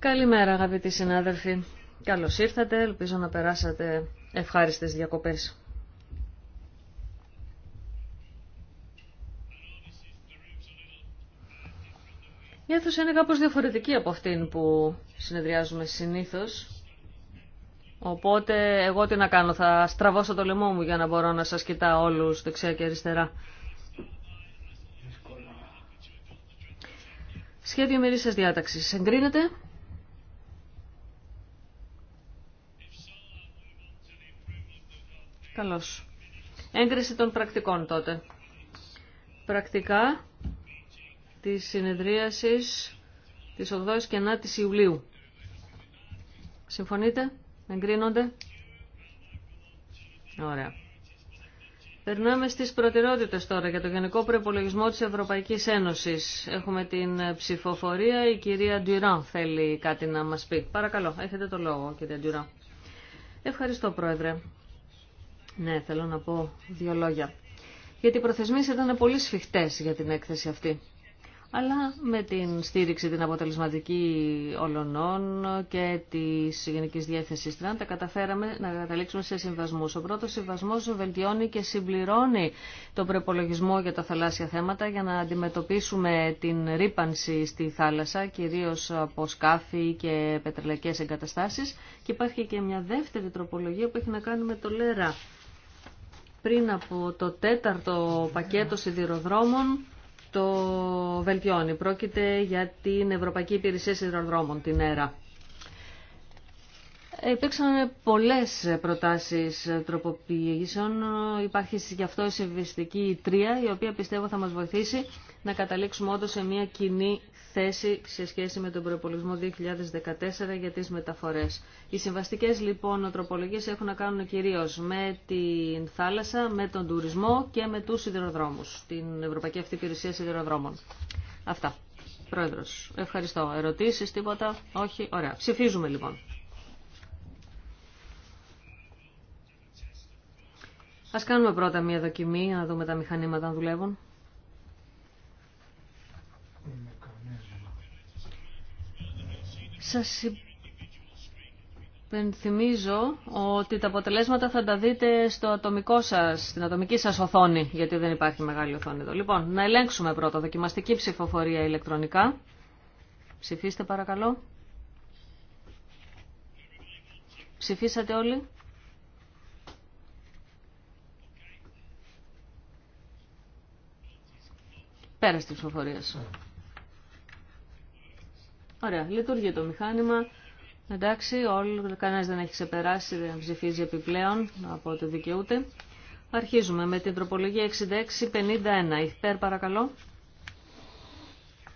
Καλημέρα αγαπητοί συνάδελφοι. Καλώς ήρθατε. Ελπίζω να περάσατε ευχάριστες διακοπές. Η αίθουσα είναι κάπως διαφορετική από αυτήν που συνεδριάζουμε συνήθως. Οπότε εγώ τι να κάνω, θα στραβώσω το λαιμό μου για να μπορώ να σας κοιτάω όλους δεξιά και αριστερά. Σχέδιο μερίσσας διάταξη. Εγκρίνεται. Καλώς. Έγκριση των πρακτικών τότε. Πρακτικά της συνεδρίασης της 8ης και 9 9η Ιουλίου. Συμφωνείτε, εγκρίνονται. Ωραία. Περνάμε στις προτεραιότητες τώρα για το Γενικό Προπολογισμό της Ευρωπαϊκής Ένωσης. Έχουμε την ψηφοφορία. Η κυρία Ντουράν θέλει κάτι να μας πει. Παρακαλώ, έχετε το λόγο κυρία Ντουράν. Ευχαριστώ Πρόεδρε. Ναι, θέλω να πω δύο λόγια. Γιατί οι προθεσμίες ήταν πολύ σφιχτές για την έκθεση αυτή αλλά με την στήριξη την αποτελεσματική ολονών και τη γενική Διεύθυνση Τραν τα καταφέραμε να καταλήξουμε σε συμβασμού. Ο πρώτο συμβασμό βελτιώνει και συμπληρώνει τον προπολογισμό για τα θαλάσσια θέματα για να αντιμετωπίσουμε την ρήπανση στη θάλασσα, κυρίω από σκάφη και πετρελαϊκέ εγκαταστάσει. και υπάρχει και μια δεύτερη τροπολογία που έχει να κάνει με το λέρα. Πριν από το τέταρτο πακέτο σιδηροδρόμων το βελτιώνει. Πρόκειται για την Ευρωπαϊκή Υπηρεσία Σιδηροδρόμων, την ΕΡΑ. Υπήρξαν πολλές προτάσεις τροποποιήσεων. Υπάρχει γι' αυτό η συμβιστική τρία, η οποία πιστεύω θα μας βοηθήσει να καταλήξουμε όντως σε μια κοινή θέση σε σχέση με τον προπολογισμό 2014 για τις μεταφορές. Οι συμβαστικές λοιπόν τροπολογίες έχουν να κάνουν κυρίως με την θάλασσα, με τον τουρισμό και με τους σιδηροδρόμους, την Ευρωπαϊκή Αυτή Υπηρεσία Σιδηροδρόμων. Αυτά. Πρόεδρος, ευχαριστώ. Ερωτήσεις, τίποτα, όχι, ωραία. Ψηφίζουμε λοιπόν. Ας κάνουμε πρώτα μία δοκιμή, να δούμε τα μηχανήματα αν δουλεύουν. Σας υπενθυμίζω ότι τα αποτελέσματα θα τα δείτε στο ατομικό σας, στην ατομική σας οθόνη, γιατί δεν υπάρχει μεγάλη οθόνη εδώ. Λοιπόν, να ελέγξουμε πρώτα δοκιμαστική ψηφοφορία ηλεκτρονικά. Ψηφίστε παρακαλώ. Ψηφίσατε όλοι. Πέρα τη ψηφοφορία. Ωραία, λειτουργεί το μηχάνημα. Εντάξει, όλοι, κανένας δεν έχει ξεπεράσει, δεν ψηφίζει επιπλέον από ό,τι δικαιούται. Αρχίζουμε με την τροπολογία 6651. Υπέρ παρακαλώ.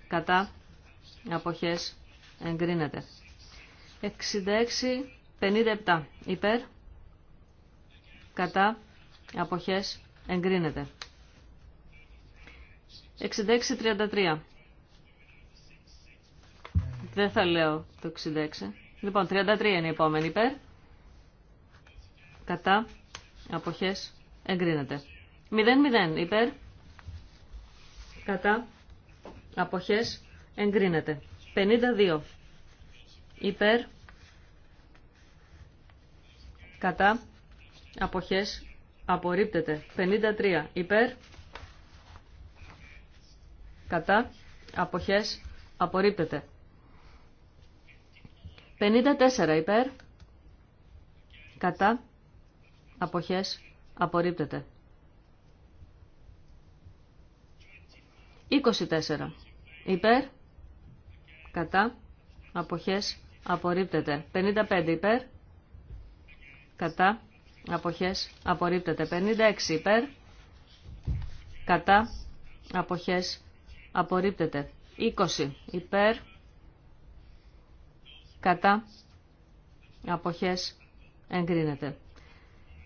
Κατά. Αποχές. Εγκρίνεται. 6657. Υπέρ. Κατά. Αποχές. Εγκρίνεται. 6633. Δεν θα λέω το 66. Λοιπόν, 33 είναι η επόμενη υπέρ. Κατά. Αποχές. 0,0 υπέρ. Κατά. Αποχές. Εγκρίνεται. 52 υπέρ. Κατά. Αποχές. Απορρίπτεται. 53 υπέρ. Κατά. Αποχές. Απορρίπτεται. 54 υπέρ. Κατά. Αποχές. Απορρίπτεται. 24 υπέρ. Κατά. Αποχές. Απορρίπτεται. 55 υπέρ. Κατά. Αποχές. Απορρίπτεται. 56 υπέρ. Κατά. Αποχές. Απορρίπτεται. 20 υπέρ κατά αποχές εγκρίνεται.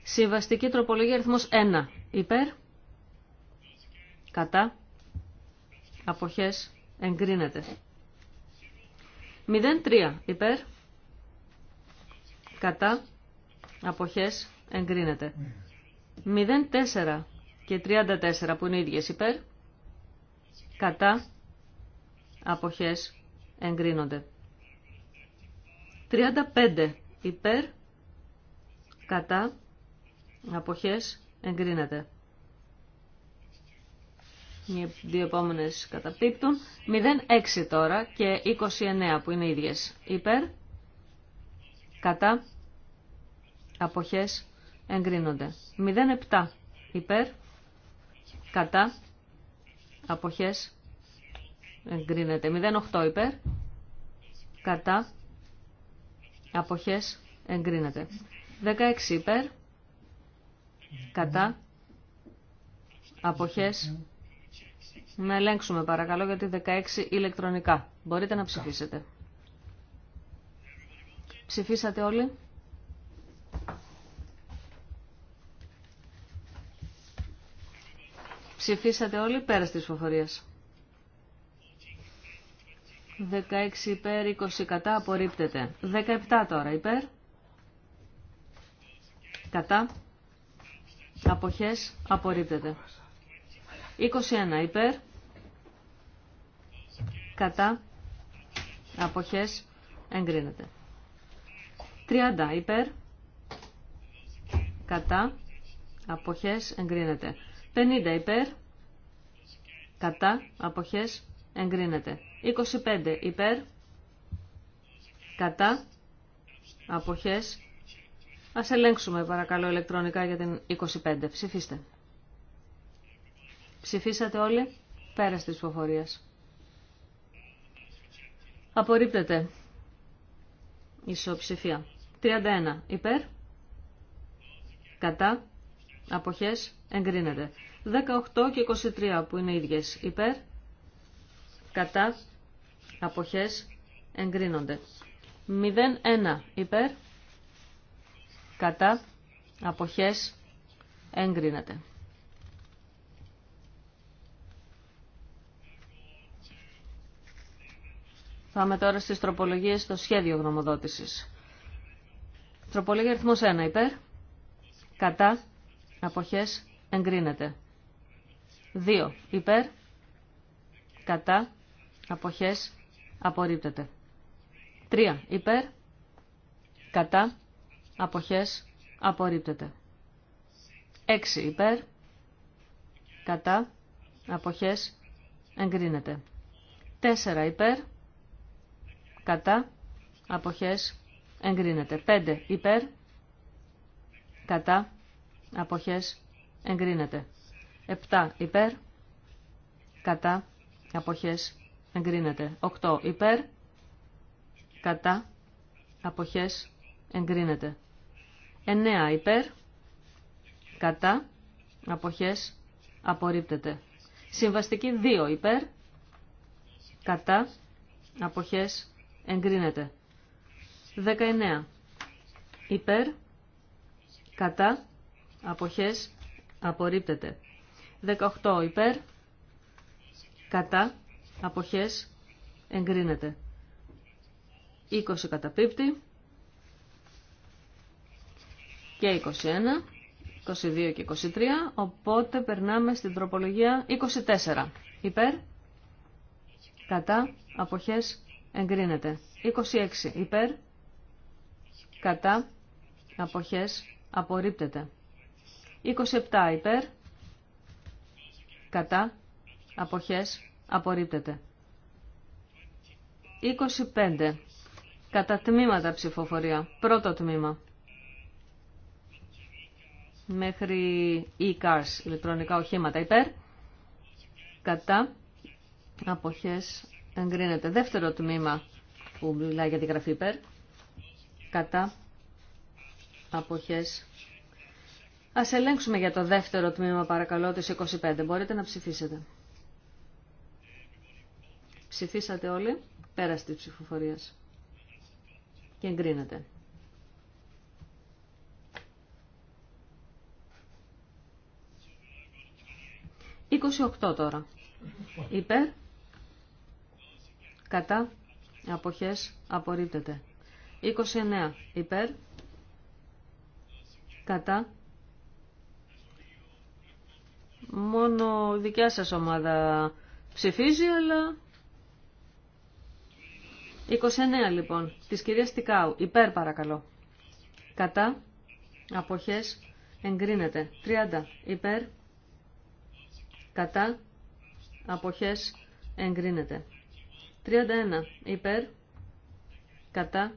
Συμβαστική τροπολογία αριθμός 1 υπέρ κατά αποχές εγκρίνεται. 03 υπέρ κατά αποχές εγκρίνεται. 04 και 34 που είναι ίδιες υπέρ κατά αποχές εγκρίνονται. 35 υπέρ, κατά, αποχές, εγκρίνεται. Οι δύο επόμενε καταπίπτουν. 06 τώρα και 29 που είναι ίδιες. Υπέρ, κατά, αποχές, εγκρίνονται. 07 υπέρ, κατά, αποχές, εγκρίνεται. 08 υπέρ, κατά, Αποχές εγκρίνεται. 16 υπέρ. Κατά. Αποχές. Να ελέγξουμε παρακαλώ γιατί 16 ηλεκτρονικά. Μπορείτε να ψηφίσετε. Ψηφίσατε όλοι. Ψηφίσατε όλοι πέρα στις φοφορίες. 16 υπέρ, 20 κατά, απορρίπτεται. 17 τώρα υπέρ. Κατά. Αποχές, απορρίπτεται. 21 υπέρ. Κατά. Αποχές, εγκρίνεται. 30 υπέρ. Κατά. Αποχές, εγκρίνεται. 50 υπέρ. Κατά. Αποχές, εγκρίνεται. 25 υπέρ, κατά, αποχές. Ας ελέγξουμε παρακαλώ ηλεκτρονικά για την 25. Ψηφίστε. Ψηφίσατε όλοι πέρα της ψηφοφορίας. Απορρίπτεται. Ισοψηφία. 31 υπέρ, κατά, αποχές, εγκρίνεται. 18 και 23 που είναι ίδιες υπέρ, κατά, αποχές εγκρίνονται. τροπολογίες στο σχέδιο γνωμοδότησης. Τροπολογία αριθμός 1 υπέρ, κατά, αποχές εγκρίνεται. Πάμε τώρα στις τροπολογίες στο σχέδιο γνωμοδότησης. Τροπολογία αριθμός 1 υπέρ, κατά, αποχές εγκρίνεται. 2 υπέρ, κατά, αποχές Απορρίπτεται. 3. Υπέρ. Κατά. Αποχές. Απορρίπτεται. 6. Υπέρ. Κατά. Αποχές. Εγκρίνεται. 4. Υπέρ. Κατά. Αποχές. Εγκρίνεται. 5. Υπέρ. Κατά. Αποχές. Εγκρίνεται. 7. Υπέρ. Κατά. Αποχές εγκρίνεται. 8 υπέρ, κατά, αποχές, εγκρίνεται. 9 υπέρ, κατά, αποχές, απορρίπτεται. Συμβαστική 2 υπέρ, κατά, αποχές, εγκρίνεται. 19 υπέρ, κατά, αποχές, απορρίπτεται. 18 υπέρ, κατά, αποχές εγκρίνεται. 20 καταπίπτει και 21, 22 και 23, οπότε περνάμε στην τροπολογία 24. Υπέρ, κατά, αποχές εγκρίνεται. 26 υπέρ, κατά, αποχές απορρίπτεται. 27 υπέρ, κατά, αποχές Απορρίπτεται. 25. Κατά τμήματα ψηφοφορία. Πρώτο τμήμα. Μέχρι e-cars, ηλεκτρονικά οχήματα. Υπέρ. Κατά. Αποχές. Εγκρίνεται. Δεύτερο τμήμα που μιλάει για τη γραφή υπέρ. Κατά. Αποχές. Ας ελέγξουμε για το δεύτερο τμήμα παρακαλώ τις 25. Μπορείτε να ψηφίσετε. Ψηφίσατε όλοι. πέρα τη ψηφοφορία. Και εγκρίνεται. 28 τώρα. Υπέρ. Κατά. Αποχές. Απορρίπτεται. 29. Υπέρ. Κατά. Μόνο δικιά σας ομάδα ψηφίζει, αλλά 29 λοιπόν, τη κυρίας Τικάου, υπέρ παρακαλώ. Κατά, αποχές, εγκρίνεται. 30, υπέρ, κατά, αποχές, εγκρίνεται. 31, υπέρ, κατά,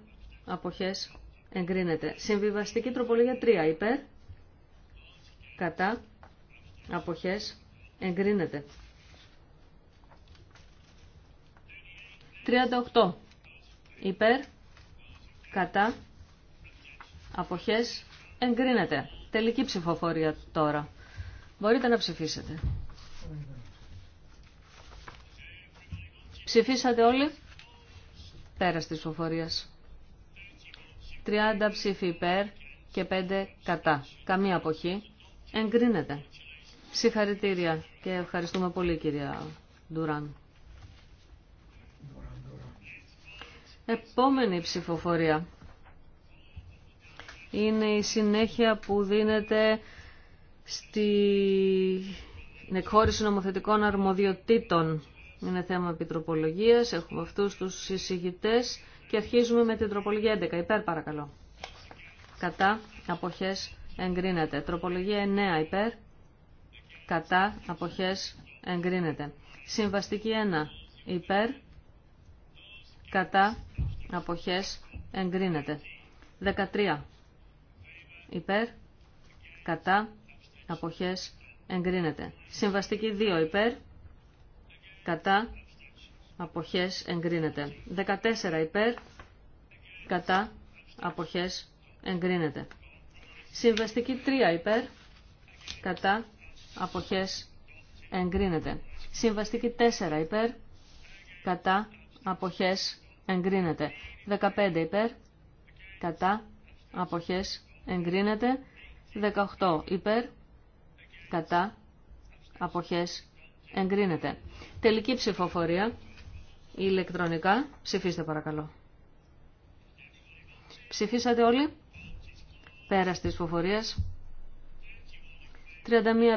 αποχές, εγκρίνεται. Συμβιβαστική τροπολογία 3, υπέρ, κατά, αποχές, εγκρίνεται. 38 υπέρ, κατά, αποχές, εγκρίνεται. Τελική ψηφοφορία τώρα. Μπορείτε να ψηφίσετε. Ψηφίσατε όλοι. Πέρας της ψηφοφορίας. 30 ψήφοι υπέρ και 5 κατά. Καμία αποχή. Εγκρίνεται. Συγχαρητήρια και ευχαριστούμε πολύ κυρία Ντουράν. Επόμενη ψηφοφορία είναι η συνέχεια που δίνεται στην εκχώρηση νομοθετικών αρμοδιοτήτων. Είναι θέμα επιτροπολογίας, έχουμε αυτούς τους συζητητές και αρχίζουμε με την τροπολογία 11. Υπέρ παρακαλώ. Κατά, αποχές, εγκρίνεται. Τροπολογία 9 υπέρ, κατά, αποχές, εγκρίνεται. Συμβαστική 1 υπέρ, κατά αποχές εγκρίνεται. 13. Υπέρ κατά αποχές εγκρίνεται. Συμβαστική 2 υπέρ κατά αποχές εγκρίνεται. 14 υπέρ κατά αποχές εγκρίνεται. Συμβαστική 3 υπέρ κατά αποχές εγκρίνεται. Συμβαστική 4 υπέρ κατά αποχές εγκρίνεται. 15 υπέρ, κατά, αποχές εγκρίνεται. 18 υπέρ, κατά, αποχές εγκρίνεται. Τελική ψηφοφορία, ηλεκτρονικά, ψηφίστε παρακαλώ. Ψηφίσατε όλοι, πέρας της ψηφοφορίας.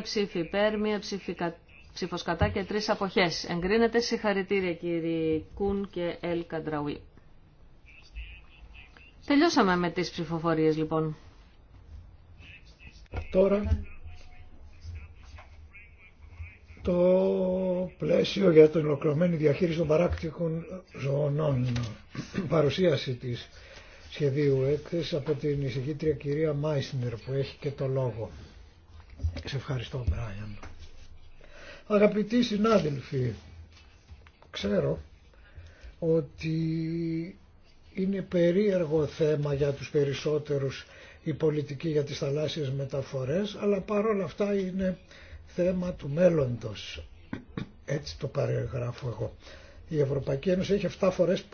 31 ψήφι υπέρ, 1 ψήφοι κατά ψηφοσκατά και τρεις αποχές. Εγκρίνεται συγχαρητήρια κύριε Κούν και Ελ Καντραουί. Τελειώσαμε με τις ψηφοφορίες λοιπόν. Τώρα το πλαίσιο για την ολοκληρωμένη διαχείριση των παράκτικων ζωνών. Παρουσίαση της σχεδίου έκθεση από την εισηγήτρια κυρία Μάισνερ που έχει και το λόγο. Σε ευχαριστώ Μπράιαν. Αγαπητοί συνάδελφοι, ξέρω ότι είναι περίεργο θέμα για τους περισσότερους η πολιτική για τις θαλάσσιες μεταφορές, αλλά παρόλα αυτά είναι θέμα του μέλλοντος. Έτσι το παρεγράφω εγώ. Η Ευρωπαϊκή Ένωση έχει 7 φορές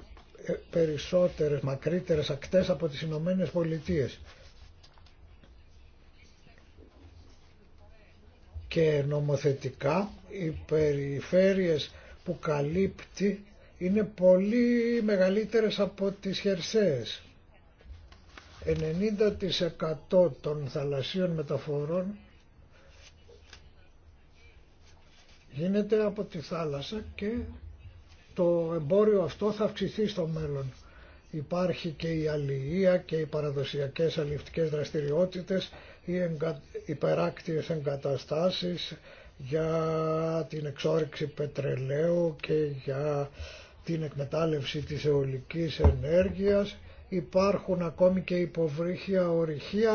περισσότερες, μακρύτερες ακτές από τις Ηνωμένε Πολιτείες. Και νομοθετικά οι περιφέρειες που καλύπτει είναι πολύ μεγαλύτερες από τις χερσαίες. 90% των θαλασσίων μεταφορών γίνεται από τη θάλασσα και το εμπόριο αυτό θα αυξηθεί στο μέλλον. Υπάρχει και η αλληλεία και οι παραδοσιακές αλληλευτικές δραστηριότητες, οι υπεράκτιες εγκαταστάσεις, για την εξόρυξη πετρελαίου και για την εκμετάλλευση της αιωλικής ενέργειας. Υπάρχουν ακόμη και υποβρύχια ορυχεία,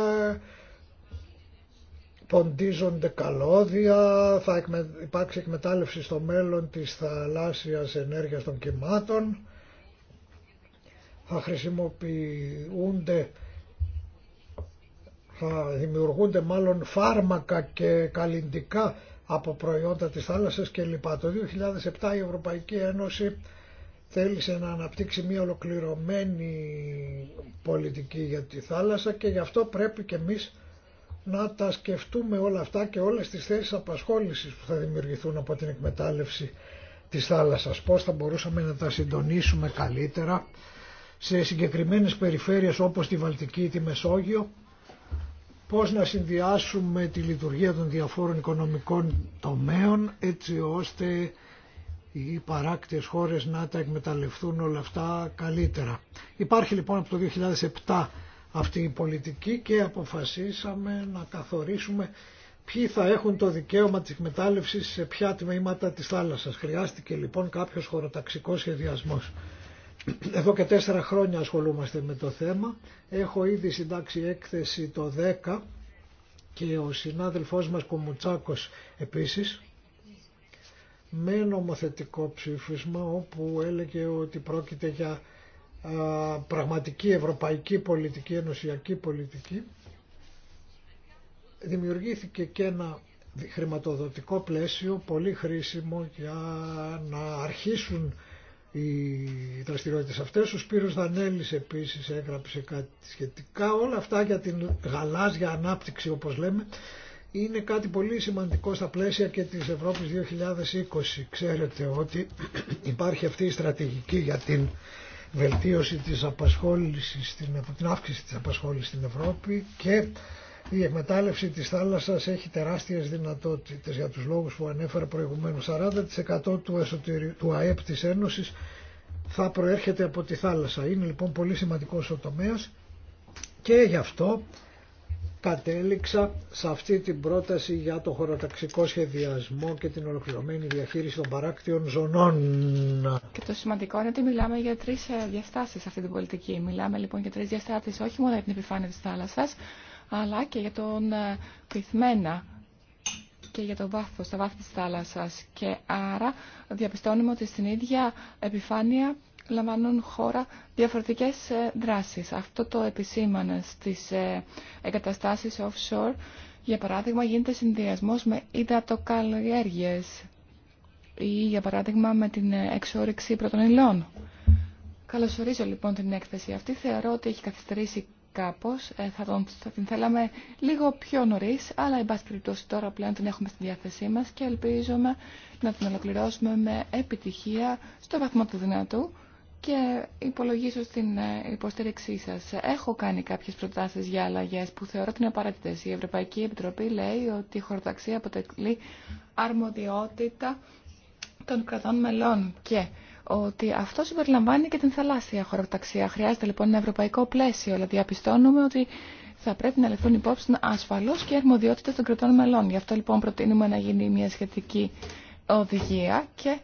ποντίζονται καλώδια, θα υπάρξει εκμετάλλευση στο μέλλον της θαλάσσιας ενέργειας των κυμάτων, θα χρησιμοποιούνται θα δημιουργούνται μάλλον φάρμακα και καλλιντικά από προϊόντα της θάλασσας λοιπά. Το 2007 η Ευρωπαϊκή Ένωση θέλησε να αναπτύξει μια ολοκληρωμένη πολιτική για τη θάλασσα και γι' αυτό πρέπει και εμείς να τα σκεφτούμε όλα αυτά και όλες τις θέσεις απασχόλησης που θα δημιουργηθούν από την εκμετάλλευση της θάλασσας. Πώς θα μπορούσαμε να τα συντονίσουμε καλύτερα σε συγκεκριμένες περιφέρειες όπως τη Βαλτική ή τη Μεσόγειο πώς να συνδυάσουμε τη λειτουργία των διαφόρων οικονομικών τομέων έτσι ώστε οι παράκτιες χώρες να τα εκμεταλλευτούν όλα αυτά καλύτερα. Υπάρχει λοιπόν από το 2007 αυτή η πολιτική και αποφασίσαμε να καθορίσουμε ποιοι θα έχουν το δικαίωμα της εκμετάλλευσης σε ποια τμήματα της θάλασσας. Χρειάστηκε λοιπόν κάποιος χωροταξικός σχεδιασμός. Εδώ και τέσσερα χρόνια ασχολούμαστε με το θέμα. Έχω ήδη συντάξει έκθεση το 10 και ο συνάδελφός μας Κουμουτσάκος επίσης με νομοθετικό ψήφισμα όπου έλεγε ότι πρόκειται για α, πραγματική ευρωπαϊκή πολιτική, ενωσιακή πολιτική. Δημιουργήθηκε και ένα χρηματοδοτικό πλαίσιο πολύ χρήσιμο για να αρχίσουν οι δραστηριότητε αυτέ, Ο Σπύρος Δανέλη επίσης έγραψε κάτι σχετικά. Όλα αυτά για την γαλάζια ανάπτυξη όπως λέμε είναι κάτι πολύ σημαντικό στα πλαίσια και της Ευρώπης 2020. Ξέρετε ότι υπάρχει αυτή η στρατηγική για την βελτίωση της απασχόλησης, την αύξηση της απασχόλησης στην Ευρώπη και η εκμετάλλευση της θάλασσας έχει τεράστιες δυνατότητες για τους λόγους που ανέφερα προηγουμένως. 40% του, του ΑΕΠ της Ένωσης θα προέρχεται από τη θάλασσα. Είναι λοιπόν πολύ σημαντικός ο τομέας και γι' αυτό κατέληξα σε αυτή την πρόταση για το χωροταξικό σχεδιασμό και την ολοκληρωμένη διαχείριση των παράκτιων ζωνών. Και το σημαντικό είναι ότι μιλάμε για τρεις ε, διαστάσεις σε αυτή την πολιτική. Μιλάμε λοιπόν για τρεις διαστάσεις όχι μόνο για την επιφάνεια της θάλασσας, αλλά και για τον ε, πυθμένα και για το βάθος, τα βάθη της θάλασσας. Και άρα διαπιστώνουμε ότι στην ίδια επιφάνεια λαμβάνουν χώρα διαφορετικές ε, δράσεις. Αυτό το επισήμανε στις ε, εγκαταστάσεις offshore. Για παράδειγμα, γίνεται συνδυασμός με υδατοκαλλιέργειες ή για παράδειγμα με την εξόριξη πρωτονυλών. Καλωσορίζω λοιπόν την έκθεση αυτή. Θεωρώ ότι έχει καθυστερήσει κάπως. Ε, θα, τον, θα την θέλαμε λίγο πιο νωρίς, αλλά εν πάση περιπτώσει τώρα πλέον την έχουμε στη διάθεσή μας και ελπίζουμε να την ολοκληρώσουμε με επιτυχία στο βαθμό του δυνατού και υπολογίζω στην ε, υποστήριξή σας. Έχω κάνει κάποιες προτάσεις για αλλαγές που θεωρώ ότι είναι απαραίτητες. Η Ευρωπαϊκή Επιτροπή λέει ότι η χωροταξία αποτελεί αρμοδιότητα των κρατών μελών ότι αυτό συμπεριλαμβάνει και την θαλάσσια χωροταξία. Χρειάζεται λοιπόν ένα ευρωπαϊκό πλαίσιο, αλλά δηλαδή, διαπιστώνουμε ότι θα πρέπει να λεφθούν υπόψη ασφαλώ και αρμοδιότητα των κρατών μελών. Γι' αυτό λοιπόν προτείνουμε να γίνει μια σχετική οδηγία και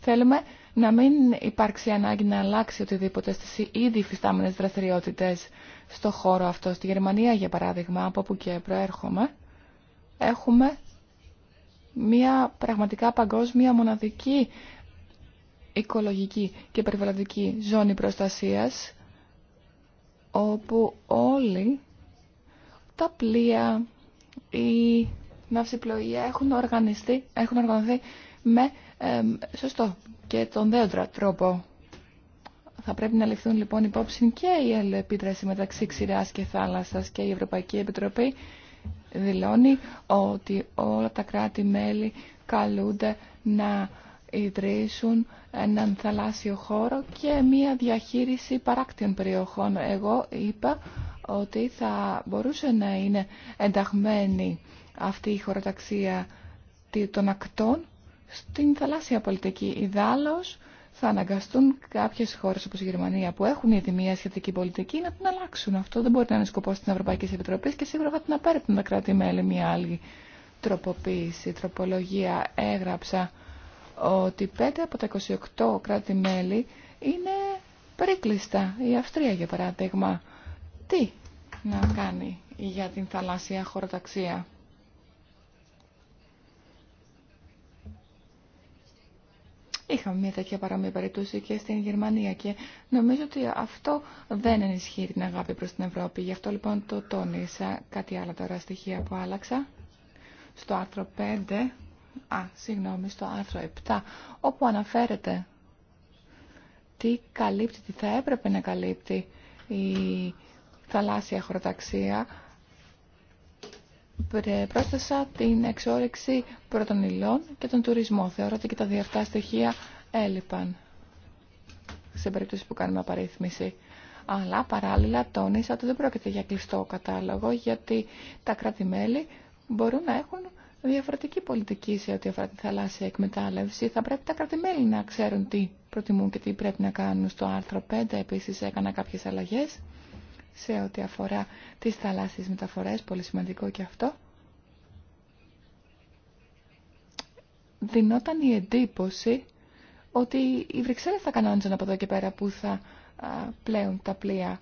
θέλουμε να μην υπάρξει ανάγκη να αλλάξει οτιδήποτε στι ήδη υφιστάμενε δραστηριότητε στο χώρο αυτό. Στη Γερμανία, για παράδειγμα, από όπου και προέρχομαι, έχουμε μια πραγματικά παγκόσμια μοναδική οικολογική και περιβαλλοντική ζώνη προστασίας όπου όλοι τα πλοία, η ναυσιπλοεία έχουν, οργανιστεί, έχουν οργανωθεί με σωστό και τον δέοντρα τρόπο. Θα πρέπει να ληφθούν λοιπόν υπόψη και η αλληλεπίδραση μεταξύ ξηράς και θάλασσας και η Ευρωπαϊκή Επιτροπή δηλώνει ότι όλα τα κράτη-μέλη καλούνται να ιδρύσουν έναν θαλάσσιο χώρο και μία διαχείριση παράκτιων περιοχών. Εγώ είπα ότι θα μπορούσε να είναι ενταγμένη αυτή η χωροταξία των ακτών στην θαλάσσια πολιτική. Ιδάλλως θα αναγκαστούν κάποιε χώρε όπω η Γερμανία που έχουν ήδη μια σχετική πολιτική να την αλλάξουν. Αυτό δεν μπορεί να είναι σκοπό τη Ευρωπαϊκή Επιτροπή και σίγουρα θα την απέρριπτουν τα κράτη-μέλη μια άλλη τροποποίηση, τροπολογία. Έγραψα ότι 5 από τα 28 κράτη-μέλη είναι περίκλειστα. Η Αυστρία, για παράδειγμα. Τι να κάνει για την θαλάσσια χωροταξία. Είχαμε μια τέτοια παρόμοια περίπτωση και στην Γερμανία και νομίζω ότι αυτό δεν ενισχύει την αγάπη προς την Ευρώπη. Γι' αυτό λοιπόν το τόνισα. Κάτι άλλο τώρα στοιχεία που άλλαξα. Στο άρθρο 5, α, συγγνώμη, στο άρθρο 7, όπου αναφέρεται τι καλύπτει, τι θα έπρεπε να καλύπτει η θαλάσσια χωροταξία, πρόσθεσα την εξόρεξη πρώτων υλών και τον τουρισμό. Θεωρώ ότι και τα δύο αυτά στοιχεία έλειπαν σε περίπτωση που κάνουμε απαρίθμηση. Αλλά παράλληλα τόνισα ότι δεν πρόκειται για κλειστό κατάλογο γιατί τα κράτη-μέλη μπορούν να έχουν διαφορετική πολιτική σε ό,τι αφορά τη θαλάσσια εκμετάλλευση. Θα πρέπει τα κράτη-μέλη να ξέρουν τι προτιμούν και τι πρέπει να κάνουν. Στο άρθρο 5 επίσης έκανα κάποιες αλλαγές σε ό,τι αφορά τις θαλάσσιες μεταφορές, πολύ σημαντικό και αυτό, δινόταν η εντύπωση ότι οι Βρυξέλλες θα κανόνιζαν από εδώ και πέρα που θα πλέουν τα πλοία.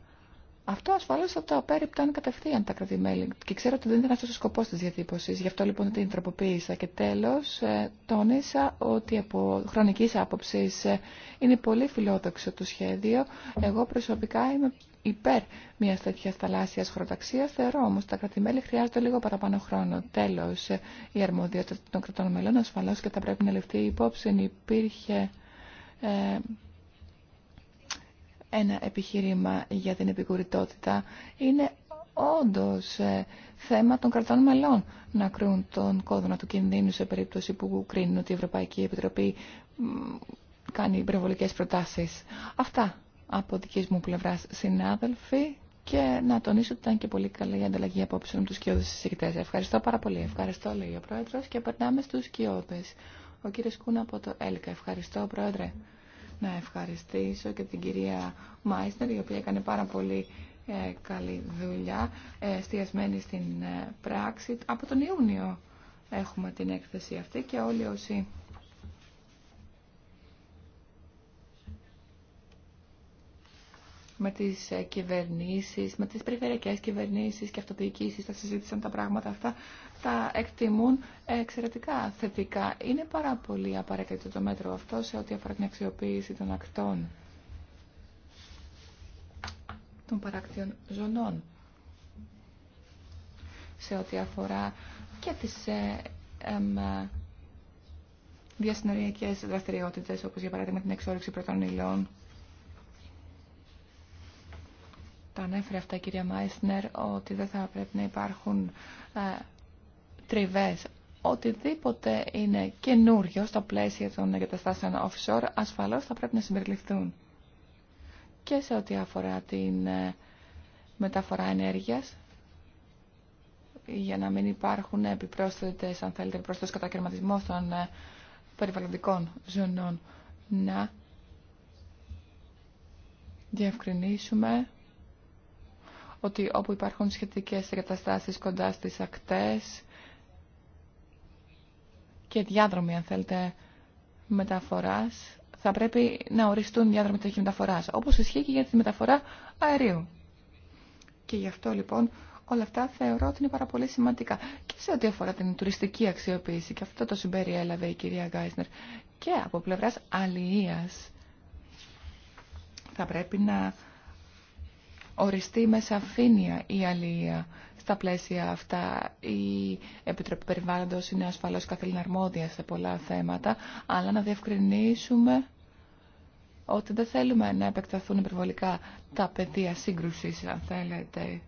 Αυτό ασφαλώς θα το απέρριπταν κατευθείαν τα κρατημέλη. Και ξέρω ότι δεν ήταν αυτός ο σκοπός της διατύπωσης Γι' αυτό λοιπόν την τροποποίησα. Και τέλο, ε, τόνισα ότι από χρονική άποψη ε, είναι πολύ φιλόδοξο το σχέδιο. Εγώ προσωπικά είμαι υπέρ μια τέτοια θαλάσσια χροταξία, Θεωρώ όμω τα κρατημέλη χρειάζονται λίγο παραπάνω χρόνο. Τέλο, η αρμοδιότητα των κρατών μελών ασφαλώ και θα πρέπει να ληφθεί υπόψη. Υπήρχε ε, ένα επιχείρημα για την επικουρητότητα. Είναι όντω ε, θέμα των κρατών μελών να κρούν τον κόδωνα του κινδύνου σε περίπτωση που κρίνουν ότι η Ευρωπαϊκή Επιτροπή κάνει υπερβολικές προτάσεις. Αυτά από δική μου πλευρά συνάδελφοι και να τονίσω ότι ήταν και πολύ καλή η ανταλλαγή απόψεων με του κοιόδε συζητητέ. Ευχαριστώ πάρα πολύ. Ευχαριστώ, λέει ο Πρόεδρο, και περνάμε στου κοιόδε. Ο κύριο Κούνα από το ΕΛΚΑ. Ευχαριστώ, Πρόεδρε. Να ευχαριστήσω και την κυρία Μάιστερ, η οποία έκανε πάρα πολύ ε, καλή δουλειά, ε, εστιασμένη στην ε, πράξη. Από τον Ιούνιο έχουμε την έκθεση αυτή και όλοι όσοι. με τι ε, κυβερνήσει, με τι περιφερειακέ κυβερνήσει και αυτοδιοικήσει, τα συζήτησαν τα πράγματα αυτά, τα εκτιμούν εξαιρετικά θετικά. Είναι πάρα πολύ απαραίτητο το μέτρο αυτό σε ό,τι αφορά την αξιοποίηση των ακτών των παράκτιων ζωνών σε ό,τι αφορά και τις ε, ε, διασυνοριακές δραστηριότητες όπως για παράδειγμα την εξόρυξη πρωτών υλών τα ανέφερε αυτά η κυρία Μάισνερ, ότι δεν θα πρέπει να υπάρχουν ε, τριβές. Οτιδήποτε είναι καινούριο στα πλαίσια των εγκαταστάσεων offshore, ασφαλώς θα πρέπει να συμπεριληφθούν. Και σε ό,τι αφορά την ε, μεταφορά ενέργειας, για να μην υπάρχουν επιπρόσθετες, αν θέλετε, προς κατακαιρματισμός των ε, περιβαλλοντικών ζωνών, να διευκρινίσουμε ότι όπου υπάρχουν σχετικές εγκαταστάσεις κοντά στις ακτές και διάδρομοι, αν θέλετε, μεταφοράς, θα πρέπει να οριστούν διάδρομοι τέτοιες μεταφοράς, όπως ισχύει και για τη μεταφορά αερίου. Και γι' αυτό, λοιπόν, όλα αυτά θεωρώ ότι είναι πάρα πολύ σημαντικά. Και σε ό,τι αφορά την τουριστική αξιοποίηση, και αυτό το συμπεριέλαβε η κυρία Γκάισνερ, και από πλευράς αλληλείας θα πρέπει να οριστεί με σαφήνεια η αλληλεία στα πλαίσια αυτά. Η Επιτροπή Περιβάλλοντος είναι ασφαλώς καθήλυνα σε πολλά θέματα, αλλά να διευκρινίσουμε ότι δεν θέλουμε να επεκταθούν υπερβολικά τα πεδία σύγκρουσης, αν θέλετε.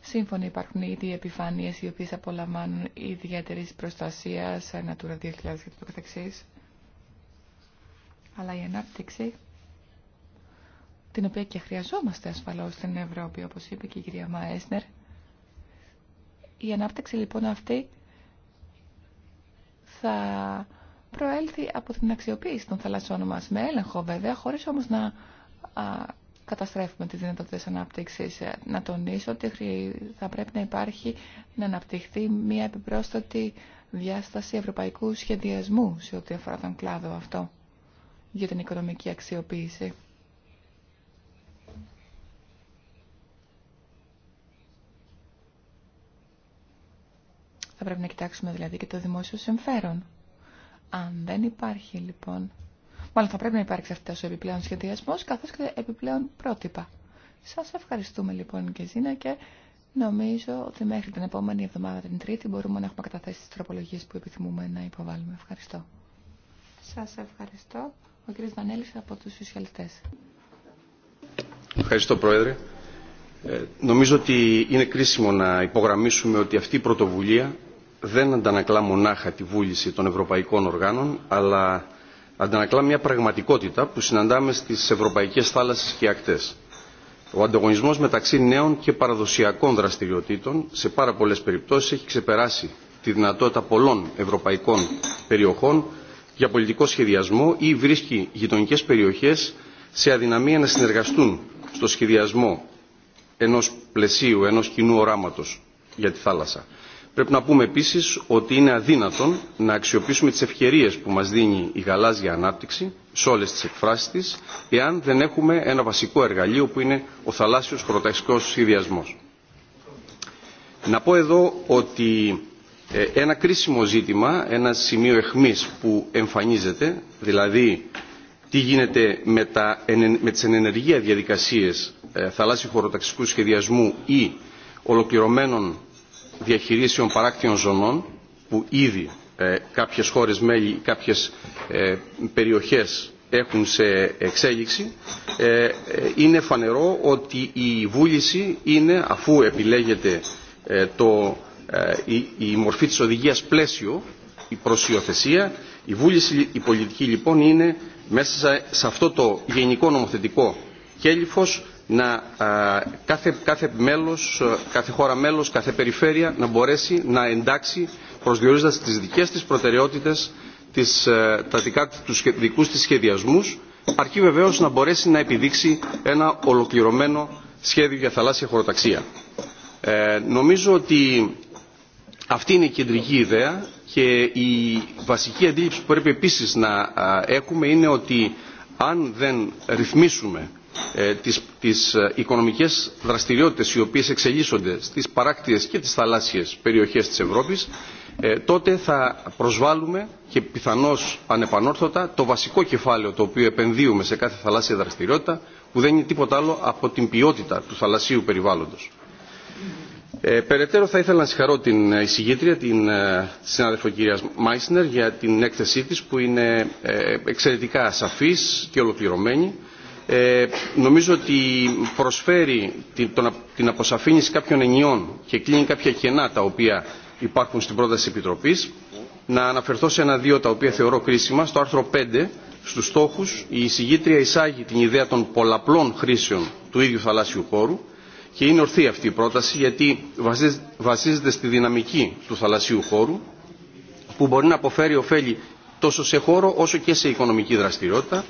Σύμφωνα υπάρχουν ήδη επιφάνειες οι οποίες απολαμβάνουν ιδιαίτερης προστασίας, Natura 2000 και το Αλλά η ανάπτυξη την οποία και χρειαζόμαστε ασφαλώς στην Ευρώπη, όπως είπε και η κυρία Μαέσνερ. Η ανάπτυξη λοιπόν αυτή θα προέλθει από την αξιοποίηση των θαλασσών μας, με έλεγχο βέβαια, χωρίς όμως να καταστρέφουμε τις δυνατότητες ανάπτυξης. Να τονίσω ότι θα πρέπει να υπάρχει, να αναπτυχθεί μια επιπρόσθετη διάσταση ευρωπαϊκού σχεδιασμού σε ό,τι αφορά τον κλάδο αυτό για την οικονομική αξιοποίηση. Θα πρέπει να κοιτάξουμε δηλαδή και το δημόσιο συμφέρον. Αν δεν υπάρχει λοιπόν, μάλλον θα πρέπει να υπάρξει αυτός ο επιπλέον σχεδιασμός καθώς και επιπλέον πρότυπα. Σας ευχαριστούμε λοιπόν και Ζήνα και νομίζω ότι μέχρι την επόμενη εβδομάδα την Τρίτη μπορούμε να έχουμε καταθέσει τις τροπολογίες που επιθυμούμε να υποβάλουμε. Ευχαριστώ. Σας ευχαριστώ. Ο κ. Βανέλης από τους Σοσιαλιστές. Ευχαριστώ Πρόεδρε. Ε, νομίζω ότι είναι κρίσιμο να υπογραμμίσουμε ότι αυτή η πρωτοβουλία δεν αντανακλά μονάχα τη βούληση των ευρωπαϊκών οργάνων, αλλά αντανακλά μια πραγματικότητα που συναντάμε στις ευρωπαϊκές θάλασσες και ακτές. Ο ανταγωνισμός μεταξύ νέων και παραδοσιακών δραστηριοτήτων σε πάρα πολλές περιπτώσεις έχει ξεπεράσει τη δυνατότητα πολλών ευρωπαϊκών περιοχών για πολιτικό σχεδιασμό ή βρίσκει γειτονικέ περιοχές σε αδυναμία να συνεργαστούν στο σχεδιασμό ενός πλαισίου, ενός κοινού οράματος για τη θάλασσα. Πρέπει να πούμε επίσης ότι είναι αδύνατον να αξιοποιήσουμε τις ευκαιρίες που μας δίνει η γαλάζια ανάπτυξη σε όλες τις εκφράσεις της, εάν δεν έχουμε ένα βασικό εργαλείο που είναι ο θαλάσσιος χωροταξικός σχεδιασμός. Να πω εδώ ότι ε, ένα κρίσιμο ζήτημα, ένα σημείο εχμής που εμφανίζεται, δηλαδή τι γίνεται με, με τις ενεργεία διαδικασίες ε, θαλάσσιου χωροταξικού σχεδιασμού ή ολοκληρωμένων διαχειρήσεων παράκτιων ζωνών που ήδη ε, κάποιες χώρες μέλη, κάποιες ε, περιοχές έχουν σε εξέλιξη ε, ε, είναι φανερό ότι η βούληση είναι αφού επιλέγεται ε, το, η, η μορφή της οδηγίας πλαίσιο η προσιοθεσία η βούληση η πολιτική λοιπόν είναι μέσα σε αυτό το γενικό νομοθετικό κέλυφος να, κάθε, κάθε, μέλος, κάθε χώρα μέλος, κάθε περιφέρεια να μπορέσει να εντάξει προσδιορίζοντας τις δικές της προτεραιότητες, τις, τα δικά, τους δικούς της σχεδιασμούς, αρκεί βεβαίως να μπορέσει να επιδείξει ένα ολοκληρωμένο σχέδιο για θαλάσσια χωροταξία. Ε, νομίζω ότι αυτή είναι η κεντρική ιδέα και η βασική αντίληψη που πρέπει επίσης να έχουμε είναι ότι αν δεν ρυθμίσουμε ε, τις ε, οικονομικές δραστηριότητες οι οποίες εξελίσσονται στις παράκτιες και τις θαλάσσιες περιοχές της Ευρώπης ε, τότε θα προσβάλλουμε και πιθανώς ανεπανόρθωτα το βασικό κεφάλαιο το οποίο επενδύουμε σε κάθε θαλάσσια δραστηριότητα που δεν είναι τίποτα άλλο από την ποιότητα του θαλασσίου περιβάλλοντος. Ε, περαιτέρω θα ήθελα να συγχαρώ την εισηγήτρια, την ε, συνάδελφο κυρία Μάισνερ για την έκθεσή της που είναι ε, εξαιρετικά σαφής και ολοκληρωμένη ε, νομίζω ότι προσφέρει την αποσαφήνιση κάποιων ενιών και κλείνει κάποια κενά τα οποία υπάρχουν στην πρόταση Επιτροπής. Να αναφερθώ σε ένα-δύο τα οποία θεωρώ κρίσιμα. Στο άρθρο 5, στους στόχους, η εισηγήτρια εισάγει την ιδέα των πολλαπλών χρήσεων του ίδιου θαλάσσιου χώρου και είναι ορθή αυτή η πρόταση γιατί βασίζεται στη δυναμική του θαλασσίου χώρου που μπορεί να αποφέρει ωφέλη τόσο σε χώρο όσο και σε οικονομική δραστηριότητα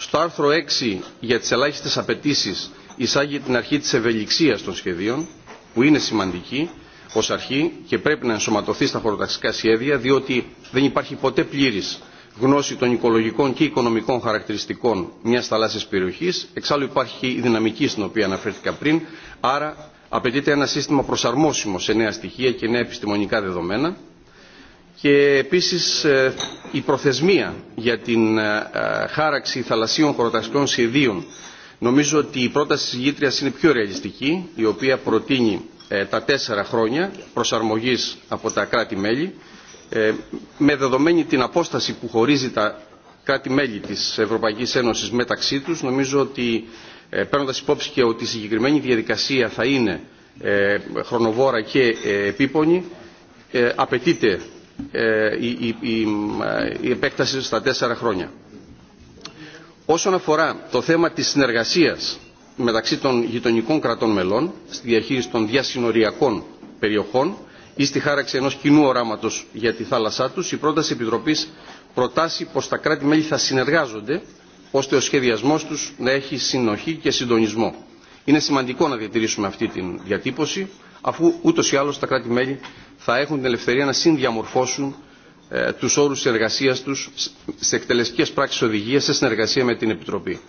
στο άρθρο 6 για τις ελάχιστες απαιτήσει εισάγει την αρχή της ευελιξίας των σχεδίων, που είναι σημαντική ως αρχή και πρέπει να ενσωματωθεί στα χωροταξικά σχέδια, διότι δεν υπάρχει ποτέ πλήρης γνώση των οικολογικών και οικονομικών χαρακτηριστικών μιας θαλάσσης περιοχής. Εξάλλου υπάρχει η δυναμική στην οποία αναφέρθηκα πριν, άρα απαιτείται ένα σύστημα προσαρμόσιμο σε νέα στοιχεία και νέα επιστημονικά δεδομένα και επίσης ε, η προθεσμία για την ε, ε, χάραξη θαλασσίων χωροταξικών σχεδίων. Νομίζω ότι η πρόταση της γήτριας είναι πιο ρεαλιστική, η οποία προτείνει τα τέσσερα χρόνια προσαρμογής από τα κράτη-μέλη, με δεδομένη την απόσταση που χωρίζει τα κράτη-μέλη της Ευρωπαϊκής Ένωσης μεταξύ τους, νομίζω ότι παίρνοντας υπόψη και ότι η συγκεκριμένη διαδικασία θα είναι χρονοβόρα και επίπονη, απαιτείται ε, η, επέκταση στα τέσσερα χρόνια. Όσον αφορά το θέμα της συνεργασίας μεταξύ των γειτονικών κρατών μελών στη διαχείριση των διασυνοριακών περιοχών ή στη χάραξη ενός κοινού οράματος για τη θάλασσά τους, η πρόταση Επιτροπής προτάσει πως τα κράτη-μέλη θα συνεργάζονται ώστε ο σχεδιασμός τους να έχει συνοχή και συντονισμό. Είναι σημαντικό να διατηρήσουμε αυτή την διατύπωση αφού ούτω ή άλλω τα κράτη-μέλη θα έχουν την ελευθερία να συνδιαμορφώσουν ε, του όρου εργασία του σε εκτελεστικέ πράξει οδηγία σε συνεργασία με την Επιτροπή.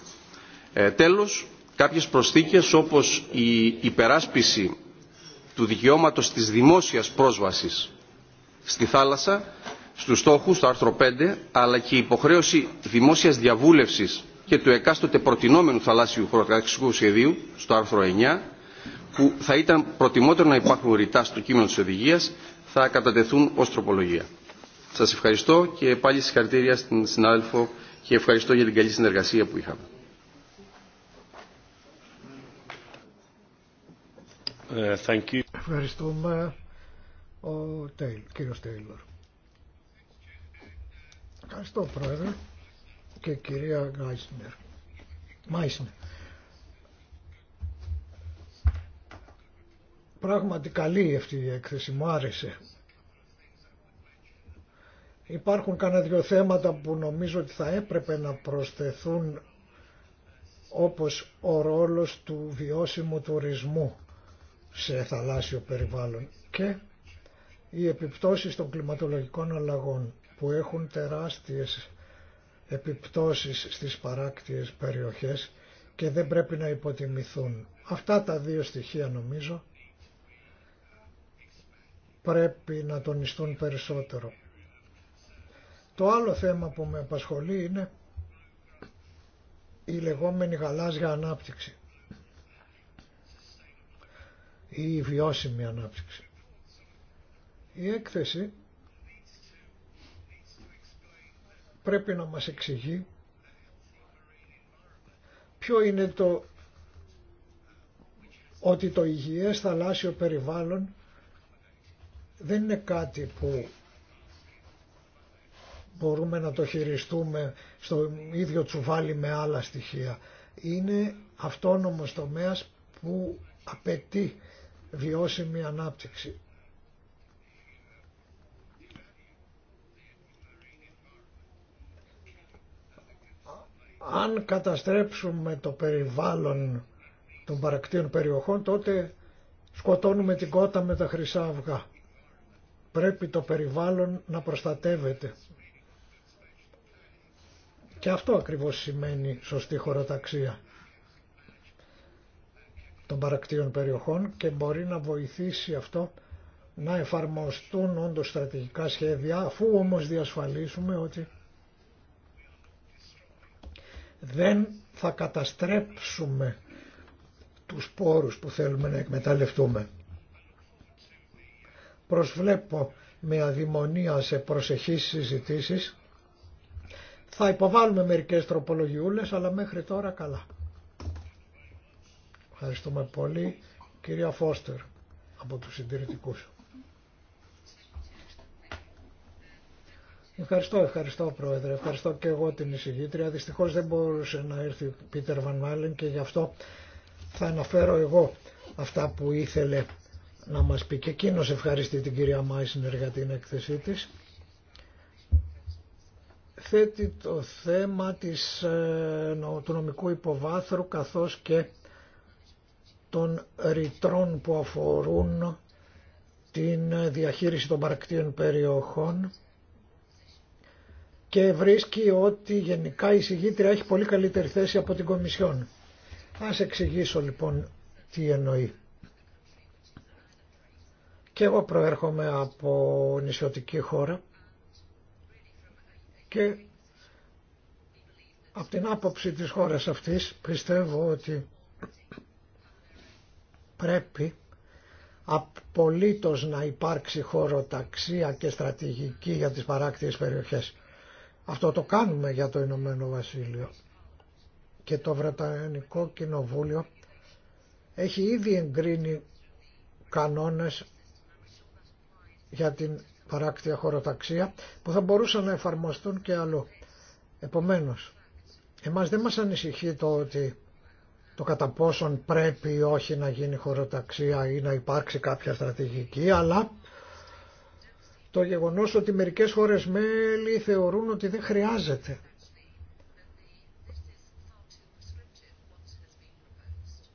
Ε, Τέλο, κάποιε προσθήκε όπω η υπεράσπιση του δικαιώματο τη δημόσια πρόσβαση στη θάλασσα στου στόχου, στο άρθρο 5, αλλά και η υποχρέωση δημόσια διαβούλευση και του εκάστοτε προτινόμενου θαλάσσιου χωροταξικού σχεδίου, στο άρθρο 9, που θα ήταν προτιμότερο να υπάρχουν ρητά στο κείμενο της οδηγίας θα κατατεθούν ως τροπολογία. Σας ευχαριστώ και πάλι συγχαρητήρια στην συνάδελφο και ευχαριστώ για την καλή συνεργασία που είχαμε. Ε, thank you. Ευχαριστούμε ο κύριος Τέιλορ. Ευχαριστώ πρόεδρε και κυρία Γκάισνερ. Μάισνερ. Πράγματι καλή αυτή η έκθεση, μου άρεσε. Υπάρχουν κανένα δυο θέματα που νομίζω ότι θα έπρεπε να προσθεθούν όπως ο ρόλος του βιώσιμου τουρισμού σε θαλάσσιο περιβάλλον και οι επιπτώσεις των κλιματολογικών αλλαγών που έχουν τεράστιες επιπτώσεις στις παράκτιες περιοχές και δεν πρέπει να υποτιμηθούν. Αυτά τα δύο στοιχεία νομίζω πρέπει να τονιστούν περισσότερο. Το άλλο θέμα που με απασχολεί είναι η λεγόμενη γαλάζια ανάπτυξη ή η βιώσιμη ανάπτυξη. Η έκθεση πρέπει να μας εξηγεί ποιο είναι το ότι το υγιές θαλάσσιο περιβάλλον δεν είναι κάτι που μπορούμε να το χειριστούμε στο ίδιο τσουβάλι με άλλα στοιχεία. Είναι αυτόνομος τομέας που απαιτεί βιώσιμη ανάπτυξη. Αν καταστρέψουμε το περιβάλλον των παρακτήων περιοχών τότε σκοτώνουμε την κότα με τα χρυσά αυγά. Πρέπει το περιβάλλον να προστατεύεται. Και αυτό ακριβώς σημαίνει σωστή χωροταξία των παρακτήων περιοχών και μπορεί να βοηθήσει αυτό να εφαρμοστούν όντως στρατηγικά σχέδια αφού όμως διασφαλίσουμε ότι δεν θα καταστρέψουμε τους πόρους που θέλουμε να εκμεταλλευτούμε προσβλέπω με αδημονία σε προσεχείς συζητήσεις. Θα υποβάλουμε μερικές τροπολογιούλες, αλλά μέχρι τώρα καλά. Ευχαριστούμε πολύ. Κυρία Φώστερ, από τους συντηρητικούς. Ευχαριστώ, ευχαριστώ Πρόεδρε. Ευχαριστώ και εγώ την εισηγήτρια. Δυστυχώς δεν μπορούσε να έρθει ο Πίτερ Βαν και γι' αυτό θα αναφέρω εγώ αυτά που ήθελε να μας πει και εκείνο ευχαριστεί την κυρία Μάισνερ για την έκθεσή της θέτει το θέμα της, ε, του νομικού υποβάθρου καθώς και των ρητρών που αφορούν την διαχείριση των παρακτήων περιοχών και βρίσκει ότι γενικά η συγγήτρια έχει πολύ καλύτερη θέση από την Κομισιόν. Ας εξηγήσω λοιπόν τι εννοεί. Και εγώ προέρχομαι από νησιωτική χώρα και από την άποψη της χώρας αυτής πιστεύω ότι πρέπει απολύτως να υπάρξει χωροταξία και στρατηγική για τις παράκτιες περιοχές. Αυτό το κάνουμε για το Ηνωμένο Βασίλειο. Και το Βρετανικό Κοινοβούλιο έχει ήδη εγκρίνει κανόνες για την παράκτια χωροταξία που θα μπορούσαν να εφαρμοστούν και αλλού. Επομένως, εμάς δεν μας ανησυχεί το ότι το κατά πόσον πρέπει ή όχι να γίνει χωροταξία ή να υπάρξει κάποια στρατηγική, αλλά το γεγονός ότι μερικές χώρες μέλη θεωρούν ότι δεν χρειάζεται.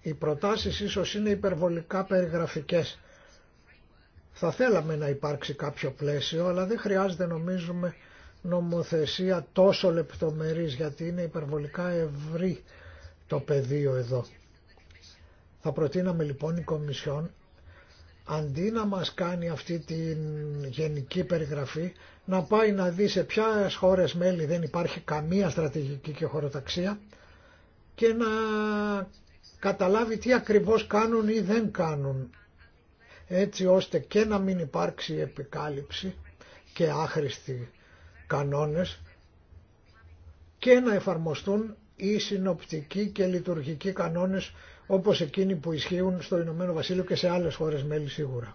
Οι προτάσεις ίσως είναι υπερβολικά περιγραφικές θα θέλαμε να υπάρξει κάποιο πλαίσιο, αλλά δεν χρειάζεται νομίζουμε νομοθεσία τόσο λεπτομερής, γιατί είναι υπερβολικά ευρύ το πεδίο εδώ. Θα προτείναμε λοιπόν η Κομισιόν, αντί να μας κάνει αυτή την γενική περιγραφή, να πάει να δει σε ποια χώρες μέλη δεν υπάρχει καμία στρατηγική και χωροταξία και να καταλάβει τι ακριβώς κάνουν ή δεν κάνουν έτσι ώστε και να μην υπάρξει επικάλυψη και άχρηστοι κανόνες και να εφαρμοστούν οι συνοπτικοί και λειτουργικοί κανόνες όπως εκείνοι που ισχύουν στο Ηνωμένο Βασίλειο και σε άλλες χώρες μέλη σίγουρα.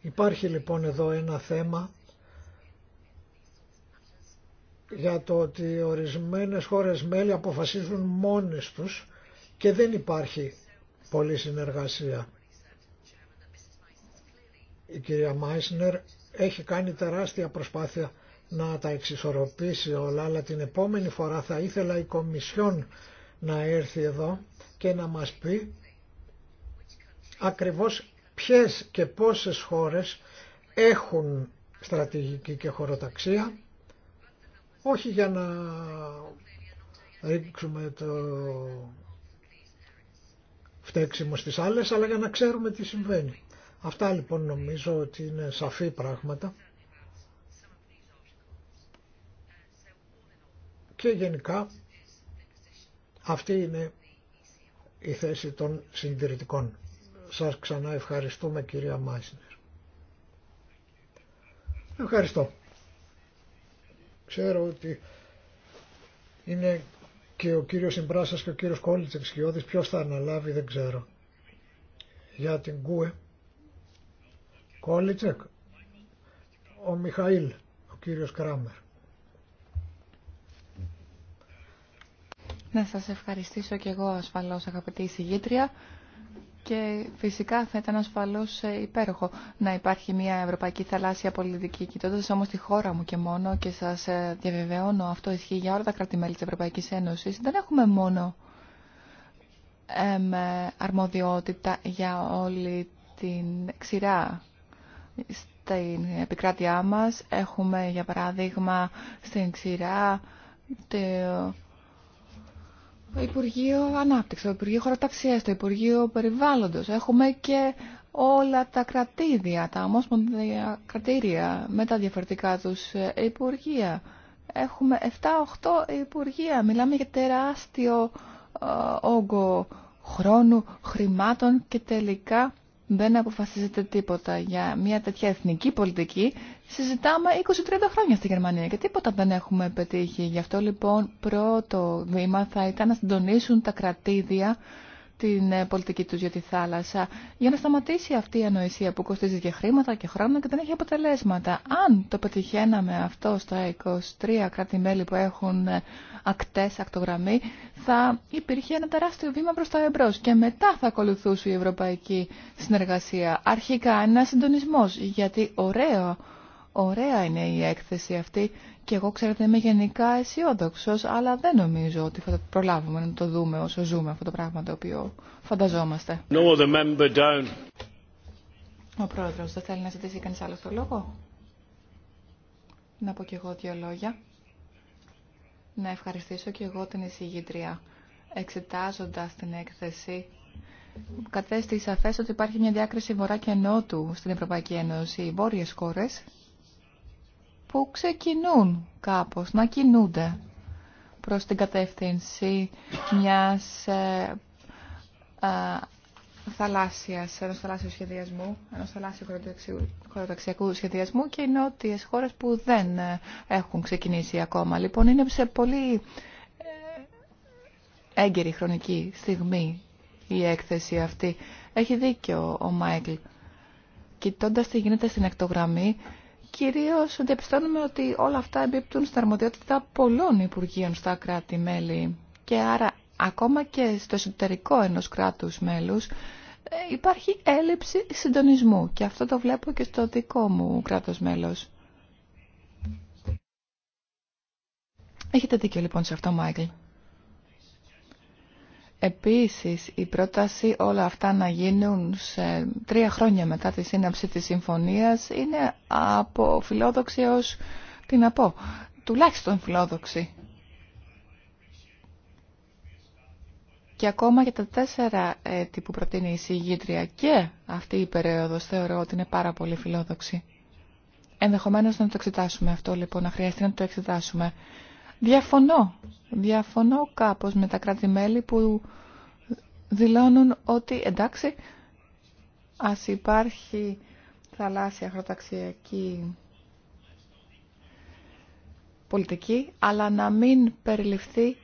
Υπάρχει λοιπόν εδώ ένα θέμα για το ότι ορισμένες χώρες μέλη αποφασίζουν μόνες τους και δεν υπάρχει πολύ συνεργασία. Η κυρία Μάισνερ έχει κάνει τεράστια προσπάθεια να τα εξισορροπήσει όλα, αλλά την επόμενη φορά θα ήθελα η Κομισιόν να έρθει εδώ και να μας πει ακριβώς ποιες και πόσες χώρες έχουν στρατηγική και χωροταξία, όχι για να ρίξουμε το φταίξιμο στις άλλες, αλλά για να ξέρουμε τι συμβαίνει. Αυτά λοιπόν νομίζω ότι είναι σαφή πράγματα. Και γενικά αυτή είναι η θέση των συντηρητικών. Σας ξανά ευχαριστούμε κυρία Μάισνερ. Ευχαριστώ. Ξέρω ότι είναι και ο κύριο Συμπράσας και ο κύριο Κόλιτσεκ Σκιώδη, ποιος θα αναλάβει δεν ξέρω. Για την ΚΟΕ. Κόλιτσεκ. Ο Μιχαήλ. Ο κύριο Κράμερ. Να σας ευχαριστήσω και εγώ ασφαλώς αγαπητή συγγήτρια και φυσικά θα ήταν ασφαλώ ε, υπέροχο να υπάρχει μια ευρωπαϊκή θαλάσσια πολιτική. Κοιτώντα όμω τη χώρα μου και μόνο και σα ε, διαβεβαιώνω αυτό ισχύει για όλα τα κράτη-μέλη της Ευρωπαϊκής Ένωσης. Δεν έχουμε μόνο αρμοδιότητα για όλη την ξηρά στην επικράτειά μας. Έχουμε για παράδειγμα στην ξηρά Υπουργείο Ανάπτυξη, το Υπουργείο Χωροταξία, το Υπουργείο Περιβάλλοντος. Έχουμε και όλα τα κρατήδια, τα ομόσπονδια κρατήρια με τα διαφορετικά του υπουργεία. Έχουμε 7-8 υπουργεία. Μιλάμε για τεράστιο ε, όγκο χρόνου, χρημάτων και τελικά δεν αποφασίζεται τίποτα για μια τέτοια εθνική πολιτική, συζητάμε 20-30 χρόνια στη Γερμανία και τίποτα δεν έχουμε πετύχει. Γι' αυτό λοιπόν πρώτο βήμα θα ήταν να συντονίσουν τα κρατήδια την ε, πολιτική του για τη θάλασσα για να σταματήσει αυτή η ανοησία που κοστίζει και χρήματα και χρόνο και δεν έχει αποτελέσματα. Αν το πετυχαίναμε αυτό στα 23 κράτη-μέλη που έχουν ε, ακτέ ακτογραμμή, θα υπήρχε ένα τεράστιο βήμα προ τα εμπρό. και μετά θα ακολουθούσε η ευρωπαϊκή συνεργασία. Αρχικά ένα συντονισμό, γιατί ωραίο Ωραία είναι η έκθεση αυτή και εγώ ξέρετε είμαι γενικά αισιόδοξο, αλλά δεν νομίζω ότι θα προλάβουμε να το δούμε όσο ζούμε αυτό το πράγμα το οποίο φανταζόμαστε. No, Ο πρόεδρος δεν θέλει να ζητήσει κανείς άλλο το λόγο. Να πω και εγώ δύο λόγια. Να ευχαριστήσω κι εγώ την εισηγήτρια. Εξετάζοντας την έκθεση, Κατέστησα σαφές ότι υπάρχει μια διάκριση βορρά και νότου στην Ευρωπαϊκή Ένωση. Οι βόρειες χώρες που ξεκινούν κάπως να κινούνται προς την κατεύθυνση μιας ε, ε, θαλάσσιας, ενός θαλάσσιου σχεδιασμού, ενός θαλάσσιου χωροταξιακού σχεδιασμού και οι νότιες χώρες που δεν ε, έχουν ξεκινήσει ακόμα. Λοιπόν, είναι σε πολύ ε, έγκαιρη χρονική στιγμή η έκθεση αυτή. Έχει δίκιο ο Μάικλ. Κοιτώντας τι γίνεται στην εκτογραμμή, Κυρίως διαπιστώνουμε ότι όλα αυτά εμπίπτουν στα αρμοδιότητα πολλών Υπουργείων στα κράτη-μέλη και άρα ακόμα και στο εσωτερικό ενός κράτους μέλους ε, υπάρχει έλλειψη συντονισμού και αυτό το βλέπω και στο δικό μου κράτος μέλος. Έχετε δίκιο λοιπόν σε αυτό, Μάικλ. Επίσης, η πρόταση όλα αυτά να γίνουν σε τρία χρόνια μετά τη σύναψη της συμφωνίας είναι από φιλόδοξη ως, τι να πω, τουλάχιστον φιλόδοξη. Και ακόμα για τα τέσσερα έτη που προτείνει η συγγήτρια και αυτή η περίοδος θεωρώ ότι είναι πάρα πολύ φιλόδοξη. Ενδεχομένως να το εξετάσουμε αυτό λοιπόν, να χρειαστεί να το εξετάσουμε. Διαφωνώ. Διαφωνώ κάπως με τα κρατη που δηλώνουν ότι εντάξει, ας υπάρχει θαλάσσια χροταξιακή πολιτική, αλλά να μην περιληφθεί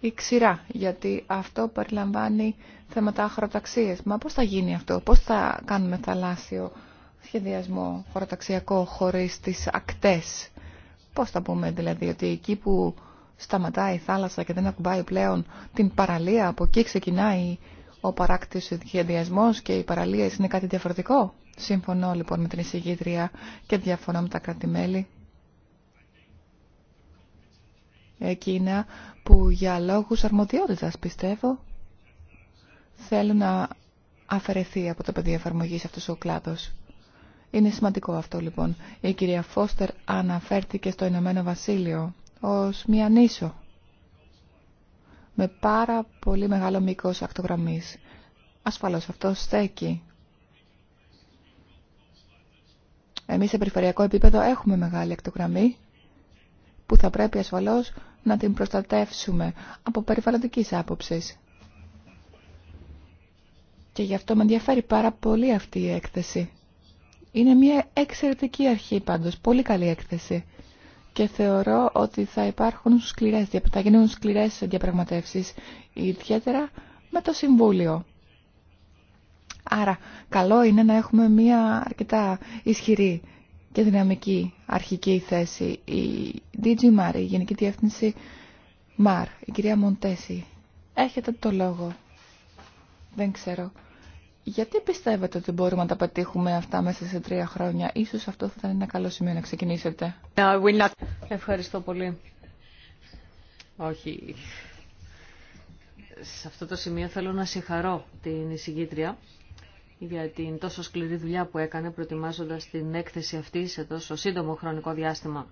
η ξηρά, γιατί αυτό περιλαμβάνει θέματα χωροταξίες. Μα πώς θα γίνει αυτό, πώς θα κάνουμε θαλάσσιο σχεδιασμό χωροταξιακό χωρίς τις ακτές. Πώς θα πούμε δηλαδή ότι εκεί που σταματάει η θάλασσα και δεν ακουμπάει πλέον την παραλία, από εκεί ξεκινάει ο παράκτης σχεδιασμό και οι παραλίε είναι κάτι διαφορετικό. Σύμφωνο, λοιπόν με την εισηγήτρια και διαφωνώ με τα κρατημέλη. Εκείνα που για λόγους αρμοδιότητας πιστεύω θέλουν να αφαιρεθεί από το πεδίο εφαρμογή αυτός ο κλάδος. Είναι σημαντικό αυτό λοιπόν. Η κυρία Φώστερ αναφέρθηκε στο Ηνωμένο Βασίλειο ως μια νήσο με πάρα πολύ μεγάλο μήκος ακτογραμμής. Ασφαλώς αυτό στέκει. Εμείς σε περιφερειακό επίπεδο έχουμε μεγάλη ακτογραμμή που θα πρέπει ασφαλώς να την προστατεύσουμε από περιβαλλοντικής άποψης. Και γι' αυτό με ενδιαφέρει πάρα πολύ αυτή η έκθεση. Είναι μια εξαιρετική αρχή πάντως, πολύ καλή έκθεση. Και θεωρώ ότι θα υπάρχουν σκληρές, θα γίνουν σκληρές διαπραγματεύσεις, ιδιαίτερα με το Συμβούλιο. Άρα, καλό είναι να έχουμε μια αρκετά ισχυρή και δυναμική αρχική θέση. Η DG Mar, η Γενική Διεύθυνση Μαρ, η κυρία Μοντέση. Έχετε το λόγο. Δεν ξέρω γιατί πιστεύετε ότι μπορούμε να τα πετύχουμε αυτά μέσα σε τρία χρόνια. Ίσως αυτό θα ήταν ένα καλό σημείο να ξεκινήσετε. Ευχαριστώ πολύ. Όχι. Σε αυτό το σημείο θέλω να συγχαρώ την εισηγήτρια για την τόσο σκληρή δουλειά που έκανε προετοιμάζοντας την έκθεση αυτή σε τόσο σύντομο χρονικό διάστημα.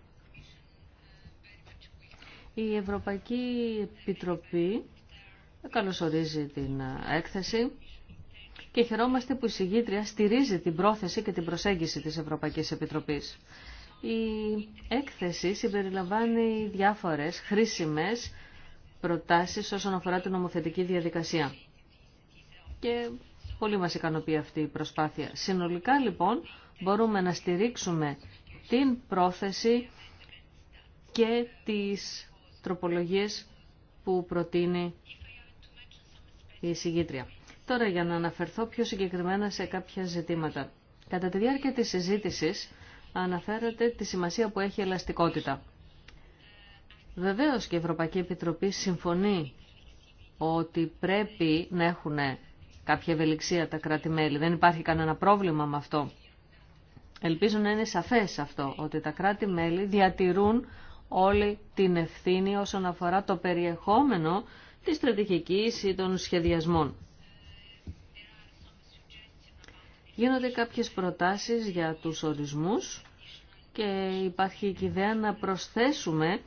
Η Ευρωπαϊκή Επιτροπή καλωσορίζει την έκθεση και χαιρόμαστε που η συγγήτρια στηρίζει την πρόθεση και την προσέγγιση της Ευρωπαϊκής Επιτροπής. Η έκθεση συμπεριλαμβάνει διάφορες χρήσιμες προτάσεις όσον αφορά την νομοθετική διαδικασία. Και πολύ μας ικανοποιεί αυτή η προσπάθεια. Συνολικά λοιπόν μπορούμε να στηρίξουμε την πρόθεση και τις τροπολογίες που προτείνει η συγγήτρια. Τώρα για να αναφερθώ πιο συγκεκριμένα σε κάποια ζητήματα. Κατά τη διάρκεια της συζήτησης αναφέρατε τη σημασία που έχει η ελαστικότητα. Βεβαίως και η Ευρωπαϊκή Επιτροπή συμφωνεί ότι πρέπει να έχουν κάποια ευελιξία τα κράτη-μέλη. Δεν υπάρχει κανένα πρόβλημα με αυτό. Ελπίζω να είναι σαφές αυτό, ότι τα κράτη-μέλη διατηρούν όλη την ευθύνη όσον αφορά το περιεχόμενο της στρατηγικής ή των σχεδιασμών. Γίνονται κάποιες προτάσεις για τους ορισμούς και υπάρχει και ιδέα να προσθέσουμε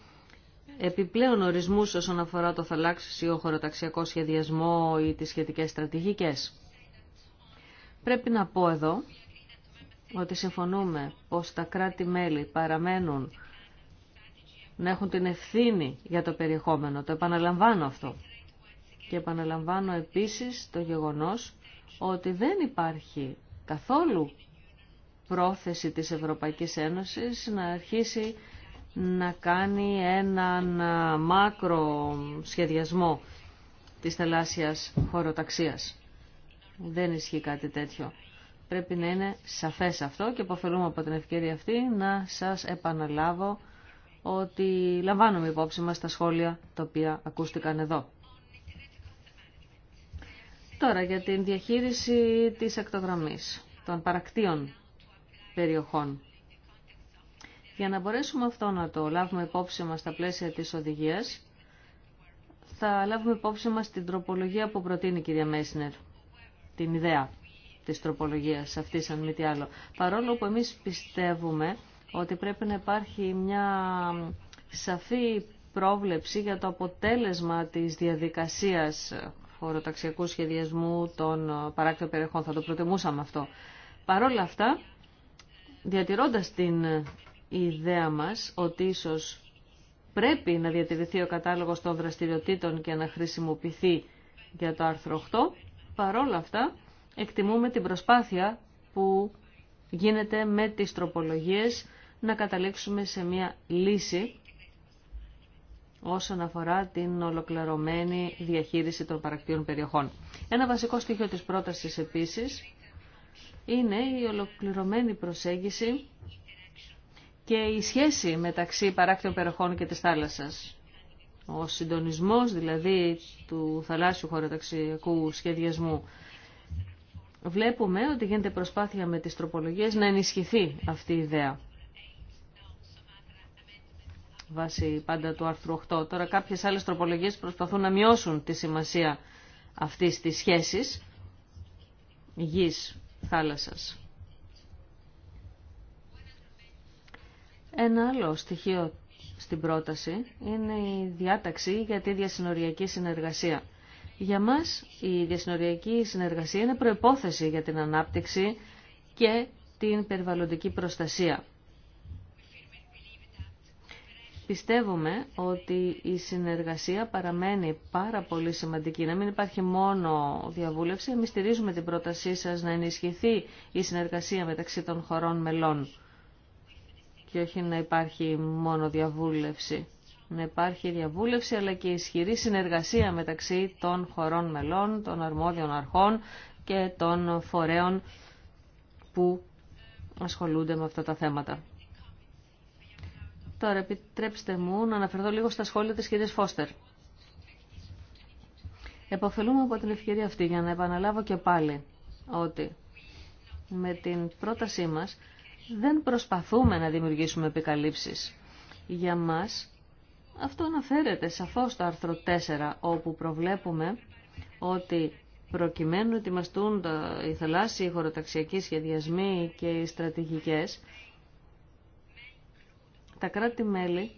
επιπλέον ορισμούς όσον αφορά το θαλάξιο χωροταξιακό σχεδιασμό ή τις σχετικές στρατηγικές. Πρέπει να πω εδώ ότι συμφωνούμε πως τα κράτη-μέλη παραμένουν να έχουν την ευθύνη για το περιεχόμενο. Το επαναλαμβάνω αυτό. Και επαναλαμβάνω επίσης το γεγονός ότι δεν υπάρχει καθόλου πρόθεση της Ευρωπαϊκής Ένωσης να αρχίσει να κάνει έναν μάκρο σχεδιασμό της θαλάσσιας χωροταξίας. Δεν ισχύει κάτι τέτοιο. Πρέπει να είναι σαφές αυτό και αποφελούμε από την ευκαιρία αυτή να σας επαναλάβω ότι λαμβάνουμε υπόψη μας τα σχόλια τα οποία ακούστηκαν εδώ. Τώρα για την διαχείριση της ακτογραμμής των παρακτήων περιοχών. Για να μπορέσουμε αυτό να το λάβουμε υπόψη μας στα πλαίσια της οδηγίας, θα λάβουμε υπόψη μας την τροπολογία που προτείνει η κυρία Μέσνερ, την ιδέα της τροπολογίας αυτής αν μη τι άλλο. Παρόλο που εμείς πιστεύουμε ότι πρέπει να υπάρχει μια σαφή πρόβλεψη για το αποτέλεσμα της διαδικασίας χωροταξιακού σχεδιασμού των ε, παράκτων περιοχών. Θα το προτιμούσαμε αυτό. Παρ' όλα αυτά, διατηρώντας την ε, ιδέα μας ότι ίσως πρέπει να διατηρηθεί ο κατάλογος των δραστηριοτήτων και να χρησιμοποιηθεί για το άρθρο 8, παρόλα αυτά εκτιμούμε την προσπάθεια που γίνεται με τις τροπολογίες να καταλήξουμε σε μια λύση όσον αφορά την ολοκληρωμένη διαχείριση των παρακτήρων περιοχών. Ένα βασικό στοιχείο της πρότασης επίσης είναι η ολοκληρωμένη προσέγγιση και η σχέση μεταξύ παράκτιων περιοχών και της θάλασσας. Ο συντονισμός δηλαδή του θαλάσσιου χωροταξιακού σχεδιασμού. Βλέπουμε ότι γίνεται προσπάθεια με τις τροπολογίες να ενισχυθεί αυτή η ιδέα βάσει πάντα του άρθρου 8. Τώρα κάποιες άλλες τροπολογίες προσπαθούν να μειώσουν τη σημασία αυτής της σχέσης γης θάλασσας. Ένα άλλο στοιχείο στην πρόταση είναι η διάταξη για τη διασυνοριακή συνεργασία. Για μας η διασυνοριακή συνεργασία είναι προϋπόθεση για την ανάπτυξη και την περιβαλλοντική προστασία. Πιστεύουμε ότι η συνεργασία παραμένει πάρα πολύ σημαντική. Να μην υπάρχει μόνο διαβούλευση. Εμείς στηρίζουμε την πρότασή σας να ενισχυθεί η συνεργασία μεταξύ των χωρών μελών και όχι να υπάρχει μόνο διαβούλευση. Να υπάρχει διαβούλευση αλλά και ισχυρή συνεργασία μεταξύ των χωρών μελών, των αρμόδιων αρχών και των φορέων που ασχολούνται με αυτά τα θέματα. Τώρα επιτρέψτε μου να αναφερθώ λίγο στα σχόλια της κυρίας Φώστερ. Εποφελούμε από την ευκαιρία αυτή για να επαναλάβω και πάλι ότι με την πρότασή μας δεν προσπαθούμε να δημιουργήσουμε επικαλύψεις. Για μας αυτό αναφέρεται σαφώς στο άρθρο 4 όπου προβλέπουμε ότι προκειμένου ετοιμαστούν οι θαλάσσιοι, χωροταξιακοί σχεδιασμοί και οι στρατηγικές τα κράτη-μέλη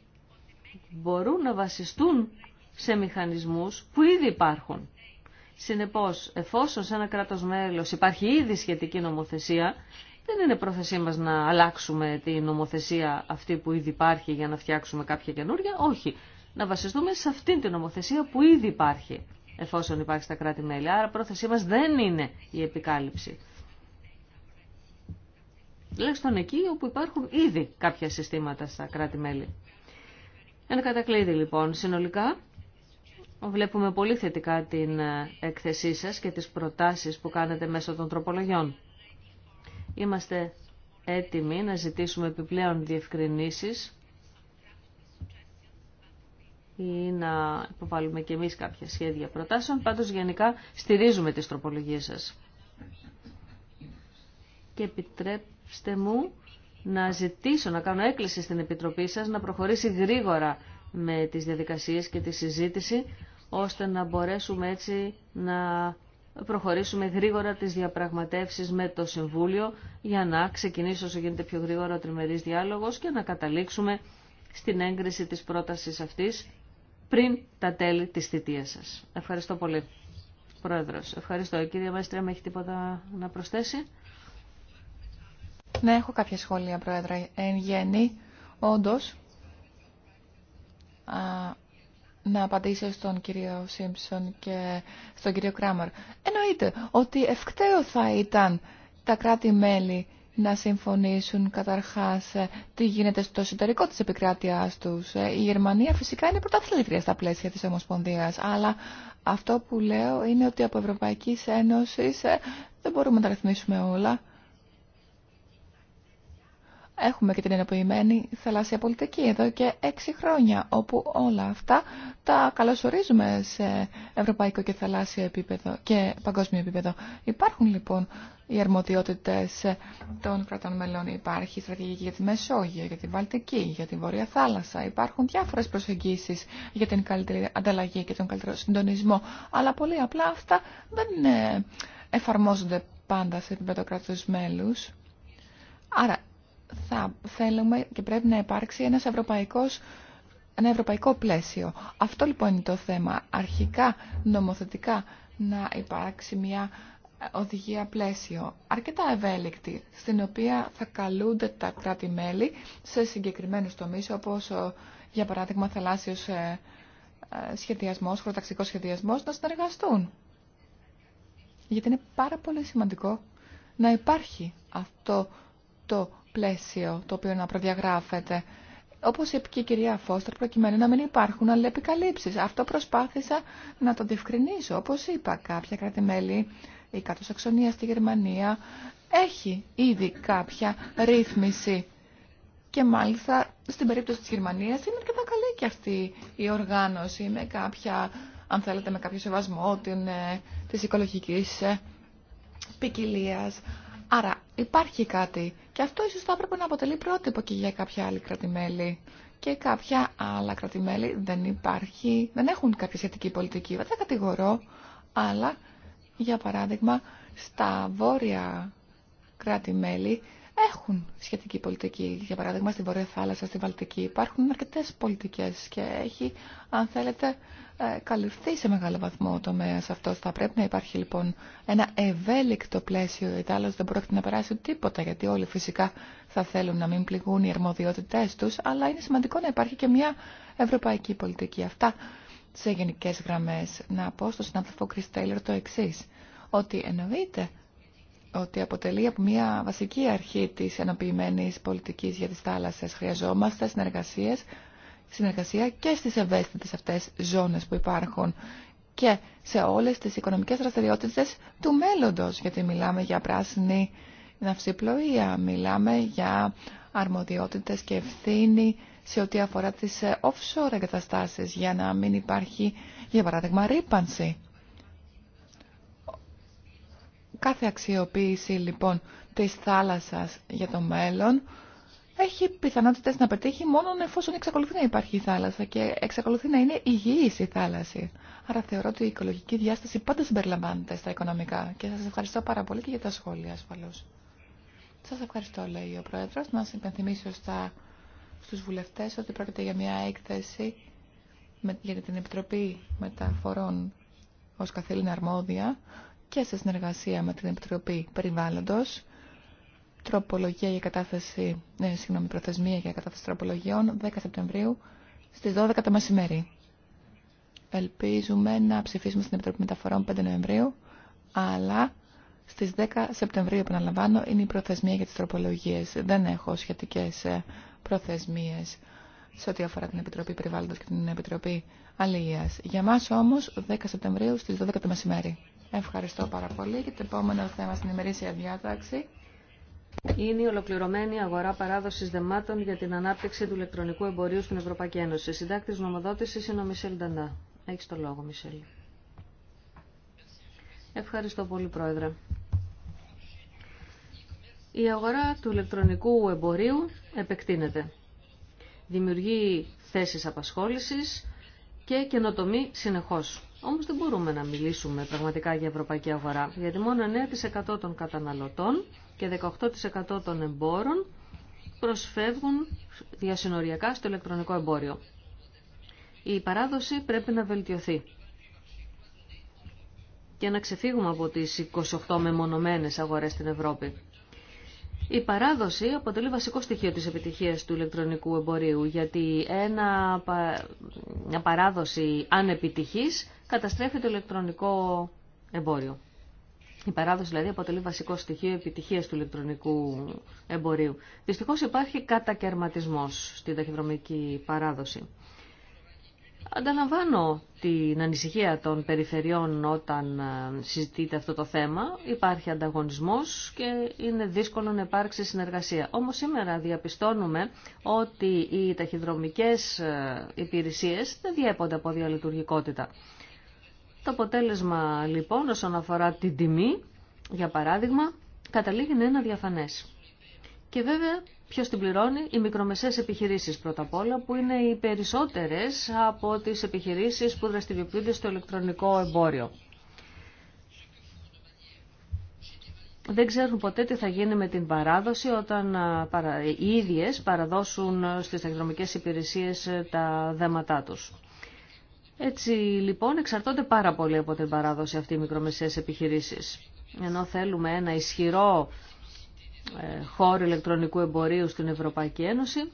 μπορούν να βασιστούν σε μηχανισμούς που ήδη υπάρχουν. Συνεπώς, εφόσον σε ένα κράτος μέλος υπάρχει ήδη σχετική νομοθεσία, δεν είναι πρόθεσή μας να αλλάξουμε τη νομοθεσία αυτή που ήδη υπάρχει για να φτιάξουμε κάποια καινούργια. Όχι. Να βασιστούμε σε αυτήν τη νομοθεσία που ήδη υπάρχει, εφόσον υπάρχει στα κράτη-μέλη. Άρα πρόθεσή μας δεν είναι η επικάλυψη τουλάχιστον εκεί όπου υπάρχουν ήδη κάποια συστήματα στα κράτη-μέλη. Ένα κατακλείδι λοιπόν. Συνολικά βλέπουμε πολύ θετικά την ε, έκθεσή σας και τις προτάσεις που κάνετε μέσω των τροπολογιών. Είμαστε έτοιμοι να ζητήσουμε επιπλέον διευκρινήσεις ή να υποβάλουμε και εμείς κάποια σχέδια προτάσεων. Πάντως γενικά στηρίζουμε τις τροπολογίες σας και επιτρέψτε μου να ζητήσω, να κάνω έκκληση στην Επιτροπή σας να προχωρήσει γρήγορα με τις διαδικασίες και τη συζήτηση ώστε να μπορέσουμε έτσι να προχωρήσουμε γρήγορα τις διαπραγματεύσεις με το Συμβούλιο για να ξεκινήσει όσο γίνεται πιο γρήγορα ο τριμερής διάλογος και να καταλήξουμε στην έγκριση της πρότασης αυτής πριν τα τέλη της θητείας σας. Ευχαριστώ πολύ. Πρόεδρος, ευχαριστώ. κυρία Μέστρια, με έχει τίποτα να προσθέσει. Ναι, έχω κάποια σχόλια, Πρόεδρε. Εν γέννη, όντως, να απαντήσω στον κύριο Σίμψον και στον κύριο Κράμαρ. Εννοείται ότι ευκταίο θα ήταν τα κράτη-μέλη να συμφωνήσουν καταρχάς ε, τι γίνεται στο εσωτερικό της επικράτειάς τους. Ε, η Γερμανία φυσικά είναι πρωταθλήτρια στα πλαίσια της Ομοσπονδίας, αλλά αυτό που λέω είναι ότι από Ευρωπαϊκής Ένωσης ε, δεν μπορούμε να τα ρυθμίσουμε όλα. Έχουμε και την ενοποιημένη θαλάσσια πολιτική εδώ και έξι χρόνια, όπου όλα αυτά τα καλωσορίζουμε σε ευρωπαϊκό και θαλάσσιο επίπεδο και παγκόσμιο επίπεδο. Υπάρχουν λοιπόν οι αρμοδιότητες των κρατών μελών. Υπάρχει η στρατηγική για τη Μεσόγειο, για τη Βαλτική, για τη Βόρεια Θάλασσα. Υπάρχουν διάφορες προσεγγίσεις για την καλύτερη ανταλλαγή και τον καλύτερο συντονισμό. Αλλά πολύ απλά αυτά δεν ε, εφαρμόζονται πάντα σε επίπεδο κράτους μέλους. Άρα θα θέλουμε και πρέπει να υπάρξει ένας ευρωπαϊκός ένα ευρωπαϊκό πλαίσιο. Αυτό λοιπόν είναι το θέμα. Αρχικά, νομοθετικά, να υπάρξει μια ε, οδηγία πλαίσιο, αρκετά ευέλικτη, στην οποία θα καλούνται τα κράτη-μέλη σε συγκεκριμένους τομείς, όπως ε, για παράδειγμα θαλάσσιος ε, σχεδιασμός, χροταξικός σχεδιασμός, να συνεργαστούν. Γιατί είναι πάρα πολύ σημαντικό να υπάρχει αυτό το πλαίσιο το οποίο να προδιαγράφεται. Όπως είπε και η κυρία Φώστερ, προκειμένου να μην υπάρχουν αλληλεπικαλύψεις. Αυτό προσπάθησα να το διευκρινίσω. Όπως είπα, κάποια η κάτω στη Γερμανία, έχει ήδη κάποια ρύθμιση. Και μάλιστα στην περίπτωση της Γερμανίας είναι αρκετά καλή και αυτή η οργάνωση με κάποια, αν θέλετε, με κάποιο σεβασμό την, ε, της οικολογικής ε, ποικιλία. Άρα υπάρχει κάτι. Και αυτό ίσως θα έπρεπε να αποτελεί πρότυπο και για κάποια άλλη κρατημέλη. Και κάποια άλλα κρατημέλη δεν υπάρχει, δεν έχουν κάποια σχετική πολιτική. Δεν κατηγορώ, αλλά για παράδειγμα στα βορεια κρατημέλη έχουν σχετική πολιτική. Για παράδειγμα στη Βόρεια Θάλασσα, στη Βαλτική υπάρχουν αρκετές πολιτικές και έχει, αν θέλετε, ε, καλυφθεί σε μεγάλο βαθμό ο τομέα αυτό. Θα πρέπει να υπάρχει λοιπόν ένα ευέλικτο πλαίσιο. Ιτάλω δεν πρόκειται να περάσει τίποτα, γιατί όλοι φυσικά θα θέλουν να μην πληγούν οι αρμοδιότητέ του, αλλά είναι σημαντικό να υπάρχει και μια ευρωπαϊκή πολιτική. Αυτά σε γενικέ γραμμέ. Να πω στον συνάδελφο Κρι το εξή, ότι εννοείται ότι αποτελεί από μια βασική αρχή της ενοποιημένης πολιτικής για τις θάλασσες. Χρειαζόμαστε συνεργασίες συνεργασία και στις ευαίσθητες αυτές ζώνες που υπάρχουν και σε όλες τις οικονομικές δραστηριότητες του μέλλοντος, γιατί μιλάμε για πράσινη ναυσιπλοεία, μιλάμε για αρμοδιότητες και ευθύνη σε ό,τι αφορά τις ε, offshore εγκαταστάσεις για να μην υπάρχει, για παράδειγμα, ρήπανση. Κάθε αξιοποίηση λοιπόν της θάλασσας για το μέλλον έχει πιθανότητε να πετύχει μόνο εφόσον εξακολουθεί να υπάρχει η θάλασσα και εξακολουθεί να είναι υγιής η θάλασσα. Άρα θεωρώ ότι η οικολογική διάσταση πάντα συμπεριλαμβάνεται στα οικονομικά και σα ευχαριστώ πάρα πολύ και για τα σχόλια ασφαλώ. Σα ευχαριστώ, λέει ο Πρόεδρο. Να σα υπενθυμίσω στα, στους βουλευτές ότι πρόκειται για μια έκθεση με, για την Επιτροπή Μεταφορών ω καθήλυνα αρμόδια και σε συνεργασία με την Επιτροπή Περιβάλλοντος τροπολογία για κατάθεση, ναι, συγγνώμη, προθεσμία για κατάθεση τροπολογιών 10 Σεπτεμβρίου στις 12 το μεσημέρι. Ελπίζουμε να ψηφίσουμε στην Επιτροπή Μεταφορών 5 Νοεμβρίου, αλλά στις 10 Σεπτεμβρίου, επαναλαμβάνω, είναι η προθεσμία για τις τροπολογίες. Δεν έχω σχετικές ε, προθεσμίες σε ό,τι αφορά την Επιτροπή Περιβάλλοντος και την Επιτροπή Αλληλείας. Για μας όμως, 10 Σεπτεμβρίου στις 12 το μεσημέρι. Ευχαριστώ πάρα πολύ και το επόμενο θέμα στην ημερήσια διάταξη είναι η ολοκληρωμένη αγορά παράδοση δεμάτων για την ανάπτυξη του ηλεκτρονικού εμπορίου στην Ευρωπαϊκή Ένωση. Συντάκτη νομοδότηση είναι ο Μισελ Νταντά. Έχει το λόγο, Μισελ. Ευχαριστώ πολύ, Πρόεδρε. Η αγορά του ηλεκτρονικού εμπορίου επεκτείνεται. Δημιουργεί θέσεις απασχόλησης και καινοτομεί συνεχώς. Όμως δεν μπορούμε να μιλήσουμε πραγματικά για ευρωπαϊκή αγορά, γιατί μόνο 9% των καταναλωτών και 18% των εμπόρων προσφεύγουν διασυνοριακά στο ηλεκτρονικό εμπόριο. Η παράδοση πρέπει να βελτιωθεί και να ξεφύγουμε από τις 28 μεμονωμένες αγορές στην Ευρώπη. Η παράδοση αποτελεί βασικό στοιχείο της επιτυχίας του ηλεκτρονικού εμπορίου, γιατί ένα, μια παράδοση ανεπιτυχής καταστρέφει το ηλεκτρονικό εμπόριο. Η παράδοση δηλαδή αποτελεί βασικό στοιχείο επιτυχία του ηλεκτρονικού εμπορίου. Δυστυχώ υπάρχει κατακερματισμός στην ταχυδρομική παράδοση. Ανταλαμβάνω την ανησυχία των περιφερειών όταν ε, συζητείται αυτό το θέμα. Υπάρχει ανταγωνισμός και είναι δύσκολο να υπάρξει συνεργασία. Όμως σήμερα διαπιστώνουμε ότι οι ταχυδρομικές ε, υπηρεσίες δεν διέπονται από διαλειτουργικότητα. Το αποτέλεσμα λοιπόν όσον αφορά την τιμή, για παράδειγμα, καταλήγει να είναι αδιαφανές. Και βέβαια ποιος την πληρώνει, οι μικρομεσαίες επιχειρήσεις πρώτα απ' όλα, που είναι οι περισσότερες από τις επιχειρήσεις που δραστηριοποιούνται στο ηλεκτρονικό εμπόριο. δεν ξέρουν ποτέ τι θα γίνει με την παράδοση όταν οι ίδιες παραδώσουν στις εκδρομικές υπηρεσίες ε, τα δέματά τους. Έτσι λοιπόν εξαρτώνται πάρα πολύ από την παράδοση αυτή οι μικρομεσαίες επιχειρήσεις. Ενώ θέλουμε ένα ισχυρό ε, χώρο ηλεκτρονικού εμπορίου στην Ευρωπαϊκή Ένωση,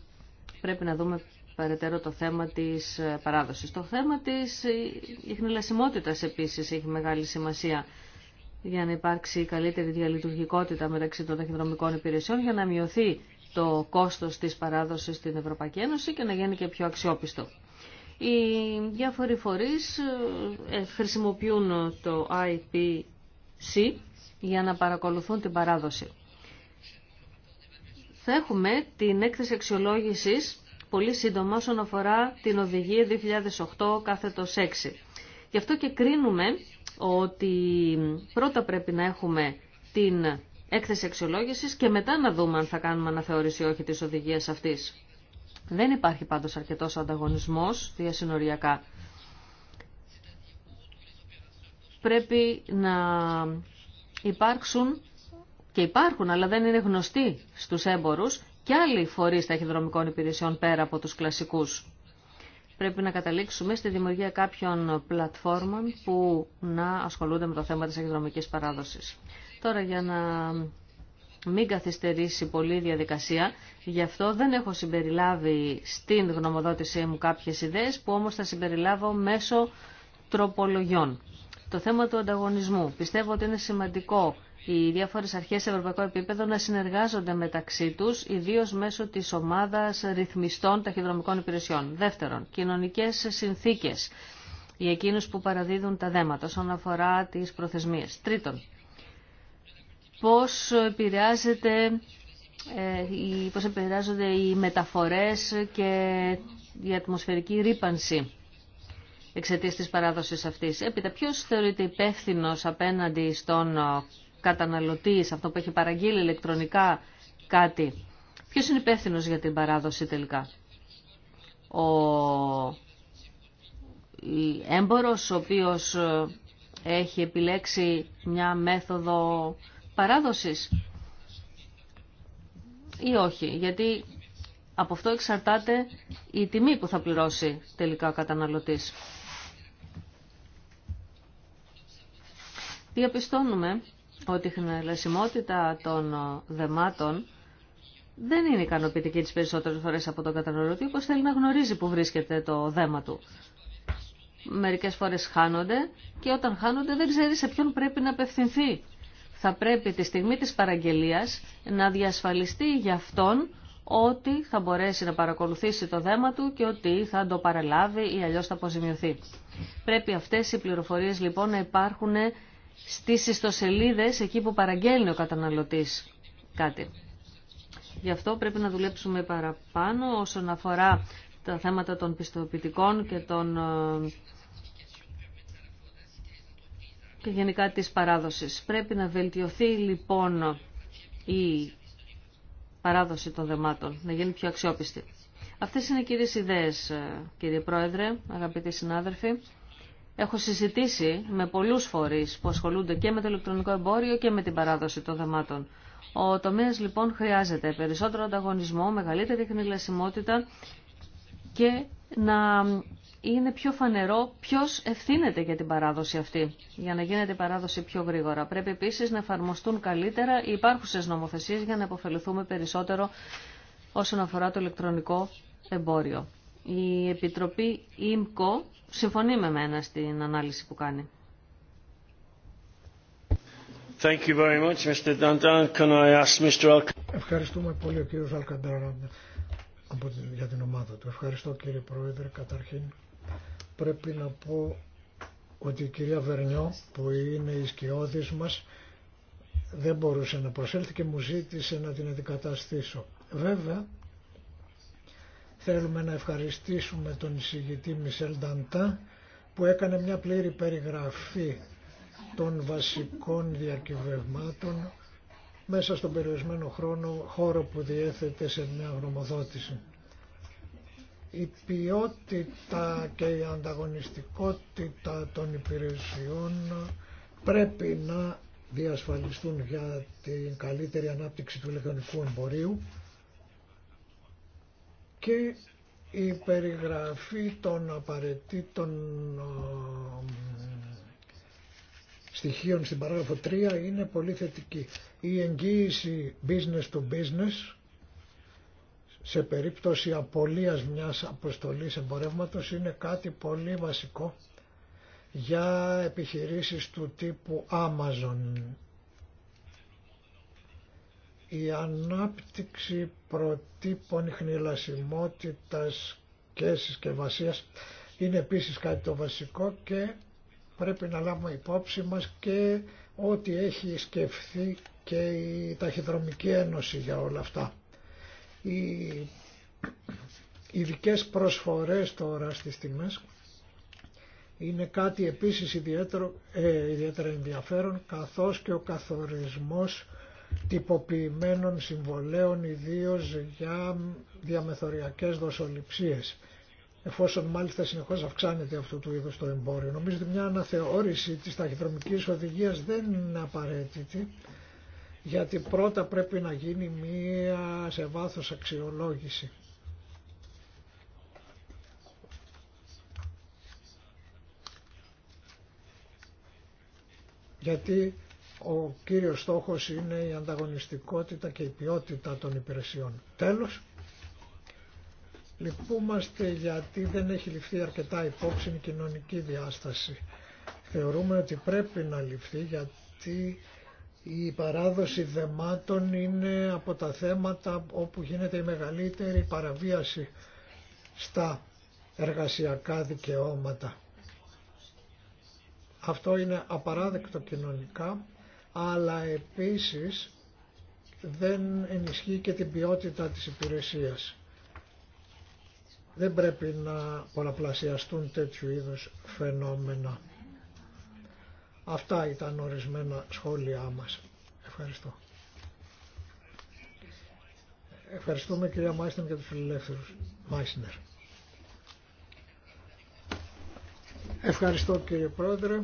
πρέπει να δούμε περαιτέρω το θέμα της ε, παράδοσης. Το θέμα της ιχνηλασιμότητας ε, επίσης έχει μεγάλη σημασία για να υπάρξει καλύτερη διαλειτουργικότητα μεταξύ των ταχυδρομικών υπηρεσιών για να μειωθεί το κόστος της παράδοσης στην Ευρωπαϊκή Ένωση και να γίνει και πιο αξιόπιστο. Οι διάφοροι φορείς ε, ε, χρησιμοποιούν το IPC για να παρακολουθούν την παράδοση. Θα έχουμε την έκθεση αξιολόγησης πολύ σύντομα όσον αφορά την οδηγία 2008 κάθετος 6. Γι' αυτό και κρίνουμε ότι πρώτα πρέπει να έχουμε την έκθεση αξιολόγησης και μετά να δούμε αν θα κάνουμε αναθεώρηση ή όχι της οδηγίας αυτής. Δεν υπάρχει πάντως αρκετός ανταγωνισμός διασυνοριακά. Πρέπει να υπάρξουν και υπάρχουν, αλλά δεν είναι γνωστοί στους έμπορους και άλλοι φορείς ταχυδρομικών υπηρεσιών πέρα από τους κλασικούς. Πρέπει να καταλήξουμε στη δημιουργία κάποιων πλατφόρμων που να ασχολούνται με το θέμα της ταχυδρομικής παράδοσης. Τώρα για να μην καθυστερήσει πολύ η διαδικασία. Γι' αυτό δεν έχω συμπεριλάβει στην γνωμοδότησή μου κάποιες ιδέες που όμως θα συμπεριλάβω μέσω τροπολογιών. Το θέμα του ανταγωνισμού. Πιστεύω ότι είναι σημαντικό οι διάφορες αρχές σε ευρωπαϊκό επίπεδο να συνεργάζονται μεταξύ τους, ιδίως μέσω της ομάδας ρυθμιστών ταχυδρομικών υπηρεσιών. Δεύτερον, κοινωνικές συνθήκες για εκείνους που παραδίδουν τα δέματα όσον αφορά τις Τρίτον, πώς επηρεάζεται ε, πώς επηρεάζονται οι μεταφορές και η ατμοσφαιρική ρήπανση εξαιτίας της παράδοσης αυτής. Έπειτα, ποιος θεωρείται υπεύθυνο απέναντι στον καταναλωτή, σε αυτό που έχει παραγγείλει ηλεκτρονικά κάτι. Ποιος είναι υπεύθυνο για την παράδοση τελικά. Ο έμπορος, ο οποίος ε, έχει επιλέξει μια μέθοδο παράδοσης ή όχι, γιατί από αυτό εξαρτάται η τιμή που θα πληρώσει τελικά ο καταναλωτής. Διαπιστώνουμε ότι η τα των δεμάτων δεν είναι ικανοποιητική τις περισσότερες φορές από τον καταναλωτή, όπως θέλει να γνωρίζει που βρίσκεται το δέμα του. Μερικές φορές χάνονται και όταν χάνονται δεν ξέρει σε ποιον πρέπει να απευθυνθεί θα πρέπει τη στιγμή της παραγγελίας να διασφαλιστεί για αυτόν ότι θα μπορέσει να παρακολουθήσει το δέμα του και ότι θα το παραλάβει ή αλλιώς θα αποζημιωθεί. Πρέπει αυτές οι πληροφορίες λοιπόν να υπάρχουν στις ιστοσελίδες εκεί που παραγγέλνει ο καταναλωτής κάτι. Γι' αυτό πρέπει να δουλέψουμε παραπάνω όσον αφορά τα θέματα των πιστοποιητικών και των ε, και γενικά της παράδοσης. Πρέπει να βελτιωθεί λοιπόν η παράδοση των δεμάτων, να γίνει πιο αξιόπιστη. Αυτές είναι κυρίες ιδέες, ε, κύριε Πρόεδρε, αγαπητοί συνάδελφοι. Έχω συζητήσει με πολλούς φορείς που ασχολούνται και με το ηλεκτρονικό εμπόριο και με την παράδοση των δεμάτων. Ο τομέας λοιπόν χρειάζεται περισσότερο ανταγωνισμό, μεγαλύτερη χνηλασιμότητα και να είναι πιο φανερό ποιος ευθύνεται για την παράδοση αυτή, για να γίνεται η παράδοση πιο γρήγορα. Πρέπει επίσης να εφαρμοστούν καλύτερα οι υπάρχουσες νομοθεσίες για να υποφεληθούμε περισσότερο όσον αφορά το ηλεκτρονικό εμπόριο. Η Επιτροπή ΙΜΚΟ συμφωνεί με μένα στην ανάλυση που κάνει. Ευχαριστούμε πολύ ο κύριος για την ομάδα του. Ευχαριστώ κύριε Πρόεδρε. Καταρχήν πρέπει να πω ότι η κυρία Βερνιό που είναι η σκιώδης μας δεν μπορούσε να προσέλθει και μου ζήτησε να την αντικαταστήσω. Βέβαια θέλουμε να ευχαριστήσουμε τον εισηγητή Μισελ Νταντά που έκανε μια πλήρη περιγραφή των βασικών διακυβευμάτων μέσα στον περιορισμένο χρόνο χώρο που διέθετε σε μια γνωμοδότηση η ποιότητα και η ανταγωνιστικότητα των υπηρεσιών πρέπει να διασφαλιστούν για την καλύτερη ανάπτυξη του ηλεκτρονικού εμπορίου και η περιγραφή των απαραίτητων στοιχείων στην παράγραφο 3 είναι πολύ θετική. Η εγγύηση business to business σε περίπτωση απολίας μιας αποστολής εμπορεύματος είναι κάτι πολύ βασικό για επιχειρήσεις του τύπου Amazon. Η ανάπτυξη προτύπων χνηλασιμότητας και συσκευασία είναι επίσης κάτι το βασικό και πρέπει να λάβουμε υπόψη μας και ό,τι έχει σκεφτεί και η Ταχυδρομική Ένωση για όλα αυτά. Οι ειδικέ προσφορές τώρα στις τιμές είναι κάτι επίσης ιδιαίτερο, ε, ιδιαίτερα ενδιαφέρον καθώς και ο καθορισμός τυποποιημένων συμβολέων ιδίως για διαμεθοριακές δοσοληψίες εφόσον μάλιστα συνεχώς αυξάνεται αυτού του είδους το εμπόριο. Νομίζω ότι μια αναθεώρηση της ταχυδρομικής οδηγίας δεν είναι απαραίτητη γιατί πρώτα πρέπει να γίνει μία σε βάθος αξιολόγηση. Γιατί ο κύριος στόχος είναι η ανταγωνιστικότητα και η ποιότητα των υπηρεσιών. Τέλος, λυπούμαστε γιατί δεν έχει ληφθεί αρκετά υπόψη η κοινωνική διάσταση. Θεωρούμε ότι πρέπει να ληφθεί γιατί η παράδοση δεμάτων είναι από τα θέματα όπου γίνεται η μεγαλύτερη παραβίαση στα εργασιακά δικαιώματα. Αυτό είναι απαράδεκτο κοινωνικά, αλλά επίσης δεν ενισχύει και την ποιότητα της υπηρεσίας. Δεν πρέπει να πολλαπλασιαστούν τέτοιου είδους φαινόμενα. Αυτά ήταν ορισμένα σχόλιά μας. Ευχαριστώ. Ευχαριστούμε κυρία Μάισνερ για τους φιλελεύθερους. Μάισνερ. Ευχαριστώ κύριε Πρόεδρε.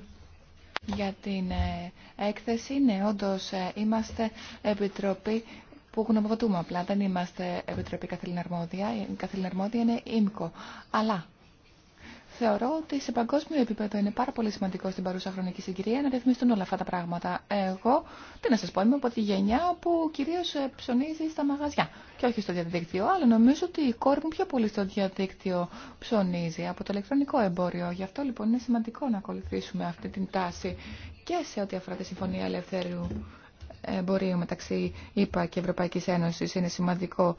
Για την ε, έκθεση, ναι, όντως ε, είμαστε επιτροπή που γνωμοδοτούμε απλά. Δεν είμαστε επιτροπή καθηλήν αρμόδια. Η καθηλήν αρμόδια είναι ΙΜΚΟ. Αλλά Θεωρώ ότι σε παγκόσμιο επίπεδο είναι πάρα πολύ σημαντικό στην παρούσα χρονική συγκυρία να ρυθμιστούν όλα αυτά τα πράγματα. Εγώ, τι να σα πω, είμαι από τη γενιά που κυρίω ε, ψωνίζει στα μαγαζιά και όχι στο διαδίκτυο, αλλά νομίζω ότι η κόρη μου πιο πολύ στο διαδίκτυο ψωνίζει από το ηλεκτρονικό εμπόριο. Γι' αυτό λοιπόν είναι σημαντικό να ακολουθήσουμε αυτή την τάση και σε ό,τι αφορά τη Συμφωνία Ελευθέρου εμπορίου μεταξύ ΕΠΑ ΕΕ και Ευρωπαϊκής Ένωσης είναι σημαντικό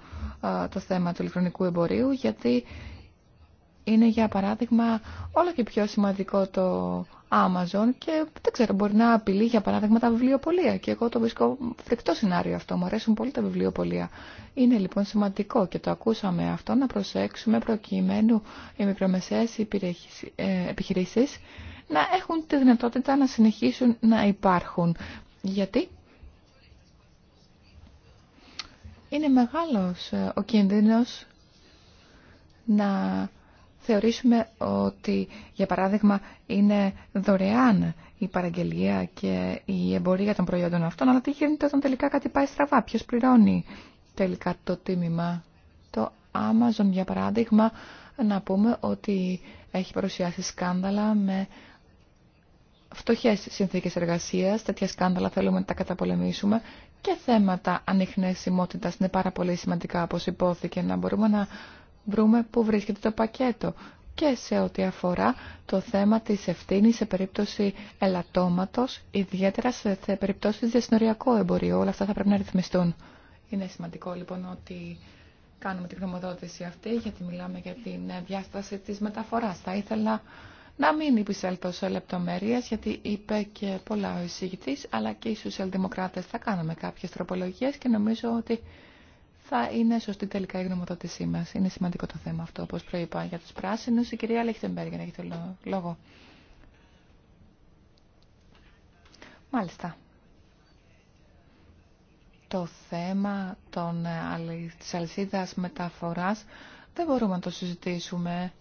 ε, το θέμα του ηλεκτρονικού εμπορίου γιατί είναι για παράδειγμα όλο και πιο σημαντικό το Amazon και δεν ξέρω μπορεί να απειλεί για παράδειγμα τα βιβλιοπολία και εγώ το βρίσκω φρικτό σενάριο αυτό, μου αρέσουν πολύ τα βιβλιοπολία. Είναι λοιπόν σημαντικό και το ακούσαμε αυτό να προσέξουμε προκειμένου οι μικρομεσαίες ε, επιχειρήσεις να έχουν τη δυνατότητα να συνεχίσουν να υπάρχουν. Γιατί είναι μεγάλος ε, ο κίνδυνος να θεωρήσουμε ότι, για παράδειγμα, είναι δωρεάν η παραγγελία και η εμπορία των προϊόντων αυτών, αλλά τι γίνεται όταν τελικά κάτι πάει στραβά, ποιος πληρώνει τελικά το τίμημα. Το Amazon, για παράδειγμα, να πούμε ότι έχει παρουσιάσει σκάνδαλα με φτωχές συνθήκες εργασίας, τέτοια σκάνδαλα θέλουμε να τα καταπολεμήσουμε και θέματα ανιχνέσιμότητας είναι πάρα πολύ σημαντικά όπως υπόθηκε να μπορούμε να βρούμε πού βρίσκεται το πακέτο και σε ό,τι αφορά το θέμα της ευθύνη σε περίπτωση ελαττώματος, ιδιαίτερα σε περίπτωση διασυνοριακού εμπορίου. Όλα αυτά θα πρέπει να ρυθμιστούν. Είναι σημαντικό λοιπόν ότι κάνουμε την γνωμοδότηση αυτή, γιατί μιλάμε για την διάσταση της μεταφοράς. Θα ήθελα να μην υπησέλθω σε λεπτομέρειες, γιατί είπε και πολλά ο εισηγητής, αλλά και οι σοσιαλδημοκράτε θα κάναμε κάποιες τροπολογίες και νομίζω ότι θα είναι σωστή τελικά η γνωμοδότησή μα. Είναι σημαντικό το θέμα αυτό, όπω προείπα. Για του πράσινου, η κυρία Λεχτεμπέργεν έχει το λόγο. Μάλιστα. Το θέμα των, ε, της αλυσίδας μεταφοράς δεν μπορούμε να το συζητήσουμε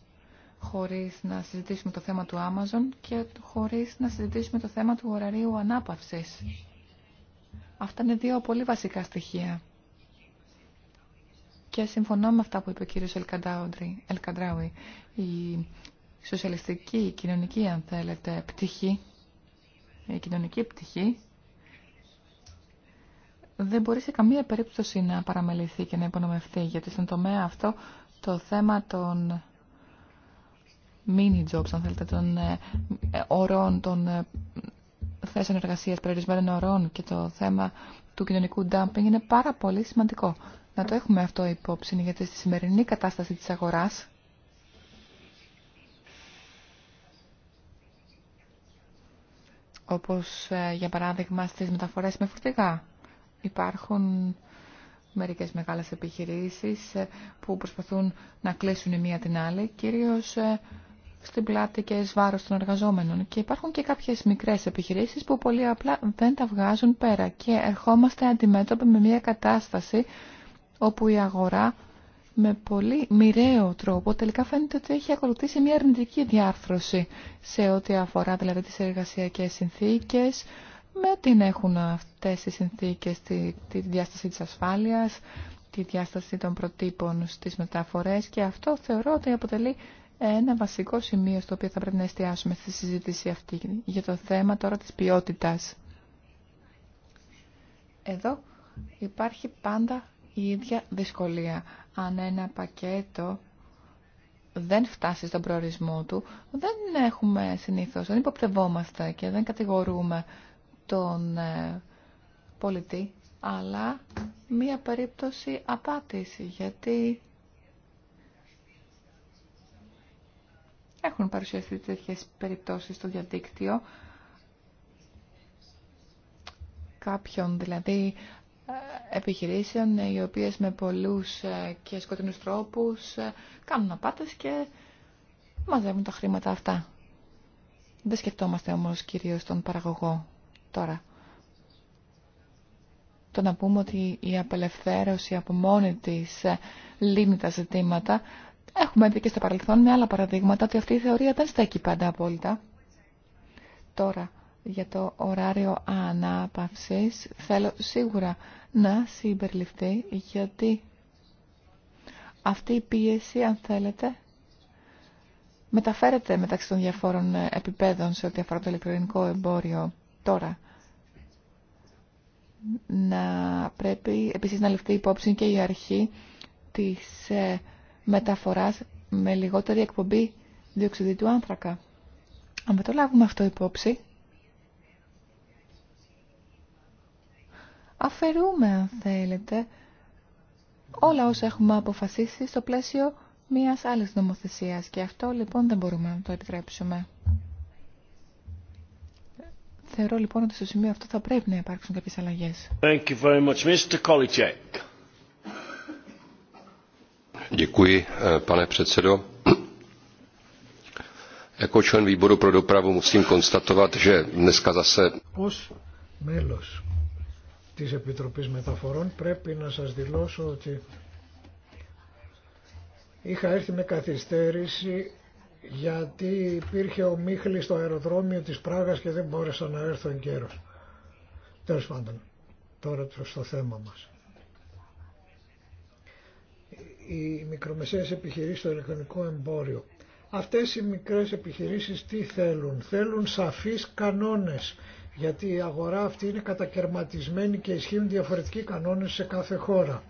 χωρίς να συζητήσουμε το θέμα του Amazon και χωρίς να συζητήσουμε το θέμα του ωραρίου ανάπαυσης. Αυτά είναι δύο πολύ βασικά στοιχεία και συμφωνώ με αυτά που είπε ο κύριος Ελκαντράουι. Η σοσιαλιστική, η κοινωνική, αν θέλετε, πτυχή, η κοινωνική πτυχή, δεν μπορεί σε καμία περίπτωση να παραμεληθεί και να υπονομευτεί, γιατί στον τομέα αυτό το θέμα των mini jobs, αν θέλετε, των ορών, ε, των ε, θέσεων εργασίας περιορισμένων ορών και το θέμα του κοινωνικού dumping είναι πάρα πολύ σημαντικό να το έχουμε αυτό υπόψη, γιατί στη σημερινή κατάσταση της αγοράς όπως ε, για παράδειγμα στις μεταφορές με φορτηγά. Υπάρχουν μερικές μεγάλες επιχειρήσεις ε, που προσπαθούν να κλείσουν η μία την άλλη, κυρίως ε, στην πλάτη και εις βάρος των εργαζόμενων. Και υπάρχουν και κάποιες μικρές επιχειρήσεις που πολύ απλά δεν τα βγάζουν πέρα και ερχόμαστε αντιμέτωποι με μια κατάσταση όπου η αγορά με πολύ μοιραίο τρόπο τελικά φαίνεται ότι έχει ακολουθήσει μια αρνητική διάρθρωση σε ό,τι αφορά δηλαδή τις εργασιακές συνθήκες, με την έχουν αυτές οι συνθήκες τη, τη διάσταση της ασφάλειας, τη διάσταση των προτύπων στις μεταφορές και αυτό θεωρώ ότι αποτελεί ένα βασικό σημείο στο οποίο θα πρέπει να εστιάσουμε στη συζήτηση αυτή για το θέμα τώρα της ποιότητας. Εδώ υπάρχει πάντα η ίδια δυσκολία. Αν ένα πακέτο δεν φτάσει στον προορισμό του, δεν έχουμε συνήθως, δεν υποπτευόμαστε και δεν κατηγορούμε τον ε, πολιτή, αλλά μία περίπτωση απάτηση, γιατί έχουν παρουσιαστεί τέτοιες περιπτώσεις στο διαδίκτυο, κάποιον δηλαδή επιχειρήσεων ε, οι οποίες με πολλούς ε, και σκοτεινούς τρόπους ε, κάνουν απάτες και μαζεύουν τα χρήματα αυτά. Δεν σκεφτόμαστε όμως κυρίως τον παραγωγό τώρα. Το να πούμε ότι η απελευθέρωση από μόνη της λύνει τα ζητήματα. Έχουμε δει και στο παρελθόν με άλλα παραδείγματα ότι αυτή η θεωρία δεν στέκει πάντα απόλυτα. Τώρα, για το ωράριο ανάπαυσης θέλω σίγουρα να συμπεριληφθεί γιατί αυτή η πίεση αν θέλετε μεταφέρεται μεταξύ των διαφόρων επιπέδων σε ό,τι αφορά το ηλεκτρονικό εμπόριο τώρα. Να πρέπει επίσης να ληφθεί υπόψη και η αρχή της ε, μεταφοράς με λιγότερη εκπομπή διοξυδίτου άνθρακα. Αν δεν το λάβουμε αυτό υπόψη, αφαιρούμε, αν θέλετε, όλα όσα έχουμε αποφασίσει στο πλαίσιο μιας άλλης νομοθεσίας και αυτό λοιπόν δεν μπορούμε να το επιτρέψουμε. Θεωρώ λοιπόν ότι στο σημείο αυτό θα πρέπει να υπάρξουν κάποιες αλλαγές. Thank you very much, Mr. Kolicek. Děkuji, eh, pane předsedo. Jako člen výboru pro dopravu musím konstatovat, že dneska zase... Ως μέλος της Επιτροπής Μεταφορών πρέπει να σας δηλώσω ότι είχα έρθει με καθυστέρηση γιατί υπήρχε ο Μίχλης στο αεροδρόμιο της Πράγας και δεν μπόρεσα να έρθω εν καιρός. Τέλος πάντων, τώρα στο θέμα μας. Οι μικρομεσαίες επιχειρήσεις στο ηλεκτρονικό εμπόριο. Αυτές οι μικρές επιχειρήσεις τι θέλουν. Θέλουν σαφείς κανόνες γιατί η αγορά αυτή είναι κατακαιρματισμένη και ισχύουν διαφορετικοί κανόνες σε κάθε χώρα.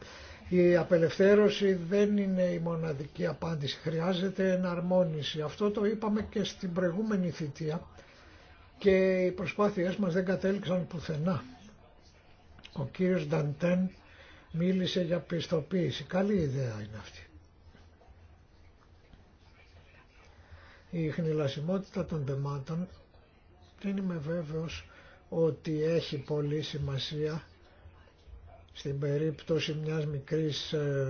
Η απελευθέρωση δεν είναι η μοναδική απάντηση, χρειάζεται εναρμόνιση. Αυτό το είπαμε και στην προηγούμενη θητεία και οι προσπάθειές μας δεν κατέληξαν πουθενά. Ο κύριος Νταντέν μίλησε για πιστοποίηση. Καλή ιδέα είναι αυτή. Η χνηλασιμότητα των δεμάτων δεν είμαι βέβαιος ότι έχει πολύ σημασία στην περίπτωση μιας μικρής ε,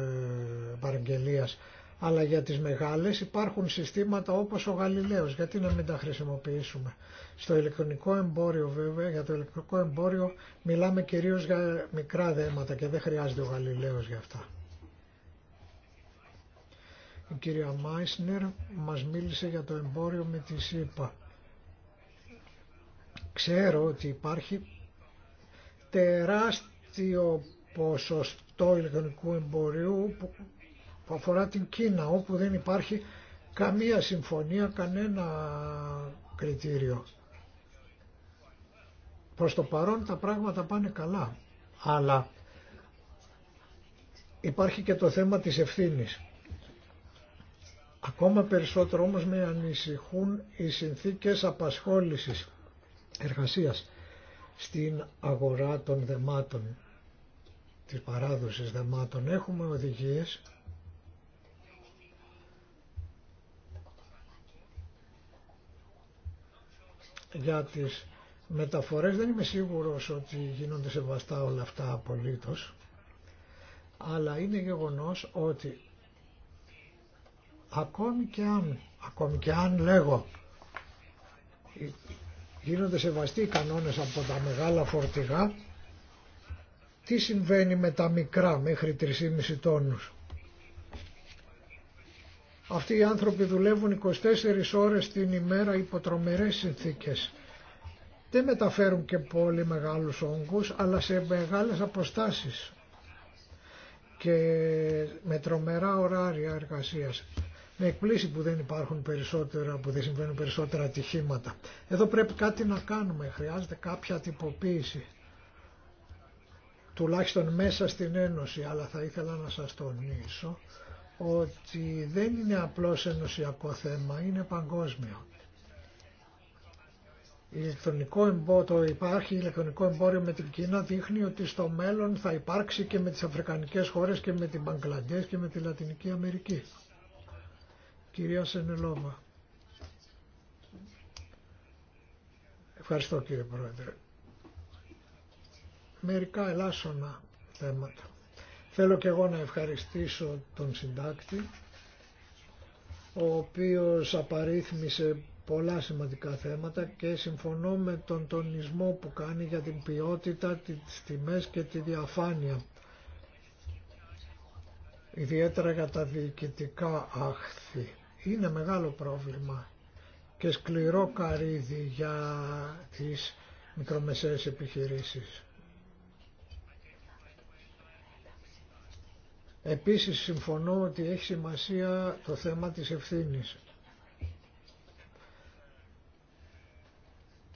παραγγελίας αλλά για τις μεγάλες υπάρχουν συστήματα όπως ο Γαλιλαίος, γιατί να μην τα χρησιμοποιήσουμε. Στο ηλεκτρονικό εμπόριο βέβαια, για το ηλεκτρονικό εμπόριο μιλάμε κυρίως για μικρά δέματα και δεν χρειάζεται ο Γαλιλαίος για αυτά. Η κυρία Μάισνερ μας μίλησε για το εμπόριο με τη ΣΥΠΑ. Ξέρω ότι υπάρχει τεράστιο ποσοστό ηλεκτρονικού εμπορίου που αφορά την Κίνα, όπου δεν υπάρχει καμία συμφωνία, κανένα κριτήριο. Προς το παρόν τα πράγματα πάνε καλά, αλλά υπάρχει και το θέμα της ευθύνης. Ακόμα περισσότερο όμως με ανησυχούν οι συνθήκες απασχόλησης εργασίας στην αγορά των δεμάτων, της παράδοσης δεμάτων. Έχουμε οδηγίες για τις μεταφορές. Δεν είμαι σίγουρος ότι γίνονται σεβαστά όλα αυτά απολύτως, αλλά είναι γεγονός ότι ακόμη και αν, ακόμη και αν λέγω γίνονται σεβαστοί οι κανόνες από τα μεγάλα φορτηγά, τι συμβαίνει με τα μικρά μέχρι 3,5 τόνους. Αυτοί οι άνθρωποι δουλεύουν 24 ώρες την ημέρα υπό τρομερές συνθήκες. Δεν μεταφέρουν και πολύ μεγάλους όγκους, αλλά σε μεγάλες αποστάσεις και με τρομερά ωράρια εργασίας με εκπλήσει που δεν υπάρχουν περισσότερα, που δεν συμβαίνουν περισσότερα ατυχήματα. Εδώ πρέπει κάτι να κάνουμε, χρειάζεται κάποια τυποποίηση τουλάχιστον μέσα στην Ένωση, αλλά θα ήθελα να σας τονίσω ότι δεν είναι απλώς ενωσιακό θέμα, είναι παγκόσμιο. Ηλεκτρονικό το υπάρχει ηλεκτρονικό εμπόριο με την Κίνα δείχνει ότι στο μέλλον θα υπάρξει και με τις Αφρικανικές χώρες και με την Μπαγκλαντές και με τη Λατινική Αμερική. Κυρία Σενελόβα. Ευχαριστώ κύριε Πρόεδρε. Μερικά ελάσσονα θέματα. Θέλω και εγώ να ευχαριστήσω τον συντάκτη, ο οποίος απαρίθμησε πολλά σημαντικά θέματα και συμφωνώ με τον τονισμό που κάνει για την ποιότητα, τις τιμές και τη διαφάνεια. Ιδιαίτερα για τα διοικητικά άχθη είναι μεγάλο πρόβλημα και σκληρό καρύδι για τις μικρομεσαίες επιχειρήσεις. Επίσης συμφωνώ ότι έχει σημασία το θέμα της ευθύνης.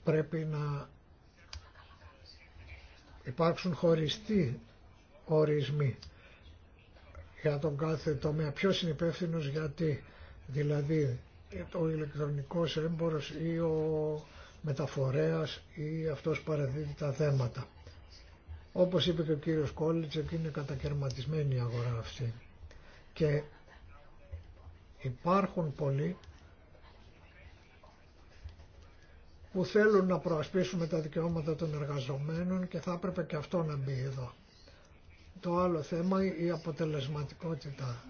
Πρέπει να υπάρξουν χωριστοί ορισμοί για τον κάθε τομέα. Ποιος είναι υπεύθυνο γιατί Δηλαδή, ο ηλεκτρονικός έμπορος ή ο μεταφορέας ή αυτός παραδίδει τα θέματα. Όπως είπε και ο κύριος εκεί είναι κατακαιρματισμένη η αγορά αυτή. Και υπάρχουν πολλοί που θέλουν να προασπίσουμε τα δικαιώματα των εργαζομένων και θα έπρεπε και αυτό να μπει εδώ. Το άλλο θέμα, η αποτελεσματικότητα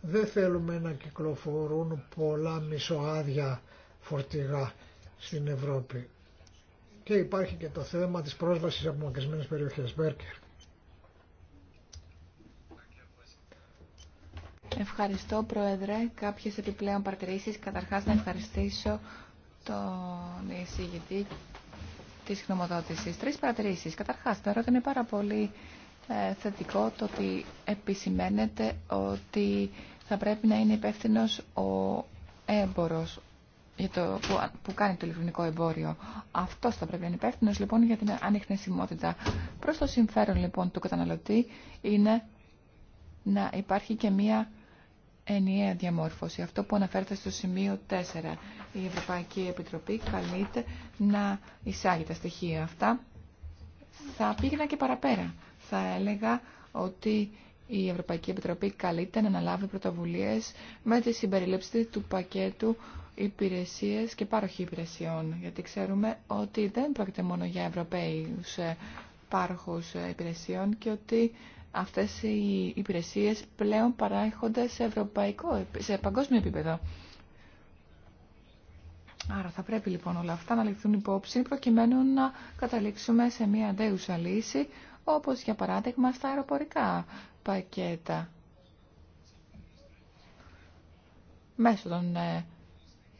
δεν θέλουμε να κυκλοφορούν πολλά μισοάδια φορτηγά στην Ευρώπη. Και υπάρχει και το θέμα της πρόσβασης από μακρισμένες περιοχές. Μπέρκερ. Ευχαριστώ Πρόεδρε. Κάποιες επιπλέον παρατηρήσεις. Καταρχάς να ευχαριστήσω τον εισηγητή της γνωμοδότησης. Τρεις παρατηρήσεις. Καταρχάς, τώρα ότι είναι πάρα πολύ ε, θετικό το ότι επισημαίνεται ότι θα πρέπει να είναι υπεύθυνο ο έμπορος για το, που, κάνει το ηλεκτρονικό εμπόριο. Αυτό θα πρέπει να είναι υπεύθυνο λοιπόν για την ανιχνεσιμότητα. Προς το συμφέρον λοιπόν του καταναλωτή είναι να υπάρχει και μία ενιαία διαμόρφωση. Αυτό που αναφέρεται στο σημείο 4. Η Ευρωπαϊκή Επιτροπή καλείται να εισάγει τα στοιχεία αυτά. Θα πήγαινα και παραπέρα θα έλεγα ότι η Ευρωπαϊκή Επιτροπή καλείται να αναλάβει πρωτοβουλίες με τη συμπεριλήψη του πακέτου υπηρεσίες και πάροχη υπηρεσιών, γιατί ξέρουμε ότι δεν πρόκειται μόνο για Ευρωπαίους ε, πάροχους ε, υπηρεσιών και ότι αυτές οι υπηρεσίες πλέον παράγονται σε, ευρωπαϊκό, σε παγκόσμιο επίπεδο. Άρα θα πρέπει λοιπόν όλα αυτά να ληφθούν υπόψη προκειμένου να καταλήξουμε σε μια αντέουσα λύση όπως για παράδειγμα στα αεροπορικά πακέτα. Μέσω των ε,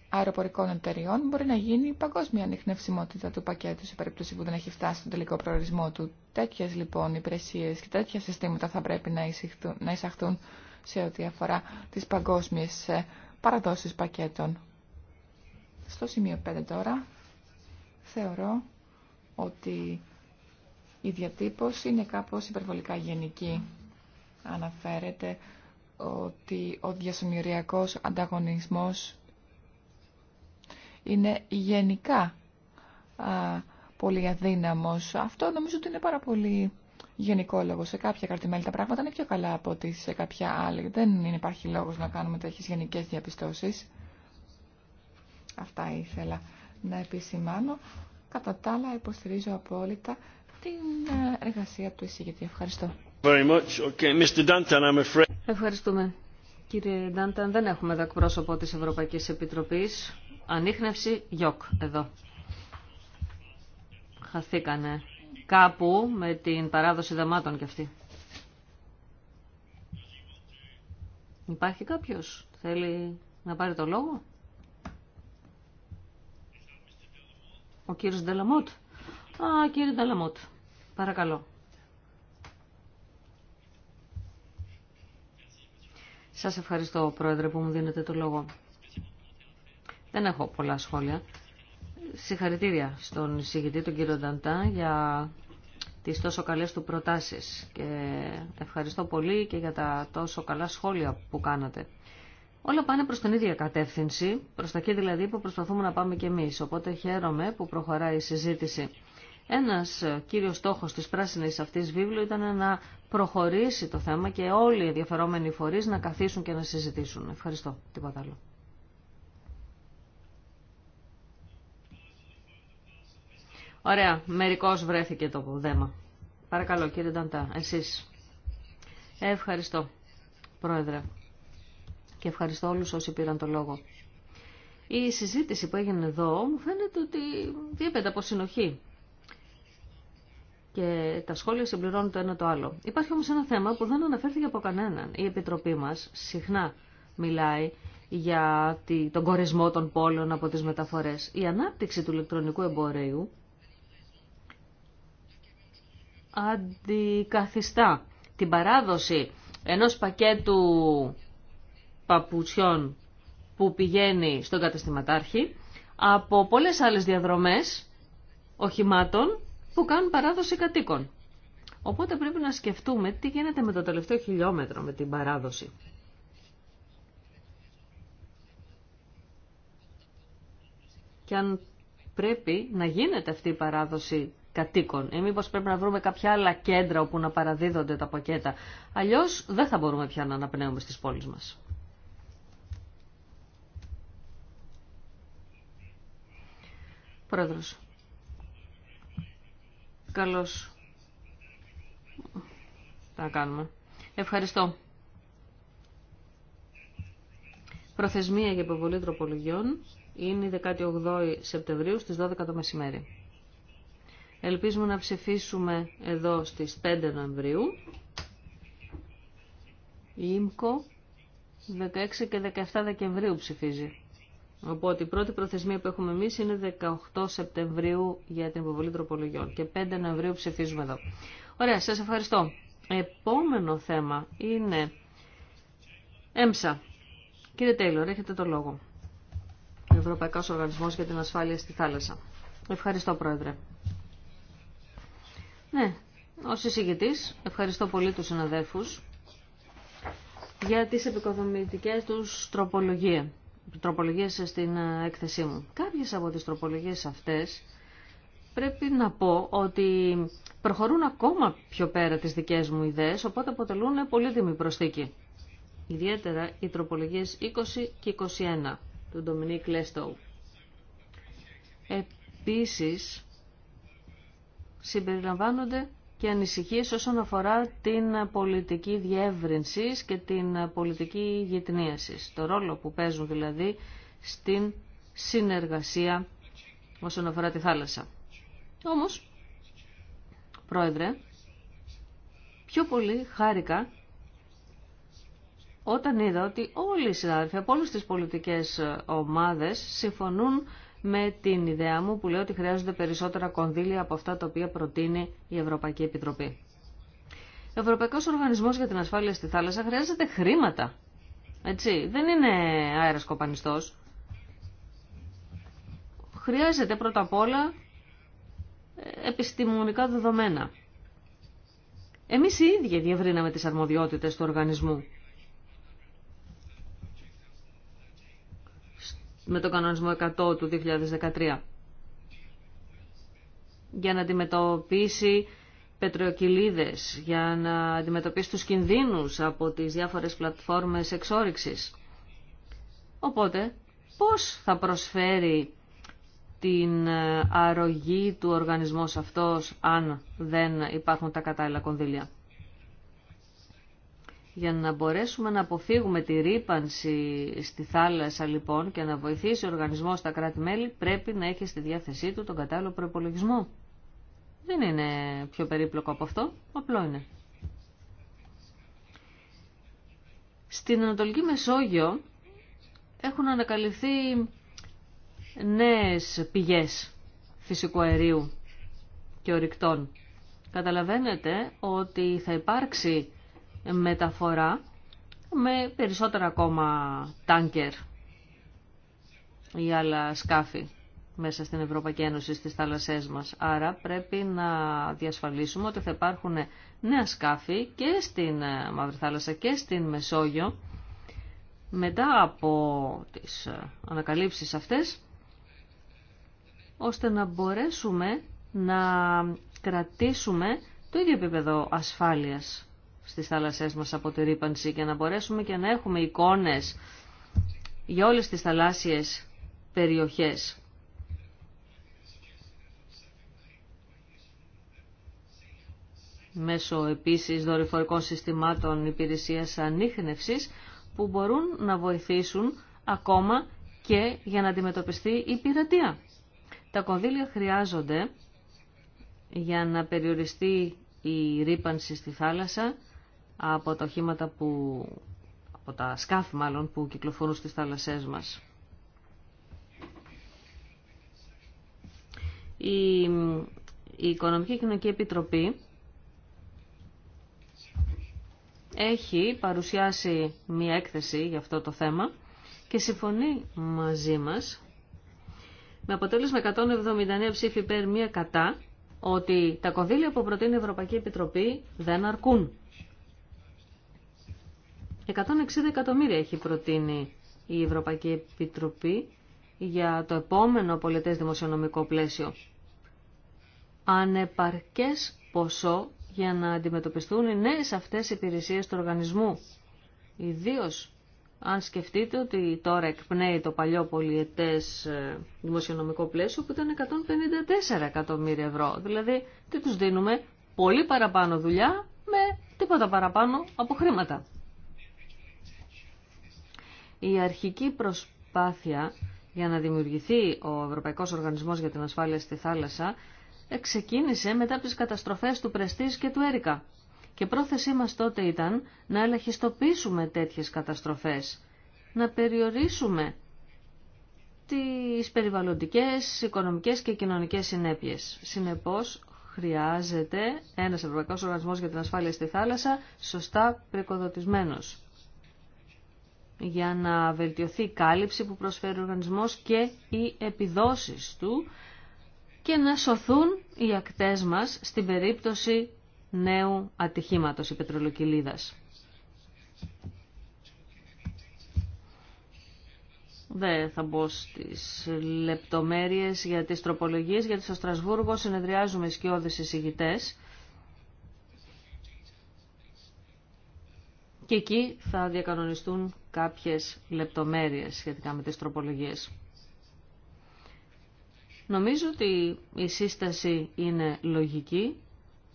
αεροπορικών εταιριών μπορεί να γίνει η παγκόσμια ανιχνευσιμότητα του πακέτου σε περίπτωση που δεν έχει φτάσει στον τελικό προορισμό του. Τέτοιε λοιπόν υπηρεσίε και τέτοια συστήματα θα πρέπει να, εισαχθούν σε ό,τι αφορά τι παγκόσμιες ε, παραδόσεις πακέτων. Στο σημείο 5 τώρα θεωρώ ότι η διατύπωση είναι κάπως υπερβολικά γενική. Αναφέρεται ότι ο διασυνοριακός ανταγωνισμός είναι γενικά πολύ αδύναμος. Αυτό νομίζω ότι είναι πάρα πολύ γενικό λόγο. Σε κάποια κρατημέλη τα πράγματα είναι πιο καλά από ότι σε κάποια άλλη. Δεν υπάρχει λόγος να κάνουμε τέτοιες γενικές διαπιστώσεις. Αυτά ήθελα να επισημάνω. Κατά τα άλλα υποστηρίζω απόλυτα την ε, εργασία του εισηγητή. Ευχαριστώ. Ευχαριστούμε. Κύριε Ντάνταν, δεν έχουμε εδώ εκπρόσωπο της Ευρωπαϊκής Επιτροπής. Ανείχνευση γιοκ εδώ. Χαθήκανε κάπου με την παράδοση δεμάτων κι αυτή. Υπάρχει κάποιος, θέλει να πάρει το λόγο. Ο κύριος Ντελαμότ. Α, κύριε Νταλαμότ, παρακαλώ. Σας ευχαριστώ, Πρόεδρε, που μου δίνετε το λόγο. Δεν έχω πολλά σχόλια. Συγχαρητήρια στον εισηγητή, τον κύριο Νταντά, για τις τόσο καλές του προτάσεις. Και ευχαριστώ πολύ και για τα τόσο καλά σχόλια που κάνατε. Όλα πάνε προς την ίδια κατεύθυνση, προς τα εκεί δηλαδή που προσπαθούμε να πάμε κι εμείς. Οπότε χαίρομαι που προχωράει η συζήτηση. Ένας ε, κύριος στόχος της πράσινης αυτής βίβλου ήταν να προχωρήσει το θέμα και όλοι οι ενδιαφερόμενοι φορείς να καθίσουν και να συζητήσουν. Ευχαριστώ. Τίποτα άλλο. Ωραία. Μερικώς βρέθηκε το δέμα. Παρακαλώ κύριε Νταντά. Εσείς. Ευχαριστώ. Πρόεδρε. Και ευχαριστώ όλους όσοι πήραν το λόγο. Η συζήτηση που έγινε εδώ μου φαίνεται ότι διέπεται από συνοχή και τα σχόλια συμπληρώνουν το ένα το άλλο. Υπάρχει όμως ένα θέμα που δεν αναφέρθηκε από κανέναν. Η Επιτροπή μας συχνά μιλάει για τον κορεσμό των πόλεων από τις μεταφορές. Η ανάπτυξη του ηλεκτρονικού εμπορίου αντικαθιστά την παράδοση ενός πακέτου παπουτσιών που πηγαίνει στον καταστηματάρχη από πολλές άλλες διαδρομές οχημάτων που κάνουν παράδοση κατοίκων. Οπότε πρέπει να σκεφτούμε τι γίνεται με το τελευταίο χιλιόμετρο με την παράδοση. Και αν πρέπει να γίνεται αυτή η παράδοση κατοίκων ή μήπως πρέπει να βρούμε κάποια άλλα κέντρα όπου να παραδίδονται τα πακέτα. Αλλιώς δεν θα μπορούμε πια να αναπνέουμε στις πόλεις μας. Πρόεδρος. Καλώς. Τα κάνουμε. Ευχαριστώ. Προθεσμία για υποβολή τροπολογιών είναι η 18 Σεπτεμβρίου στις 12 το μεσημέρι. Ελπίζουμε να ψηφίσουμε εδώ στις 5 Νοεμβρίου. Η ΙΜΚΟ 16 και 17 Δεκεμβρίου ψηφίζει. Οπότε η πρώτη προθεσμία που έχουμε εμεί είναι 18 Σεπτεμβρίου για την υποβολή τροπολογιών και 5 Νοεμβρίου ψηφίζουμε εδώ. Ωραία, σας ευχαριστώ. Επόμενο θέμα είναι ΕΜΣΑ. Κύριε Τέιλορ, έχετε το λόγο. Ευρωπαϊκός Οργανισμός για την Ασφάλεια στη Θάλασσα. Ευχαριστώ, Πρόεδρε. Ναι, ω εισηγητή, ευχαριστώ πολύ του συναδέλφους για τι επικοδομητικές του τροπολογίε τροπολογίες στην ε, έκθεσή μου. Κάποιες από τις τροπολογίες αυτές πρέπει να πω ότι προχωρούν ακόμα πιο πέρα τις δικές μου ιδέες, οπότε αποτελούν πολύτιμη προσθήκη. Ιδιαίτερα οι τροπολογίες 20 και 21 του Ντομινίκ Λέστοου. Επίσης, συμπεριλαμβάνονται και ανησυχίες όσον αφορά την πολιτική διεύρυνσης και την πολιτική γυτνίασης. Το ρόλο που παίζουν δηλαδή στην συνεργασία όσον αφορά τη θάλασσα. Όμως, Πρόεδρε, πιο πολύ χάρηκα όταν είδα ότι όλοι οι συνάδελφοι από όλες τις πολιτικές ομάδες συμφωνούν με την ιδέα μου που λέω ότι χρειάζονται περισσότερα κονδύλια από αυτά τα οποία προτείνει η Ευρωπαϊκή Επιτροπή. Ο Ευρωπαϊκό Οργανισμό για την Ασφάλεια στη Θάλασσα χρειάζεται χρήματα. Έτσι, δεν είναι αέρας κοπανιστός. Χρειάζεται πρώτα απ' όλα ε, επιστημονικά δεδομένα. Εμείς οι ίδιοι διευρύναμε τις αρμοδιότητες του οργανισμού με τον κανονισμό 100 του 2013 για να αντιμετωπίσει πετροκυλίδες, για να αντιμετωπίσει τους κινδύνους από τις διάφορες πλατφόρμες εξόριξης. Οπότε, πώς θα προσφέρει την ε, αρρωγή του οργανισμός αυτός αν δεν υπάρχουν τα κατάλληλα κονδύλια. Για να μπορέσουμε να αποφύγουμε τη ρήπανση στη θάλασσα λοιπόν και να βοηθήσει ο οργανισμός στα κράτη-μέλη πρέπει να έχει στη διάθεσή του τον κατάλληλο προπολογισμό. Δεν είναι πιο περίπλοκο από αυτό, απλό είναι. Στην Ανατολική Μεσόγειο έχουν ανακαλυφθεί νέες πηγές φυσικού αερίου και ορυκτών. Καταλαβαίνετε ότι θα υπάρξει μεταφορά με περισσότερα ακόμα τάνκερ ή άλλα σκάφη μέσα στην Ευρωπαϊκή Ένωση στις θάλασσές μας. Άρα πρέπει να διασφαλίσουμε ότι θα υπάρχουν νέα σκάφη και στην ε, Μαύρη Θάλασσα και στην Μεσόγειο μετά από τις ε, ανακαλύψεις αυτές ώστε να μπορέσουμε να κρατήσουμε το ίδιο επίπεδο ασφάλειας στις θάλασσές μας από τη ρήπανση και να μπορέσουμε και να έχουμε εικόνες για όλες τις θαλάσσιες περιοχές. Μέσω επίσης δορυφορικών συστημάτων υπηρεσίας ανείχνευσης που μπορούν να βοηθήσουν ακόμα και για να αντιμετωπιστεί η πειρατεία. Τα κονδύλια χρειάζονται για να περιοριστεί η ρήπανση στη θάλασσα από τα οχήματα που, από τα σκάφη μάλλον που κυκλοφορούν στις θάλασσές μας. Η, Οικονομική Κοινωνική Επιτροπή έχει παρουσιάσει μία έκθεση για αυτό το θέμα και συμφωνεί μαζί μας με αποτέλεσμα 179 ψήφοι υπέρ μία κατά ότι τα κονδύλια που προτείνει η Ευρωπαϊκή Επιτροπή δεν αρκούν 160 εκατομμύρια έχει προτείνει η Ευρωπαϊκή Επιτροπή για το επόμενο πολιτές δημοσιονομικό πλαίσιο. Ανεπαρκές ποσό για να αντιμετωπιστούν οι νέες αυτές υπηρεσίες του οργανισμού. Ιδίω, αν σκεφτείτε ότι τώρα εκπνέει το παλιό πολιετές ε, δημοσιονομικό πλαίσιο που ήταν 154 εκατομμύρια ευρώ. Δηλαδή τι τους δίνουμε, πολύ παραπάνω δουλειά με τίποτα παραπάνω από χρήματα. Η αρχική προσπάθεια για να δημιουργηθεί ο Ευρωπαϊκός Οργανισμός για την Ασφάλεια στη Θάλασσα ξεκίνησε μετά από τις καταστροφές του Πρεστής και του Έρικα. Και πρόθεσή μας τότε ήταν να ελαχιστοποιήσουμε τέτοιες καταστροφές, να περιορίσουμε τις περιβαλλοντικές, οικονομικές και κοινωνικές συνέπειες. Συνεπώς, χρειάζεται ένας Ευρωπαϊκός Οργανισμός για την Ασφάλεια στη Θάλασσα σωστά πρικοδοτισμένος για να βελτιωθεί η κάλυψη που προσφέρει ο οργανισμός και οι επιδόσεις του και να σωθούν οι ακτές μας στην περίπτωση νέου ατυχήματος η πετρολοκυλίδας. Δεν θα μπω στις λεπτομέρειες για τις τροπολογίες, γιατί στο Στρασβούργο συνεδριάζουμε σκιώδεις εισηγητές και εκεί θα διακανονιστούν κάποιες λεπτομέρειες σχετικά με τις τροπολογίες. Νομίζω ότι η σύσταση είναι λογική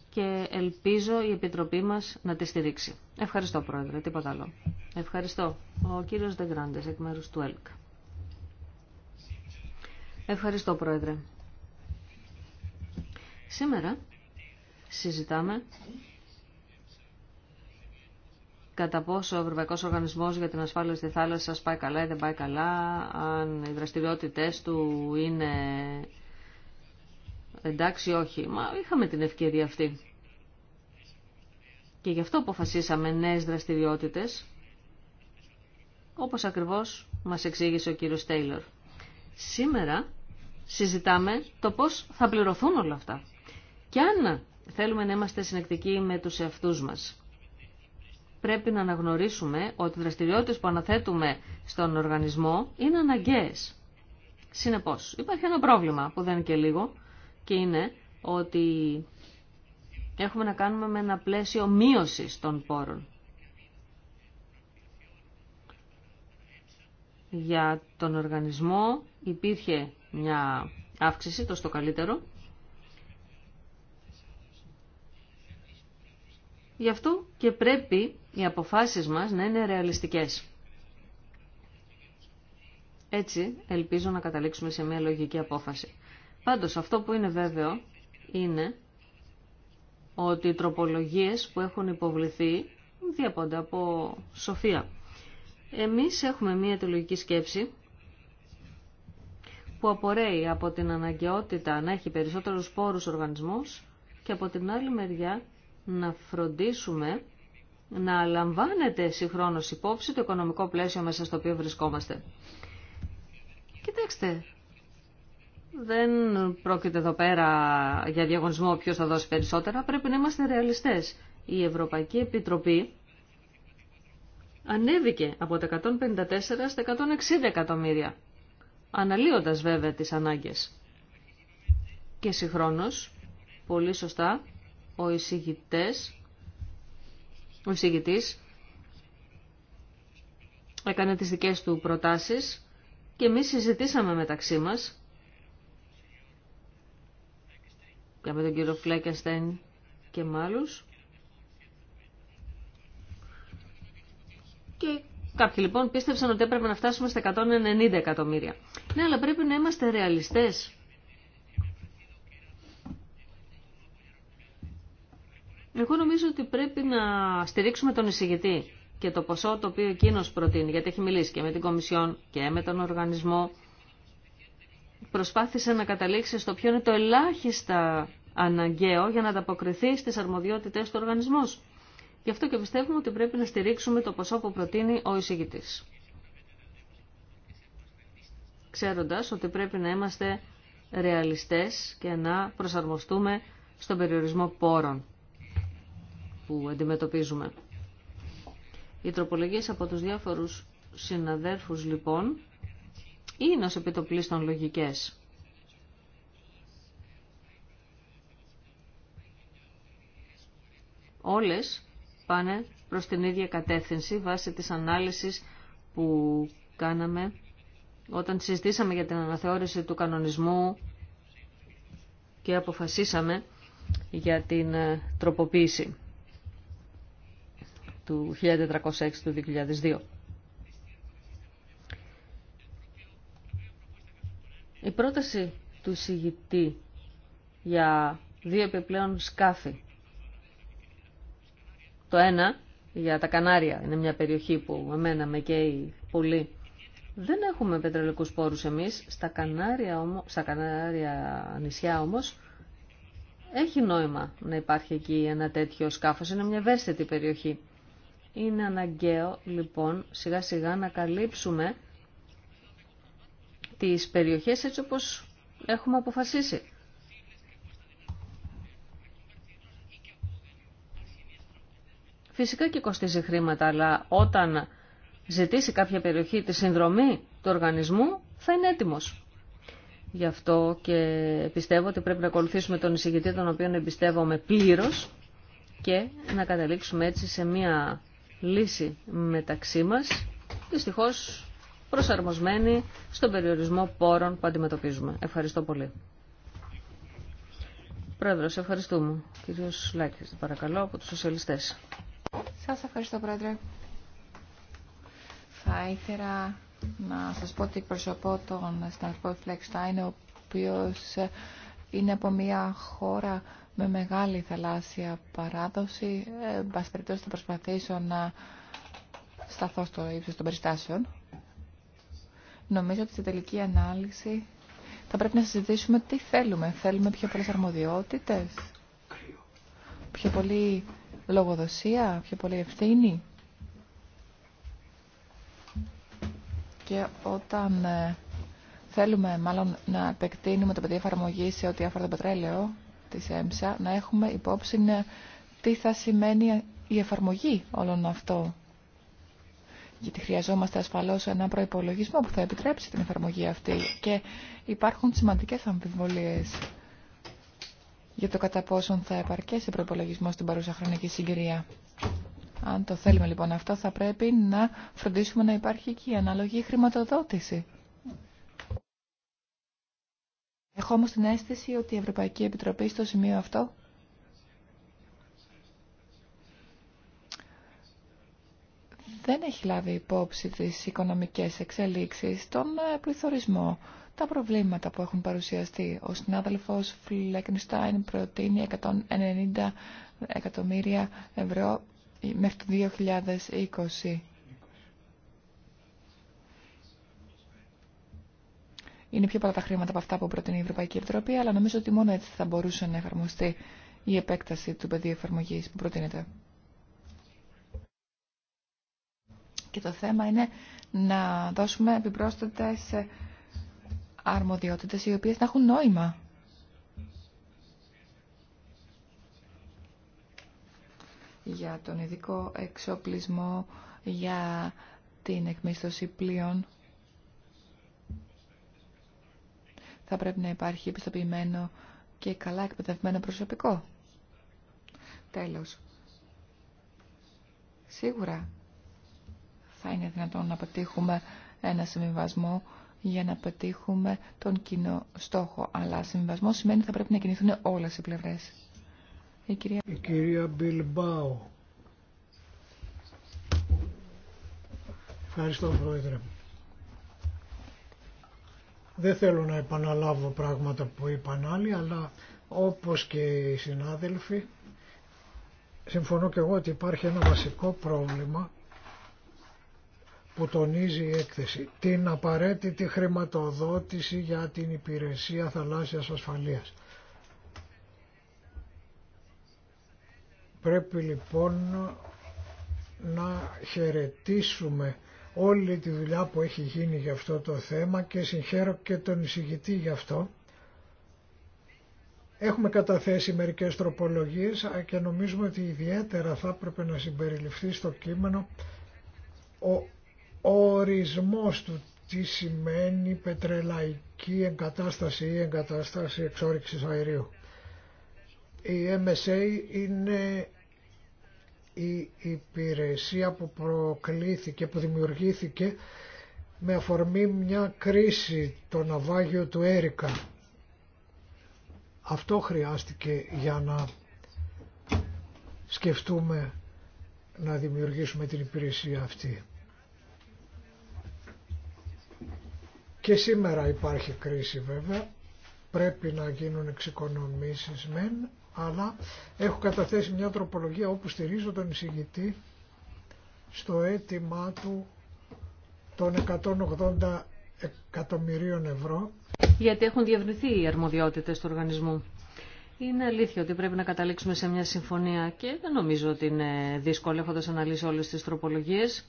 και ελπίζω η Επιτροπή μας να τη στηρίξει. Ευχαριστώ Πρόεδρε, τίποτα άλλο. Ευχαριστώ. Ο κύριος Δεγκράντες, εκ μέρους του ΕΛΚ. Ευχαριστώ Πρόεδρε. Σήμερα συζητάμε κατά πόσο ο Ευρωπαϊκός Οργανισμός για την Ασφάλεια στη Θάλασσα σας πάει καλά ή δεν πάει καλά, αν οι δραστηριότητες του είναι εντάξει όχι. Μα είχαμε την ευκαιρία αυτή. Και γι' αυτό αποφασίσαμε νέες δραστηριότητες, όπως ακριβώς μας εξήγησε ο κύριος Τέιλορ. Σήμερα συζητάμε το πώς θα πληρωθούν όλα αυτά. Και αν θέλουμε να είμαστε συνεκτικοί με τους εαυτούς μας, πρέπει να αναγνωρίσουμε ότι οι δραστηριότητες που αναθέτουμε στον οργανισμό είναι αναγκαίες. Συνεπώς, υπάρχει ένα πρόβλημα που δεν είναι και λίγο και είναι ότι έχουμε να κάνουμε με ένα πλαίσιο μείωση των πόρων. Για τον οργανισμό υπήρχε μια αύξηση, το στο καλύτερο. Γι' αυτό και πρέπει οι αποφάσεις μας να είναι ρεαλιστικές. Έτσι ελπίζω να καταλήξουμε σε μια λογική απόφαση. Πάντως αυτό που είναι βέβαιο είναι ότι οι τροπολογίες που έχουν υποβληθεί διαπονται από σοφία. Εμείς έχουμε μια τελογική σκέψη που απορρέει από την αναγκαιότητα να έχει περισσότερους πόρους οργανισμούς... και από την άλλη μεριά να φροντίσουμε να λαμβάνεται συγχρόνως υπόψη το οικονομικό πλαίσιο μέσα στο οποίο βρισκόμαστε. Κοιτάξτε, δεν πρόκειται εδώ πέρα για διαγωνισμό ποιο θα δώσει περισσότερα. Πρέπει να είμαστε ρεαλιστές. Η Ευρωπαϊκή Επιτροπή ανέβηκε από τα 154 στα 160 εκατομμύρια, αναλύοντας βέβαια τις ανάγκες. Και συγχρόνως, πολύ σωστά, ο εισηγητές ο εισηγητής έκανε τις δικές του προτάσεις και εμείς συζητήσαμε μεταξύ μας και με τον κύριο Φλέκενστεν και με Και κάποιοι λοιπόν πίστεψαν ότι έπρεπε να φτάσουμε στα 190 εκατομμύρια. Ναι, αλλά πρέπει να είμαστε ρεαλιστές. Εγώ νομίζω ότι πρέπει να στηρίξουμε τον εισηγητή και το ποσό το οποίο εκείνο προτείνει, γιατί έχει μιλήσει και με την Κομισιόν και με τον οργανισμό. Προσπάθησε να καταλήξει στο ποιο είναι το ελάχιστα αναγκαίο για να ανταποκριθεί στις αρμοδιότητε του οργανισμού. Γι' αυτό και πιστεύουμε ότι πρέπει να στηρίξουμε το ποσό που προτείνει ο εισηγητή. Ξέροντα ότι πρέπει να είμαστε ρεαλιστές και να προσαρμοστούμε στον περιορισμό πόρων που αντιμετωπίζουμε. Οι τροπολογίες από τους διάφορους συναδέρφους λοιπόν είναι ως επιτοπλίστων λογικές. Όλες πάνε προς την ίδια κατεύθυνση βάσει της ανάλυσης που κάναμε όταν συζητήσαμε για την αναθεώρηση του κανονισμού και αποφασίσαμε για την ε, τροποποίηση του 1406 του 2002. Η πρόταση του συγητή για δύο επιπλέον σκάφη. Το ένα για τα Κανάρια, είναι μια περιοχή που εμένα με καίει πολύ. Δεν έχουμε πετρελικούς πόρους εμείς, στα Κανάρια, όμως, στα Κανάρια νησιά όμως έχει νόημα να υπάρχει εκεί ένα τέτοιο σκάφος, είναι μια ευαίσθητη περιοχή. Είναι αναγκαίο λοιπόν σιγά σιγά να καλύψουμε τις περιοχές έτσι όπως έχουμε αποφασίσει. Φυσικά και κοστίζει χρήματα, αλλά όταν ζητήσει κάποια περιοχή τη συνδρομή του οργανισμού, θα είναι έτοιμος. Γι' αυτό και πιστεύω ότι πρέπει να ακολουθήσουμε τον εισηγητή, τον οποίο εμπιστεύομαι πλήρως και να καταλήξουμε έτσι σε μια λύση μεταξύ μας, δυστυχώς προσαρμοσμένη στον περιορισμό πόρων που αντιμετωπίζουμε. Ευχαριστώ πολύ. Πρόεδρο, ευχαριστούμε. Κύριο Λάκη, παρακαλώ, από του Σοσιαλιστέ. Σα ευχαριστώ, Πρόεδρε. Θα ήθελα να σα πω ότι προσωπώ τον Στανφό Φλέξτάιν, ο οποίο είναι από μια χώρα με μεγάλη θαλάσσια παράδοση. Ε, εν πάση περιπτώσει θα προσπαθήσω να σταθώ στο ύψος των περιστάσεων. Νομίζω ότι στη τελική ανάλυση θα πρέπει να συζητήσουμε τι θέλουμε. Θέλουμε πιο πολλές αρμοδιότητες, πιο πολύ λογοδοσία, πιο πολύ ευθύνη. Και όταν ε, θέλουμε μάλλον να επεκτείνουμε το πεδίο εφαρμογή σε ό,τι αφορά το πετρέλαιο, της ΕΜΣΑ να έχουμε υπόψη ε, τι θα σημαίνει η εφαρμογή όλων αυτών. Γιατί χρειαζόμαστε ασφαλώς ένα προϋπολογισμό που θα επιτρέψει την εφαρμογή αυτή και υπάρχουν σημαντικές αμφιβολίες για το κατά πόσον θα επαρκέσει προπολογισμό στην παρούσα χρονική συγκυρία. Αν το θέλουμε λοιπόν αυτό, θα πρέπει να φροντίσουμε να υπάρχει και η αναλογή χρηματοδότηση. Έχω όμως την αίσθηση ότι η Ευρωπαϊκή Επιτροπή στο σημείο αυτό δεν έχει λάβει υπόψη τις οικονομικές εξελίξεις, τον ε, πληθωρισμό, τα προβλήματα που έχουν παρουσιαστεί. Ο συνάδελφος Φλέκνιστάιν προτείνει 190 εκατομμύρια ευρώ μέχρι το 2020. Είναι πιο πολλά τα χρήματα από αυτά που προτείνει η Ευρωπαϊκή Επιτροπή, αλλά νομίζω ότι μόνο έτσι θα μπορούσε να εφαρμοστεί η επέκταση του πεδίου εφαρμογή που προτείνεται. Και το θέμα είναι να δώσουμε επιπρόσθετε αρμοδιότητες οι οποίες να έχουν νόημα. Για τον ειδικό εξοπλισμό, για την εκμίσθωση πλοίων θα πρέπει να υπάρχει επιστοποιημένο και καλά εκπαιδευμένο προσωπικό. Τέλος. Σίγουρα θα είναι δυνατόν να πετύχουμε ένα συμβιβασμό για να πετύχουμε τον κοινό στόχο. Αλλά συμβιβασμό σημαίνει ότι θα πρέπει να κινηθούν όλες οι πλευρές. Η κυρία, η κυρία Μπιλμπάου. Ευχαριστώ, Πρόεδρε. Δεν θέλω να επαναλάβω πράγματα που είπαν άλλοι, αλλά όπως και οι συνάδελφοι, συμφωνώ και εγώ ότι υπάρχει ένα βασικό πρόβλημα που τονίζει η έκθεση. Την απαραίτητη χρηματοδότηση για την υπηρεσία θαλάσσιας ασφαλείας. Πρέπει λοιπόν να χαιρετήσουμε όλη τη δουλειά που έχει γίνει για αυτό το θέμα και συγχαίρω και τον εισηγητή γι' αυτό. Έχουμε καταθέσει μερικές τροπολογίες και νομίζουμε ότι ιδιαίτερα θα έπρεπε να συμπεριληφθεί στο κείμενο ο ορισμός του τι σημαίνει πετρελαϊκή εγκατάσταση ή εγκατάσταση εξόρυξης αερίου. Η MSA είναι η υπηρεσία που προκλήθηκε, που δημιουργήθηκε με αφορμή μια κρίση το ναυάγιο του Έρικα. Αυτό χρειάστηκε για να σκεφτούμε να δημιουργήσουμε την υπηρεσία αυτή. Και σήμερα υπάρχει κρίση βέβαια, πρέπει να γίνουν εξοικονομήσεις μεν, αλλά έχω καταθέσει μια τροπολογία όπου στηρίζω τον εισηγητή στο αίτημά του των 180 εκατομμυρίων ευρώ. Γιατί έχουν διευρυνθεί οι αρμοδιότητες του οργανισμού. Είναι αλήθεια ότι πρέπει να καταλήξουμε σε μια συμφωνία και δεν νομίζω ότι είναι δύσκολο έχοντα αναλύσει όλες τις τροπολογίες.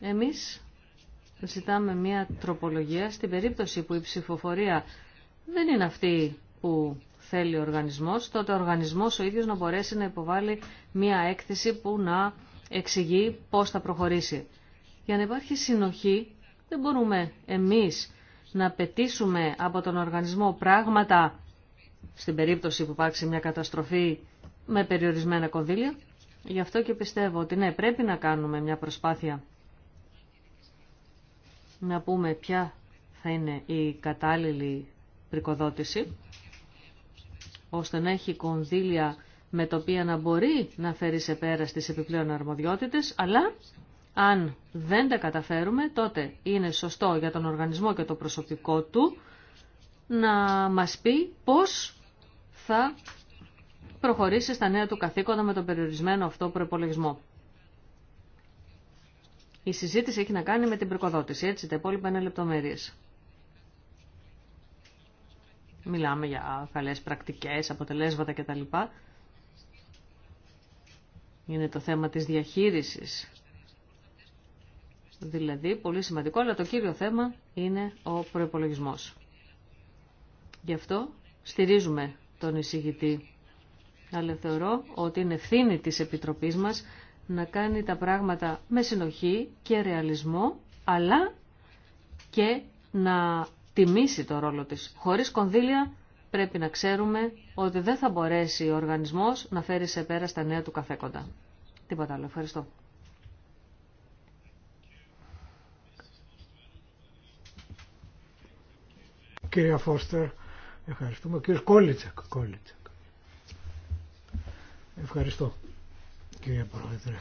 Εμείς ζητάμε μια τροπολογία στην περίπτωση που η ψηφοφορία δεν είναι αυτή που θέλει ο οργανισμός, τότε ο οργανισμός ο ίδιος να μπορέσει να υποβάλει μία έκθεση που να εξηγεί πώς θα προχωρήσει. Για να υπάρχει συνοχή δεν μπορούμε εμείς να πετήσουμε από τον οργανισμό πράγματα στην περίπτωση που υπάρξει μια καταστροφή με περιορισμένα κονδύλια. Γι' αυτό και πιστεύω ότι ναι, πρέπει να κάνουμε μια προσπάθεια να πούμε ποια θα είναι η κατάλληλη πρικοδότηση ώστε να έχει κονδύλια με τα οποία να μπορεί να φέρει σε πέρα στις επιπλέον αρμοδιότητες, αλλά αν δεν τα καταφέρουμε, τότε είναι σωστό για τον οργανισμό και το προσωπικό του να μας πει πώς θα προχωρήσει στα νέα του καθήκοντα με τον περιορισμένο αυτό προπολογισμό. Η συζήτηση έχει να κάνει με την προκοδότηση, έτσι τα υπόλοιπα είναι λεπτομέρειες. Μιλάμε για καλές πρακτικές, αποτελέσματα κτλ. Είναι το θέμα της διαχείρισης. Δηλαδή, πολύ σημαντικό, αλλά το κύριο θέμα είναι ο προϋπολογισμός. Γι' αυτό στηρίζουμε τον εισηγητή. Αλλά θεωρώ ότι είναι ευθύνη της Επιτροπής μας να κάνει τα πράγματα με συνοχή και ρεαλισμό, αλλά και να τιμήσει το ρόλο της. Χωρίς κονδύλια πρέπει να ξέρουμε ότι δεν θα μπορέσει ο οργανισμός να φέρει σε πέρα στα νέα του καθέκοντα. Τίποτα άλλο. Ευχαριστώ. Κυρία Φώστερ, ευχαριστούμε. Κύριος Κόλιτσακ, Κόλιτσακ. Ευχαριστώ, κύριε Πρόεδρε.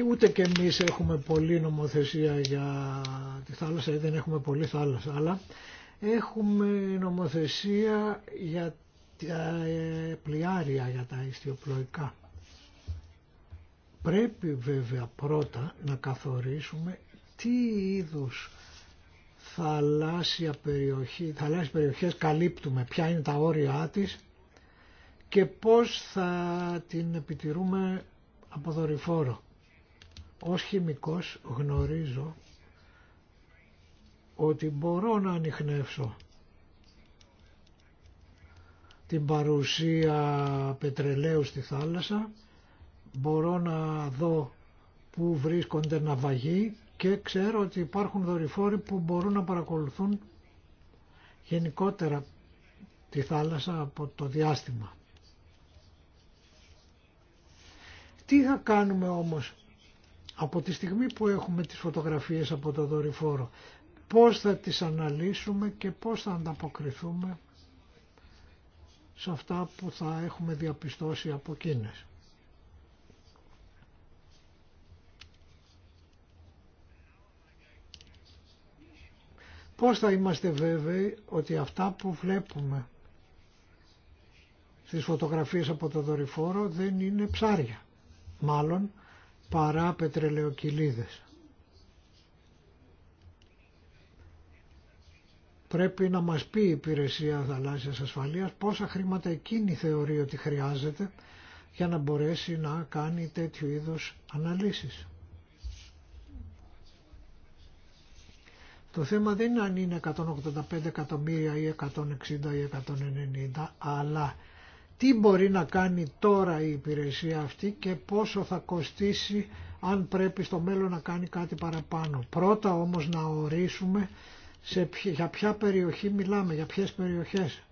και ούτε και εμείς έχουμε πολλή νομοθεσία για τη θάλασσα ή δεν έχουμε πολλή θάλασσα, αλλά έχουμε νομοθεσία για τα ε, πλοιάρια, για τα ιστιοπλοϊκά. Πρέπει βέβαια πρώτα να καθορίσουμε τι είδους θαλάσσια περιοχή, θαλάσσιες περιοχές καλύπτουμε, ποια είναι τα όρια της και πώς θα την επιτηρούμε από δορυφόρο. Ως χημικός γνωρίζω ότι μπορώ να ανοιχνεύσω την παρουσία πετρελαίου στη θάλασσα, μπορώ να δω που βρίσκονται ναυαγοί και ξέρω ότι υπάρχουν δορυφόροι που μπορούν να παρακολουθούν γενικότερα τη θάλασσα από το διάστημα. Τι θα κάνουμε όμως από τη στιγμή που έχουμε τις φωτογραφίες από το δορυφόρο, πώς θα τις αναλύσουμε και πώς θα ανταποκριθούμε σε αυτά που θα έχουμε διαπιστώσει από εκείνες. Πώς θα είμαστε βέβαιοι ότι αυτά που βλέπουμε στις φωτογραφίες από το δορυφόρο δεν είναι ψάρια. Μάλλον παρά πετρελαιοκυλίδες. Πρέπει να μας πει η Υπηρεσία Θαλάσσιας Ασφαλείας πόσα χρήματα εκείνη θεωρεί ότι χρειάζεται για να μπορέσει να κάνει τέτοιου είδους αναλύσεις. Το θέμα δεν είναι αν είναι 185 εκατομμύρια ή 160 ή 190, αλλά τι μπορεί να κάνει τώρα η υπηρεσία αυτή και πόσο θα κοστίσει αν πρέπει στο μέλλον να κάνει κάτι παραπάνω. Πρώτα όμως να ορίσουμε σε για ποια περιοχή μιλάμε, για ποιες περιοχές,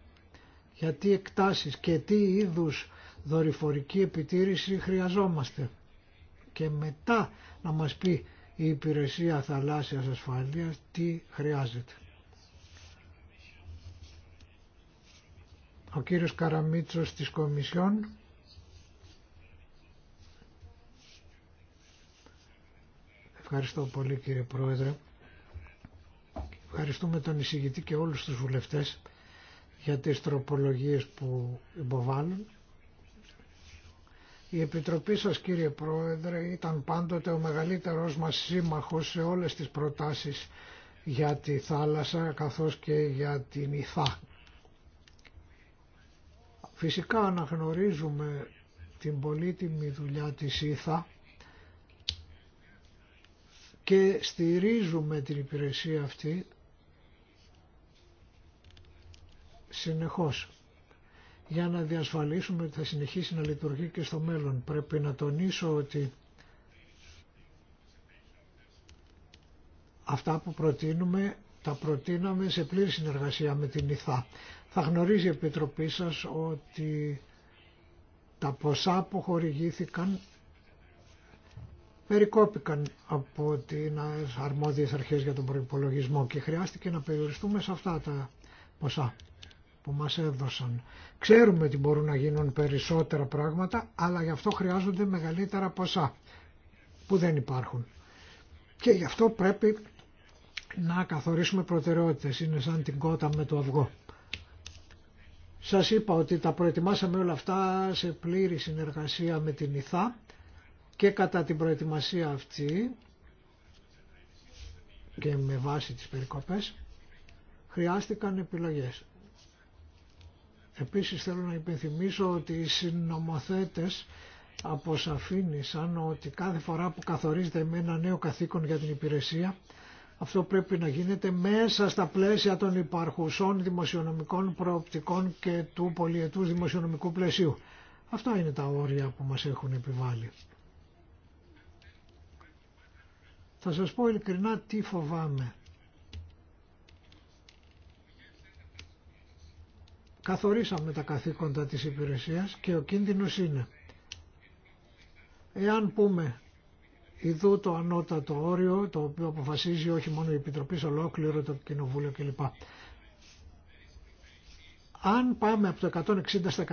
για τι εκτάσεις και τι είδους δορυφορική επιτήρηση χρειαζόμαστε. Και μετά να μας πει η υπηρεσία θαλάσσιας ασφαλείας τι χρειάζεται. Ο κύριος Καραμίτσος της Κομισιόν. Ευχαριστώ πολύ κύριε Πρόεδρε. Ευχαριστούμε τον εισηγητή και όλους τους βουλευτές για τις τροπολογίες που υποβάλλουν. Η Επιτροπή σας κύριε Πρόεδρε ήταν πάντοτε ο μεγαλύτερος μας σύμμαχος σε όλες τις προτάσεις για τη θάλασσα καθώς και για την Ιθά. Φυσικά αναγνωρίζουμε την πολύτιμη δουλειά της ΙΘΑ και στηρίζουμε την υπηρεσία αυτή συνεχώς για να διασφαλίσουμε ότι θα συνεχίσει να λειτουργεί και στο μέλλον. Πρέπει να τονίσω ότι αυτά που προτείνουμε τα προτείναμε σε πλήρη συνεργασία με την ΙΘΑ θα γνωρίζει η Επιτροπή σας ότι τα ποσά που χορηγήθηκαν περικόπηκαν από την αρμόδιες αρχές για τον προϋπολογισμό και χρειάστηκε να περιοριστούμε σε αυτά τα ποσά που μας έδωσαν. Ξέρουμε ότι μπορούν να γίνουν περισσότερα πράγματα, αλλά γι' αυτό χρειάζονται μεγαλύτερα ποσά που δεν υπάρχουν. Και γι' αυτό πρέπει να καθορίσουμε προτεραιότητες. Είναι σαν την κότα με το αυγό. Σας είπα ότι τα προετοιμάσαμε όλα αυτά σε πλήρη συνεργασία με την ΙΘΑ και κατά την προετοιμασία αυτή και με βάση τις περικοπές χρειάστηκαν επιλογές. Επίσης θέλω να υπενθυμίσω ότι οι συνομοθέτες αποσαφήνισαν ότι κάθε φορά που καθορίζεται με ένα νέο καθήκον για την υπηρεσία αυτό πρέπει να γίνεται μέσα στα πλαίσια των υπαρχουσών δημοσιονομικών προοπτικών και του πολιετούς δημοσιονομικού πλαισίου. Αυτά είναι τα όρια που μας έχουν επιβάλει. Θα σας πω ειλικρινά τι φοβάμαι. Καθορίσαμε τα καθήκοντα της υπηρεσίας και ο κίνδυνος είναι. Εάν πούμε Ιδού το ανώτατο όριο, το οποίο αποφασίζει όχι μόνο η Επιτροπή σε ολόκληρο το Κοινοβούλιο κλπ. Αν πάμε από το 160 στα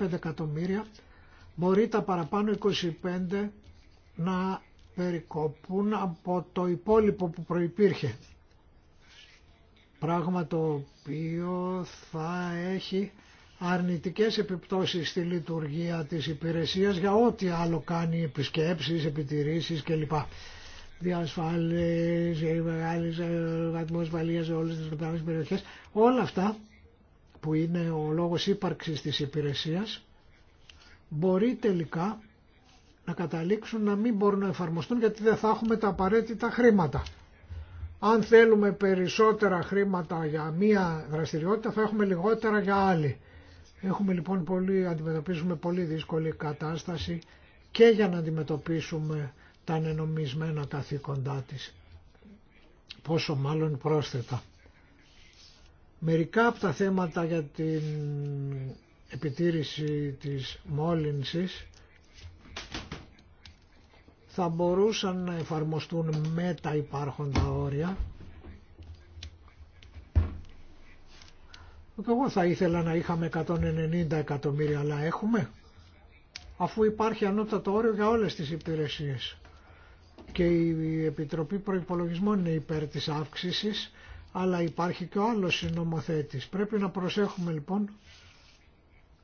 185 εκατομμύρια, μπορεί τα παραπάνω 25 να περικοπούν από το υπόλοιπο που προϋπήρχε. Πράγμα το οποίο θα έχει αρνητικές επιπτώσεις στη λειτουργία της υπηρεσίας για ό,τι άλλο κάνει επισκέψεις, επιτηρήσεις κλπ. Διασφάλιση, μεγάλες βαθμός βαλίας σε όλες τις μετάλλες περιοχές. Όλα αυτά που είναι ο λόγος ύπαρξης της υπηρεσίας μπορεί τελικά να καταλήξουν να μην μπορούν να εφαρμοστούν γιατί δεν θα έχουμε τα απαραίτητα χρήματα. Αν θέλουμε περισσότερα χρήματα για μία δραστηριότητα θα έχουμε λιγότερα για άλλη. Έχουμε λοιπόν πολύ, αντιμετωπίζουμε πολύ δύσκολη κατάσταση και για να αντιμετωπίσουμε τα ανενομισμένα καθήκοντά της. Πόσο μάλλον πρόσθετα. Μερικά από τα θέματα για την επιτήρηση της μόλυνσης θα μπορούσαν να εφαρμοστούν με τα υπάρχοντα όρια Εγώ θα ήθελα να είχαμε 190 εκατομμύρια, αλλά έχουμε, αφού υπάρχει ανώτατο όριο για όλες τις υπηρεσίες. Και η Επιτροπή Προϋπολογισμών είναι υπέρ της αύξησης, αλλά υπάρχει και ο άλλος συνομοθέτης. Πρέπει να προσέχουμε λοιπόν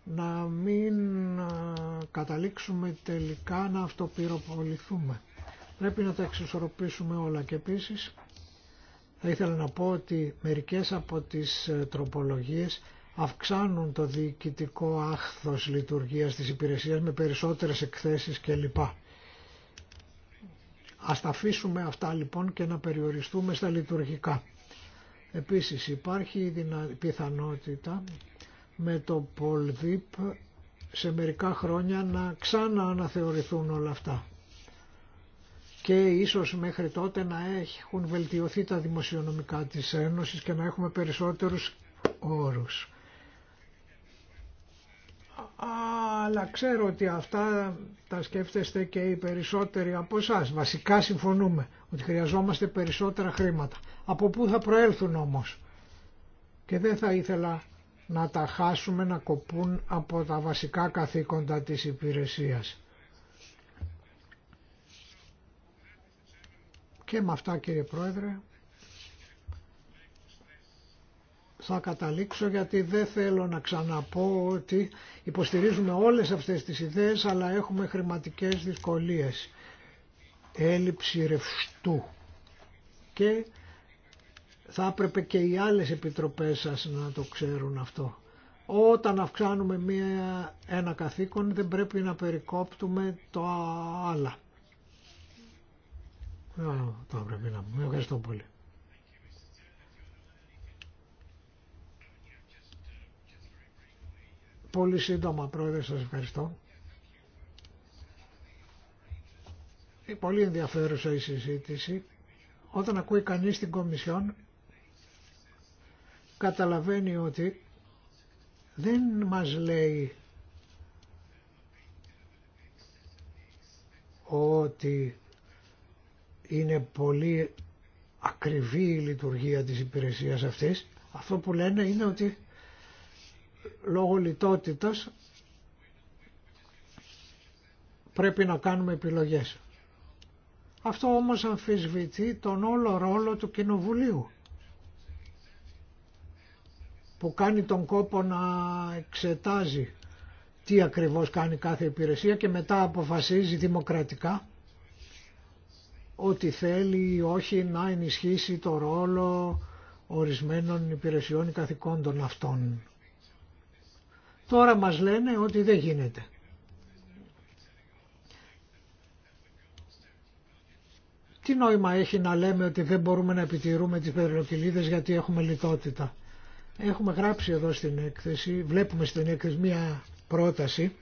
να μην καταλήξουμε τελικά να αυτοπυροποληθούμε. Πρέπει να τα εξισορροπήσουμε όλα και επίσης θα ήθελα να πω ότι μερικές από τις ε, τροπολογίες αυξάνουν το διοικητικό άχθος λειτουργίας της υπηρεσίας με περισσότερες εκθέσεις κλπ. Ας τα αφήσουμε αυτά λοιπόν και να περιοριστούμε στα λειτουργικά. Επίσης υπάρχει η πιθανότητα με το Πολδίπ σε μερικά χρόνια να ξανααναθεωρηθούν όλα αυτά και ίσως μέχρι τότε να έχουν βελτιωθεί τα δημοσιονομικά της Ένωσης και να έχουμε περισσότερους όρους. Αλλά ξέρω ότι αυτά τα σκέφτεστε και οι περισσότεροι από εσά. Βασικά συμφωνούμε ότι χρειαζόμαστε περισσότερα χρήματα. Από πού θα προέλθουν όμως. Και δεν θα ήθελα να τα χάσουμε να κοπούν από τα βασικά καθήκοντα της υπηρεσίας. Και με αυτά κύριε Πρόεδρε θα καταλήξω γιατί δεν θέλω να ξαναπώ ότι υποστηρίζουμε όλες αυτές τις ιδέες αλλά έχουμε χρηματικές δυσκολίες. Έλλειψη ρευστού. Και θα έπρεπε και οι άλλες επιτροπές σας να το ξέρουν αυτό. Όταν αυξάνουμε μία, ένα καθήκον δεν πρέπει να περικόπτουμε το άλλα. Ευχαριστώ πολύ. Πολύ σύντομα πρόεδρε σας ευχαριστώ. Ε, πολύ ενδιαφέρουσα η συζήτηση. Όταν ακούει κανείς την Κομισιόν καταλαβαίνει ότι δεν μας λέει ότι είναι πολύ ακριβή η λειτουργία της υπηρεσίας αυτής. Αυτό που λένε είναι ότι λόγω λιτότητας πρέπει να κάνουμε επιλογές. Αυτό όμως αμφισβητεί τον όλο ρόλο του Κοινοβουλίου που κάνει τον κόπο να εξετάζει τι ακριβώς κάνει κάθε υπηρεσία και μετά αποφασίζει δημοκρατικά ότι θέλει ή όχι να ενισχύσει το ρόλο ορισμένων υπηρεσιών ή καθηκόντων αυτών. Τώρα μας λένε ότι δεν γίνεται. Τι νόημα έχει να λέμε ότι δεν μπορούμε να επιτηρούμε τις πετρελοκυλίδες γιατί έχουμε λιτότητα. Έχουμε γράψει εδώ στην έκθεση, βλέπουμε στην έκθεση μία πρόταση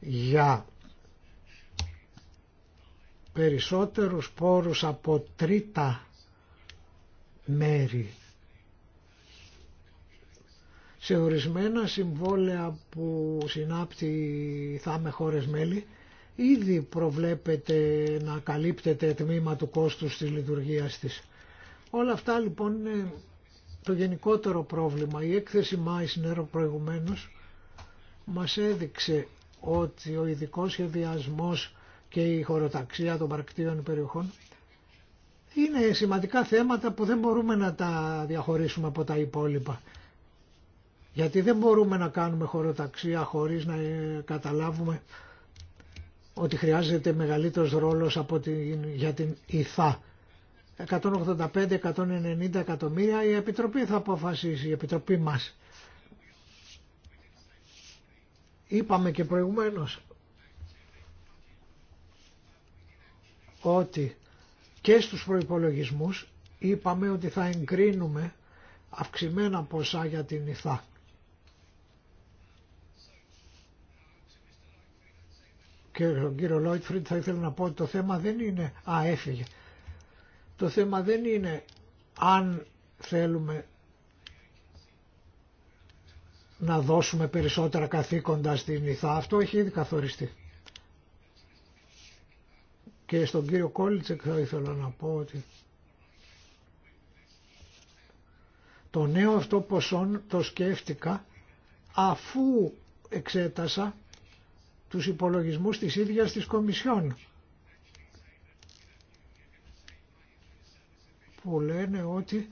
για περισσότερους πόρους από τρίτα μέρη. Σε ορισμένα συμβόλαια που συνάπτει θα με χώρες μέλη, ήδη προβλέπεται να καλύπτεται τμήμα του κόστους της λειτουργίας της. Όλα αυτά λοιπόν είναι το γενικότερο πρόβλημα. Η έκθεση νερό προηγουμένως μας έδειξε ότι ο ειδικό σχεδιασμός και η χωροταξία των παρακτήριων περιοχών. Είναι σημαντικά θέματα που δεν μπορούμε να τα διαχωρίσουμε από τα υπόλοιπα. Γιατί δεν μπορούμε να κάνουμε χωροταξία χωρίς να ε, καταλάβουμε ότι χρειάζεται μεγαλύτερος ρόλος από την, για την ΙΘΑ. 185-190 εκατομμύρια η Επιτροπή θα αποφασίσει, η Επιτροπή μας. Είπαμε και προηγουμένως ότι και στους προϋπολογισμούς είπαμε ότι θα εγκρίνουμε αυξημένα ποσά για την ΙΘΑ. Και ο κύριο Λόιτφριντ θα ήθελα να πω ότι το θέμα δεν είναι... Α, έφυγε. Το θέμα δεν είναι αν θέλουμε να δώσουμε περισσότερα καθήκοντα στην ΙΘΑ. Αυτό έχει ήδη καθοριστεί. Και στον κύριο Κόλιτσεκ θα ήθελα να πω ότι το νέο αυτό ποσόν το σκέφτηκα αφού εξέτασα τους υπολογισμούς της ίδιας της Κομισιόν που λένε ότι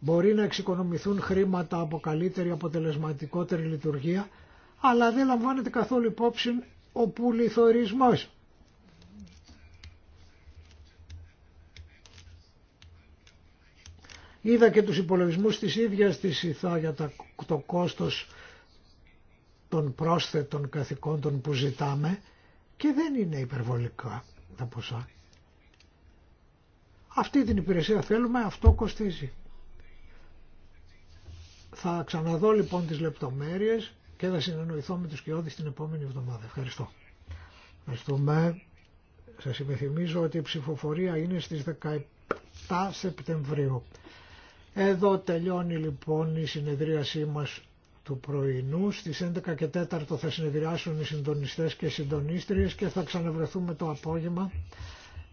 μπορεί να εξοικονομηθούν χρήματα από καλύτερη, αποτελεσματικότερη λειτουργία αλλά δεν λαμβάνεται καθόλου υπόψη ο πουληθωρισμός Είδα και τους υπολογισμούς της ίδιας της ΙΘΑ για το κόστος των πρόσθετων καθηκόντων που ζητάμε και δεν είναι υπερβολικά τα ποσά. Αυτή την υπηρεσία θέλουμε, αυτό κοστίζει. Θα ξαναδώ λοιπόν τις λεπτομέρειες και θα συνεννοηθώ με τους κοιόδης την επόμενη εβδομάδα. Ευχαριστώ. Ευχαριστούμε. Σας υπενθυμίζω ότι η ψηφοφορία είναι στις 17 Σεπτεμβρίου. Εδώ τελειώνει λοιπόν η συνεδρίασή μας του πρωινού. Στις 11 και 4 θα συνεδριάσουν οι συντονιστές και συντονίστριες και θα ξαναβρεθούμε το απόγευμα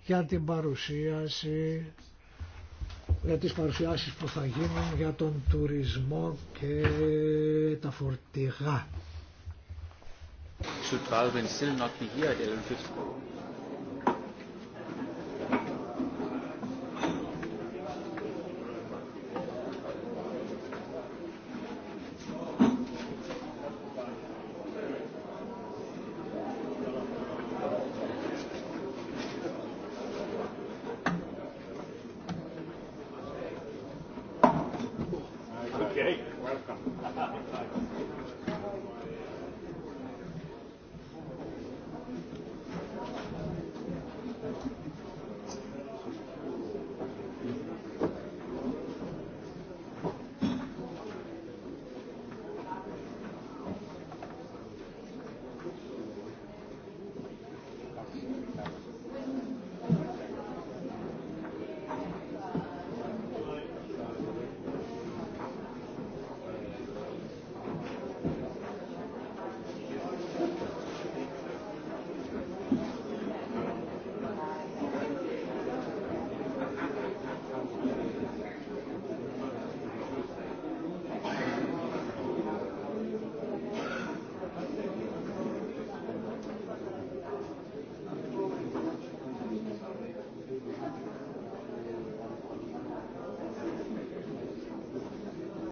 για την παρουσίαση για τις παρουσιάσεις που θα γίνουν για τον τουρισμό και τα φορτηγά.